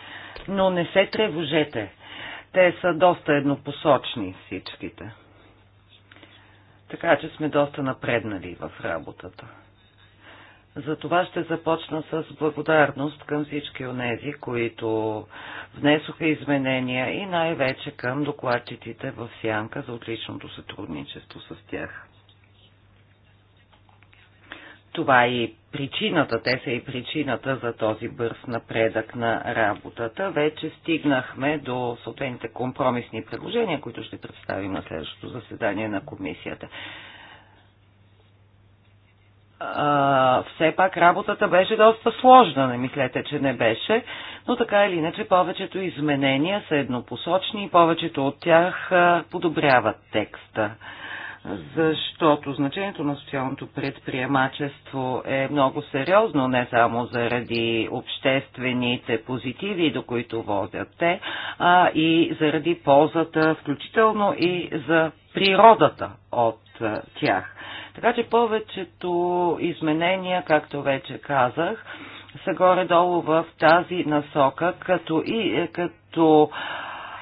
но не се тревожете. Те са доста еднопосочни всичките. Така че сме доста напреднали в работата. За това ще започна с благодарност към всички онези, които внесоха изменения и най-вече към докладчиците в Сянка за отличното сътрудничество с тях. Това е и причината, те са и причината за този бърз напредък на работата. Вече стигнахме до съответните компромисни предложения, които ще представим на следващото заседание на комисията а, все пак работата беше доста сложна, не мислете, че не беше, но така или иначе повечето изменения са еднопосочни и повечето от тях а, подобряват текста. Защото значението на социалното предприемачество е много сериозно, не само заради обществените позитиви, до които водят те, а и заради ползата, включително и за природата от тях. Така че повечето изменения, както вече казах, са горе-долу в тази насока, като и е, като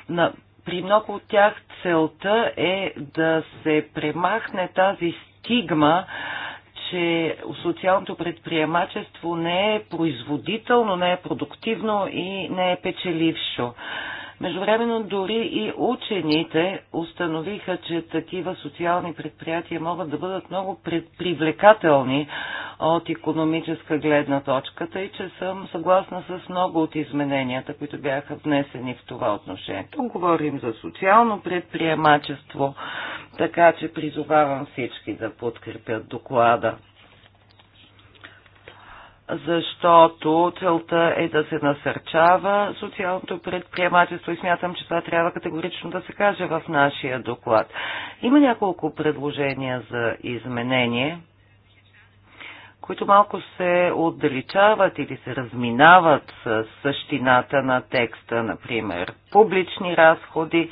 на, при много от тях целта е да се премахне тази стигма, че социалното предприемачество не е производително, не е продуктивно и не е печелившо. Междувременно дори и учените установиха, че такива социални предприятия могат да бъдат много привлекателни от економическа гледна точка, тъй че съм съгласна с много от измененията, които бяха внесени в това отношение. Тук говорим за социално предприемачество, така че призовавам всички да подкрепят доклада защото целта е да се насърчава социалното предприемачество и смятам, че това трябва категорично да се каже в нашия доклад. Има няколко предложения за изменение, които малко се отдалечават или се разминават с същината на текста, например публични разходи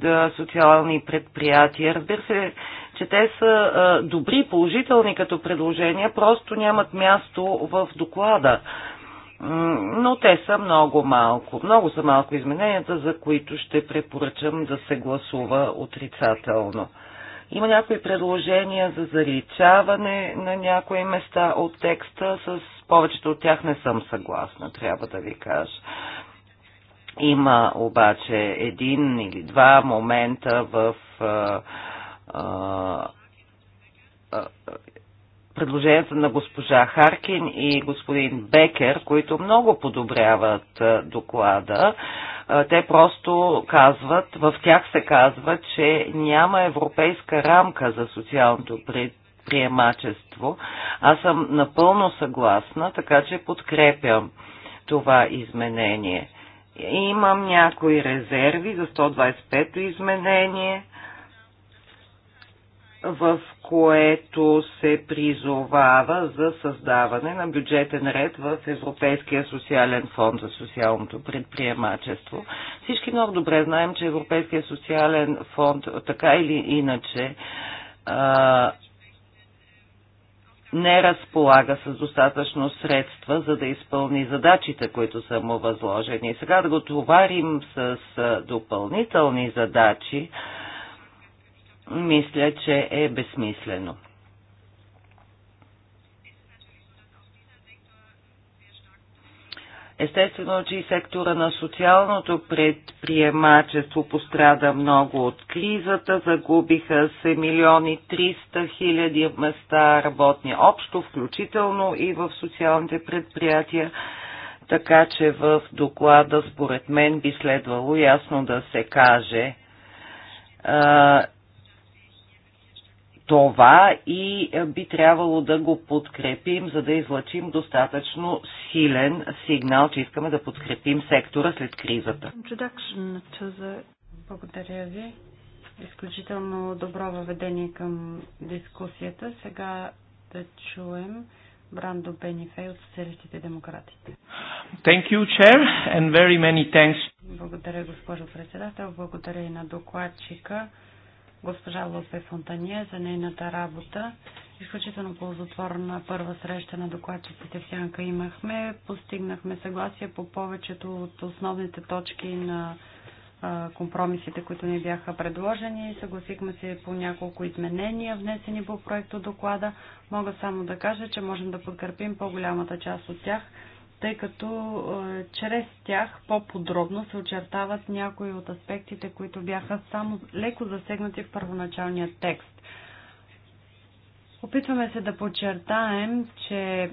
за социални предприятия. Разбира се, че те са добри, положителни като предложения, просто нямат място в доклада. Но те са много малко. Много са малко измененията, за които ще препоръчам да се гласува отрицателно. Има някои предложения за заличаване на някои места от текста. С повечето от тях не съм съгласна, трябва да ви кажа. Има обаче един или два момента в а, предложенията на госпожа Харкин и господин Бекер, които много подобряват доклада. Те просто казват, в тях се казва, че няма европейска рамка за социалното предприемачество. Аз съм напълно съгласна, така че подкрепям това изменение. Имам някои резерви за 125-то изменение – в което се призовава за създаване на бюджетен ред в Европейския социален фонд за социалното предприемачество. Всички много добре знаем, че Европейския социален фонд така или иначе не разполага с достатъчно средства, за да изпълни задачите, които са му възложени. Сега да го товарим с допълнителни задачи, а, мисля, че е безсмислено. Естествено, че и сектора на социалното предприемачество пострада много от кризата. Загубиха се милиони 300 хиляди места работни общо, включително и в социалните предприятия. Така че в доклада, според мен, би следвало ясно да се каже това и е, би трябвало да го подкрепим, за да излъчим достатъчно силен сигнал, че искаме да подкрепим сектора след кризата. Благодаря ви. Изключително добро въведение към дискусията. Сега да чуем Брандо Бенифей от Социалистите демократите. Thank you, Chair, and very many thanks. Благодаря, госпожо председател. Благодаря и на докладчика госпожа Лопе Фонтания за нейната работа. Изключително ползотворна първа среща на докладчиците в Сянка имахме. Постигнахме съгласие по повечето от основните точки на компромисите, които ни бяха предложени. Съгласихме се по няколко изменения, внесени по проекто доклада. Мога само да кажа, че можем да подкрепим по-голямата част от тях – тъй като е, чрез тях по-подробно се очертават някои от аспектите, които бяха само леко засегнати в първоначалния текст. Опитваме се да подчертаем, че е,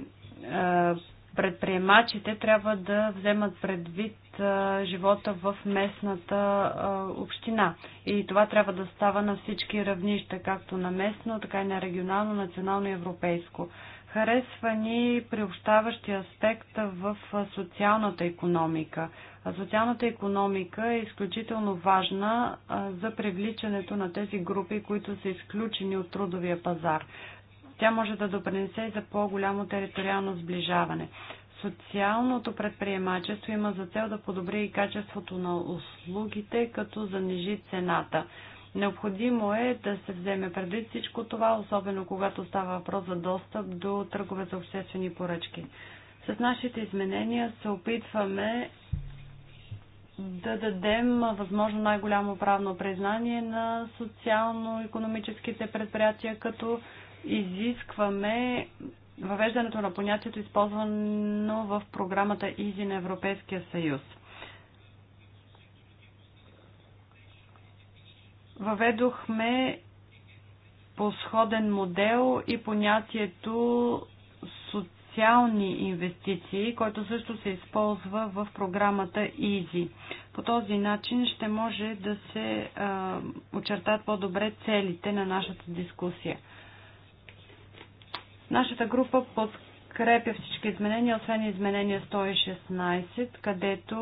предприемачите трябва да вземат предвид е, живота в местната община. И това трябва да става на всички равнища, както на местно, така и на регионално, национално и европейско. Харесва ни приобщаващи аспект в социалната економика. Социалната економика е изключително важна за привличането на тези групи, които са изключени от трудовия пазар. Тя може да допринесе и за по-голямо териториално сближаване. Социалното предприемачество има за цел да подобри и качеството на услугите, като занижи цената. Необходимо е да се вземе предвид всичко това, особено когато става въпрос за достъп до търгове за обществени поръчки. С нашите изменения се опитваме да дадем възможно най-голямо правно признание на социално-економическите предприятия, като изискваме въвеждането на понятието, използвано в програмата ИЗИ на Европейския съюз. Въведохме по сходен модел и понятието социални инвестиции, който също се използва в програмата EASY. По този начин ще може да се а, очертат по-добре целите на нашата дискусия. Нашата група подкрепя подкрепя всички изменения, освен изменение 116, където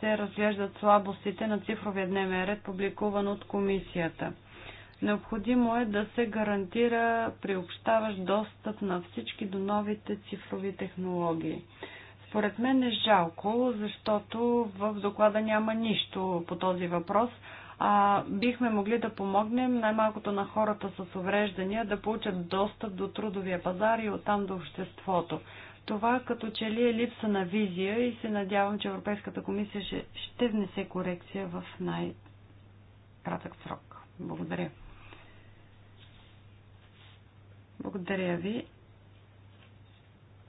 се разглеждат слабостите на цифровия дневен ред, публикуван от комисията. Необходимо е да се гарантира приобщаващ достъп на всички до новите цифрови технологии. Според мен е жалко, защото в доклада няма нищо по този въпрос, а, бихме могли да помогнем най-малкото на хората с увреждания да получат достъп до трудовия пазар и оттам до обществото. Това като че ли е липса на визия и се надявам, че Европейската комисия ще, ще внесе корекция в най-кратък срок. Благодаря. Благодаря ви.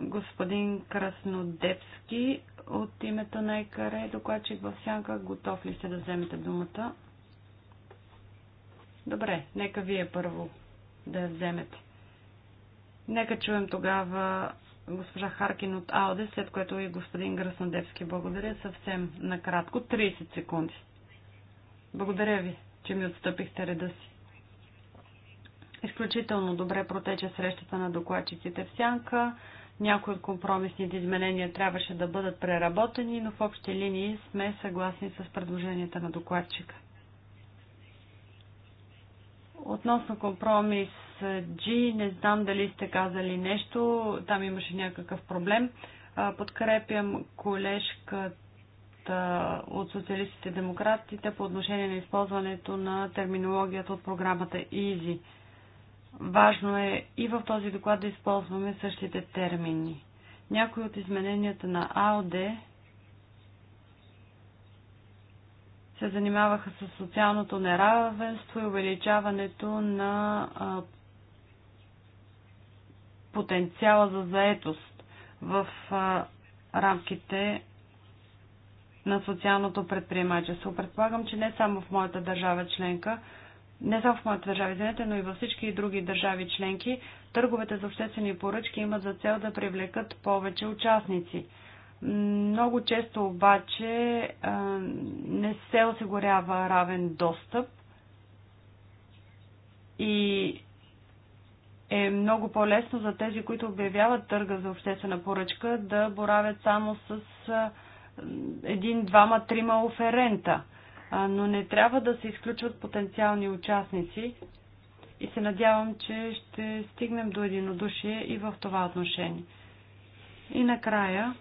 Господин Краснодепски от името на ЕКАРЕ, докладчик в сянка, готов ли сте да вземете думата? Добре, нека вие първо да я вземете. Нека чуем тогава госпожа Харкин от АОДЕ, след което и господин Гръснодевски. Благодаря съвсем накратко, 30 секунди. Благодаря ви, че ми отстъпихте реда си. Изключително добре протече срещата на докладчиците в Сянка. Някои от компромисните изменения трябваше да бъдат преработени, но в общи линии сме съгласни с предложенията на докладчика. Относно компромис G, не знам дали сте казали нещо, там имаше някакъв проблем. Подкрепям колежката от социалистите демократите по отношение на използването на терминологията от програмата EASY. Важно е и в този доклад да използваме същите термини. Някои от измененията на АОД се занимаваха с социалното неравенство и увеличаването на потенциала за заетост в рамките на социалното предприемачество. Предполагам, че не само в моята държава членка, не само в моята държава, извинете, но и във всички други държави членки, търговете за обществени поръчки имат за цел да привлекат повече участници – много често обаче не се осигурява равен достъп и е много по-лесно за тези, които обявяват търга за обществена поръчка, да боравят само с един, двама, трима оферента. Но не трябва да се изключват потенциални участници и се надявам, че ще стигнем до единодушие и в това отношение. И накрая,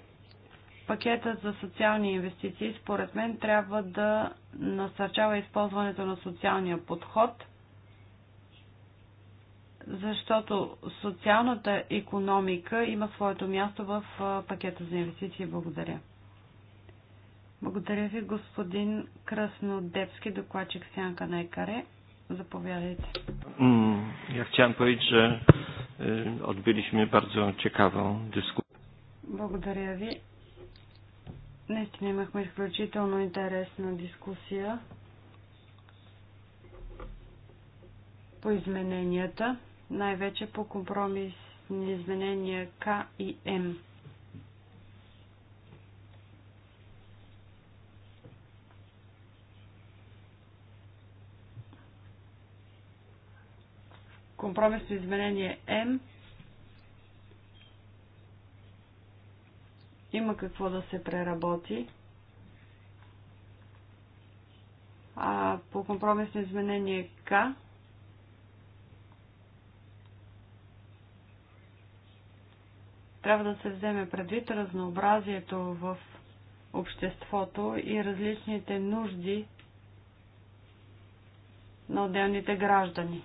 Пакетът за социални инвестиции, според мен, трябва да насърчава използването на социалния подход, защото социалната економика има своето място в пакета за инвестиции. Благодаря. Благодаря ви, господин Краснодепски, докладчик Сянка на ЕКАРЕ. Я Ja chciałem powiedzieć, że е, odbyliśmy bardzo ciekawą дискусия. Благодаря ви. Наистина имахме изключително интересна дискусия по измененията, най-вече по компромисни изменения К и М. Компромисно изменение М Има какво да се преработи. А по компромисно изменение К трябва да се вземе предвид разнообразието в обществото и различните нужди на отделните граждани.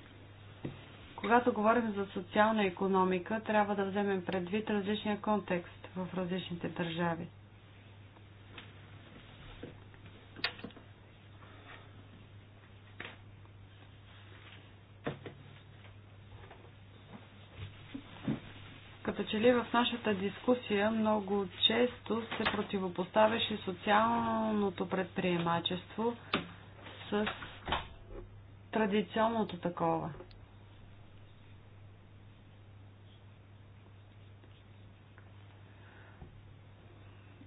Когато говорим за социална економика, трябва да вземем предвид различния контекст в различните държави. като че ли в нашата дискусия много често се противопоставяше социалното предприемачество с традиционното такова.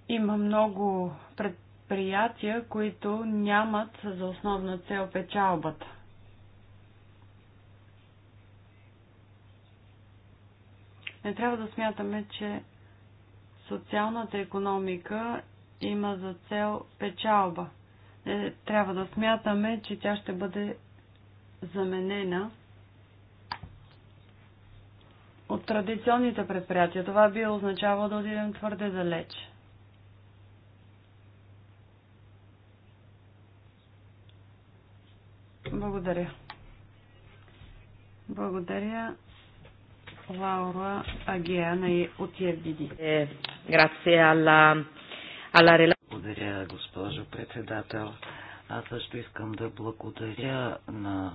Има много предприятия, които нямат за основна цел печалбата. Не трябва да смятаме, че социалната економика има за цел печалба. Не трябва да смятаме, че тя ще бъде заменена от традиционните предприятия. Това би означавало да отидем твърде далеч. Благодаря. Благодаря. Лаура и от ЕФДД. Благодаря, госпожо председател. Аз също искам да благодаря на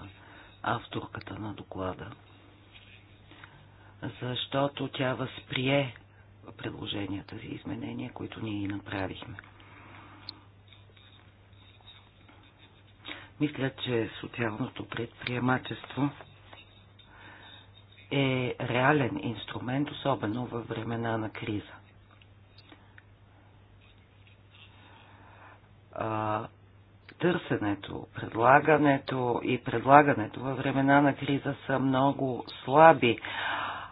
авторката на доклада, защото тя възприе предложенията за изменения, които ние направихме. Мисля, че социалното предприемачество е реален инструмент, особено във времена на криза. търсенето, предлагането и предлагането във времена на криза са много слаби,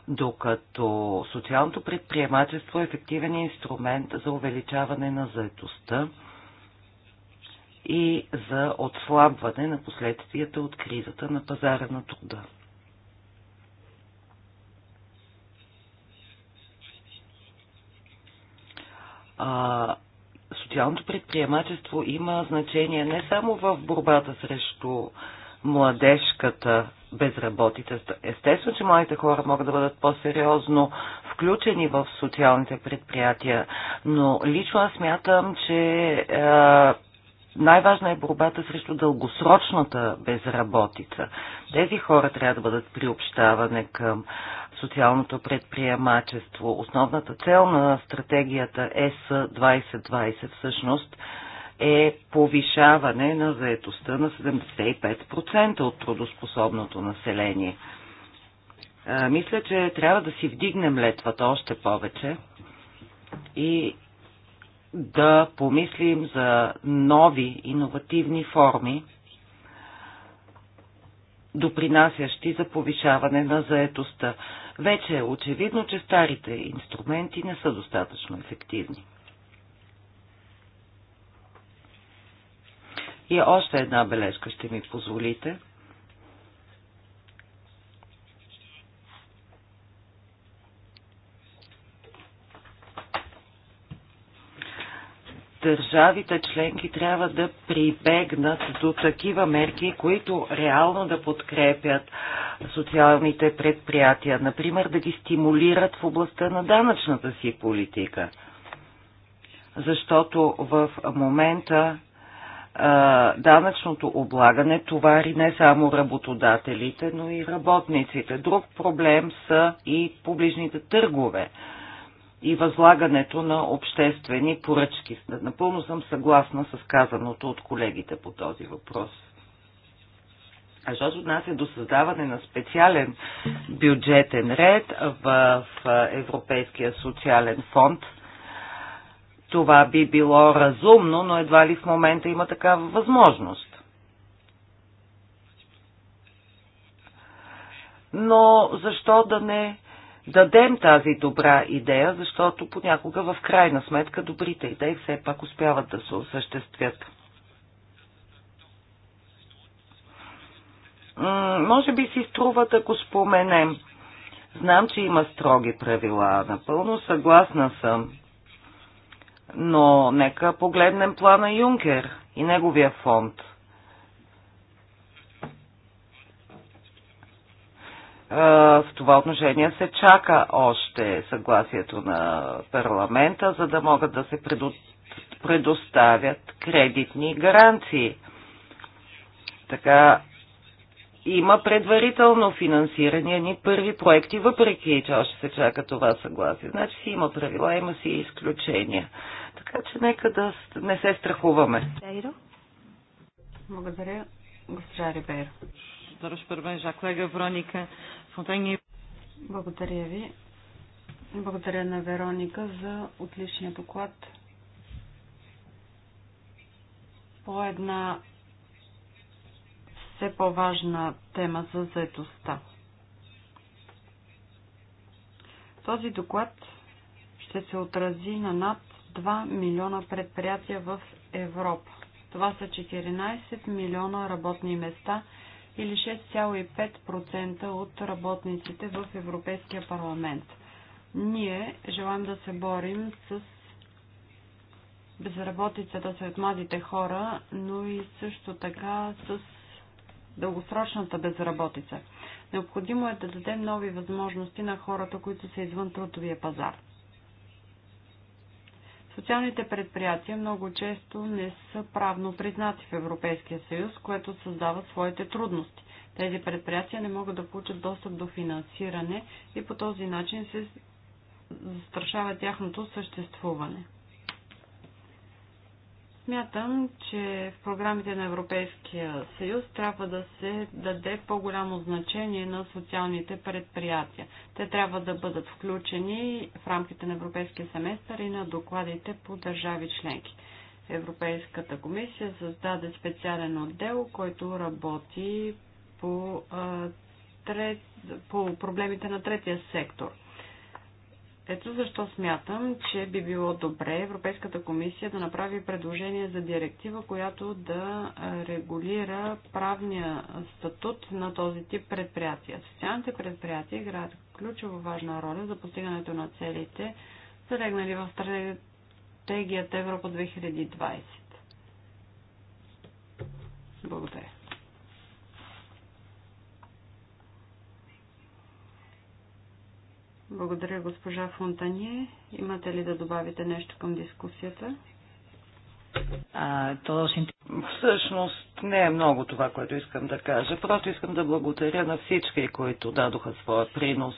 докато социалното предприемачество е ефективен инструмент за увеличаване на заетостта и за отслабване на последствията от кризата на пазара на труда. А, социалното предприемачество има значение не само в борбата срещу младежката безработица. Естествено, че младите хора могат да бъдат по-сериозно включени в социалните предприятия, но лично аз смятам, че е, най-важна е борбата срещу дългосрочната безработица. Тези хора трябва да бъдат приобщаване към социалното предприемачество. Основната цел на стратегията ЕС 2020 всъщност е повишаване на заетостта на 75% от трудоспособното население. Мисля, че трябва да си вдигнем летвата още повече и да помислим за нови иновативни форми, допринасящи за повишаване на заетостта. Вече е очевидно, че старите инструменти не са достатъчно ефективни. И още една бележка ще ми позволите – държавите членки трябва да прибегнат до такива мерки, които реално да подкрепят социалните предприятия. Например, да ги стимулират в областта на данъчната си политика. Защото в момента данъчното облагане товари не само работодателите, но и работниците. Друг проблем са и публичните търгове и възлагането на обществени поръчки. Напълно съм съгласна с казаното от колегите по този въпрос. А що нас е до създаване на специален бюджетен ред в Европейския социален фонд, това би било разумно, но едва ли в момента има такава възможност. Но защо да не дадем тази добра идея, защото понякога в крайна сметка добрите идеи все пак успяват да се осъществят. може би си да ако споменем. Знам, че има строги правила, напълно съгласна съм. Но нека погледнем плана Юнкер и неговия фонд – в това отношение се чака още съгласието на парламента, за да могат да се предоставят кредитни гаранции. Така има предварително финансирани ни първи проекти, въпреки че още се чака това съгласие. Значи си има правила, има си изключения. Така че нека да не се страхуваме. Благодаря, госпожа Рибейро. Здравейте, първен е Вероника spontaneous. Благодаря ви. Благодаря на Вероника за отличния доклад. По една все по-важна тема за заедостта. Този доклад ще се отрази на над 2 милиона предприятия в Европа. Това са 14 милиона работни места – или 6,5% от работниците в Европейския парламент. Ние желаем да се борим с безработицата сред младите хора, но и също така с дългосрочната безработица. Необходимо е да дадем нови възможности на хората, които са извън трудовия пазар. Социалните предприятия много често не са правно признати в Европейския съюз, което създава своите трудности. Тези предприятия не могат да получат достъп до финансиране и по този начин се застрашава тяхното съществуване. Смятам, че в програмите на Европейския съюз трябва да се даде по-голямо значение на социалните предприятия. Те трябва да бъдат включени в рамките на Европейския семестър и на докладите по държави членки. Европейската комисия създаде специален отдел, който работи по, а, трет, по проблемите на третия сектор – ето защо смятам, че би било добре Европейската комисия да направи предложение за директива, която да регулира правния статут на този тип предприятия. Социалните предприятия играят ключово важна роля за постигането на целите, залегнали в стратегията Европа 2020. Благодаря. Благодаря, госпожа Фонтание. Имате ли да добавите нещо към дискусията? А, то... Всъщност не е много това, което искам да кажа. Просто искам да благодаря на всички, които дадоха своя принос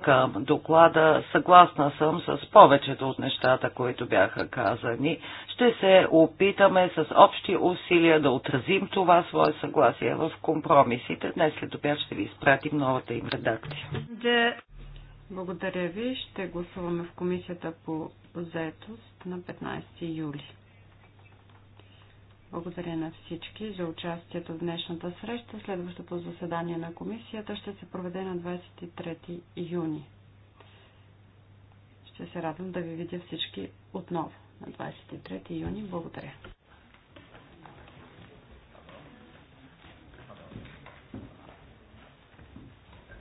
към доклада. Съгласна съм с повечето от нещата, които бяха казани. Ще се опитаме с общи усилия да отразим това свое съгласие в компромисите. Днес след обяд ще ви изпратим новата им редакция. Благодаря ви. Ще гласуваме в комисията по заетост на 15 юли. Благодаря на всички за участието в днешната среща. Следващото заседание на комисията ще се проведе на 23 юни. Ще се радвам да ви видя всички отново на 23 юни. Благодаря.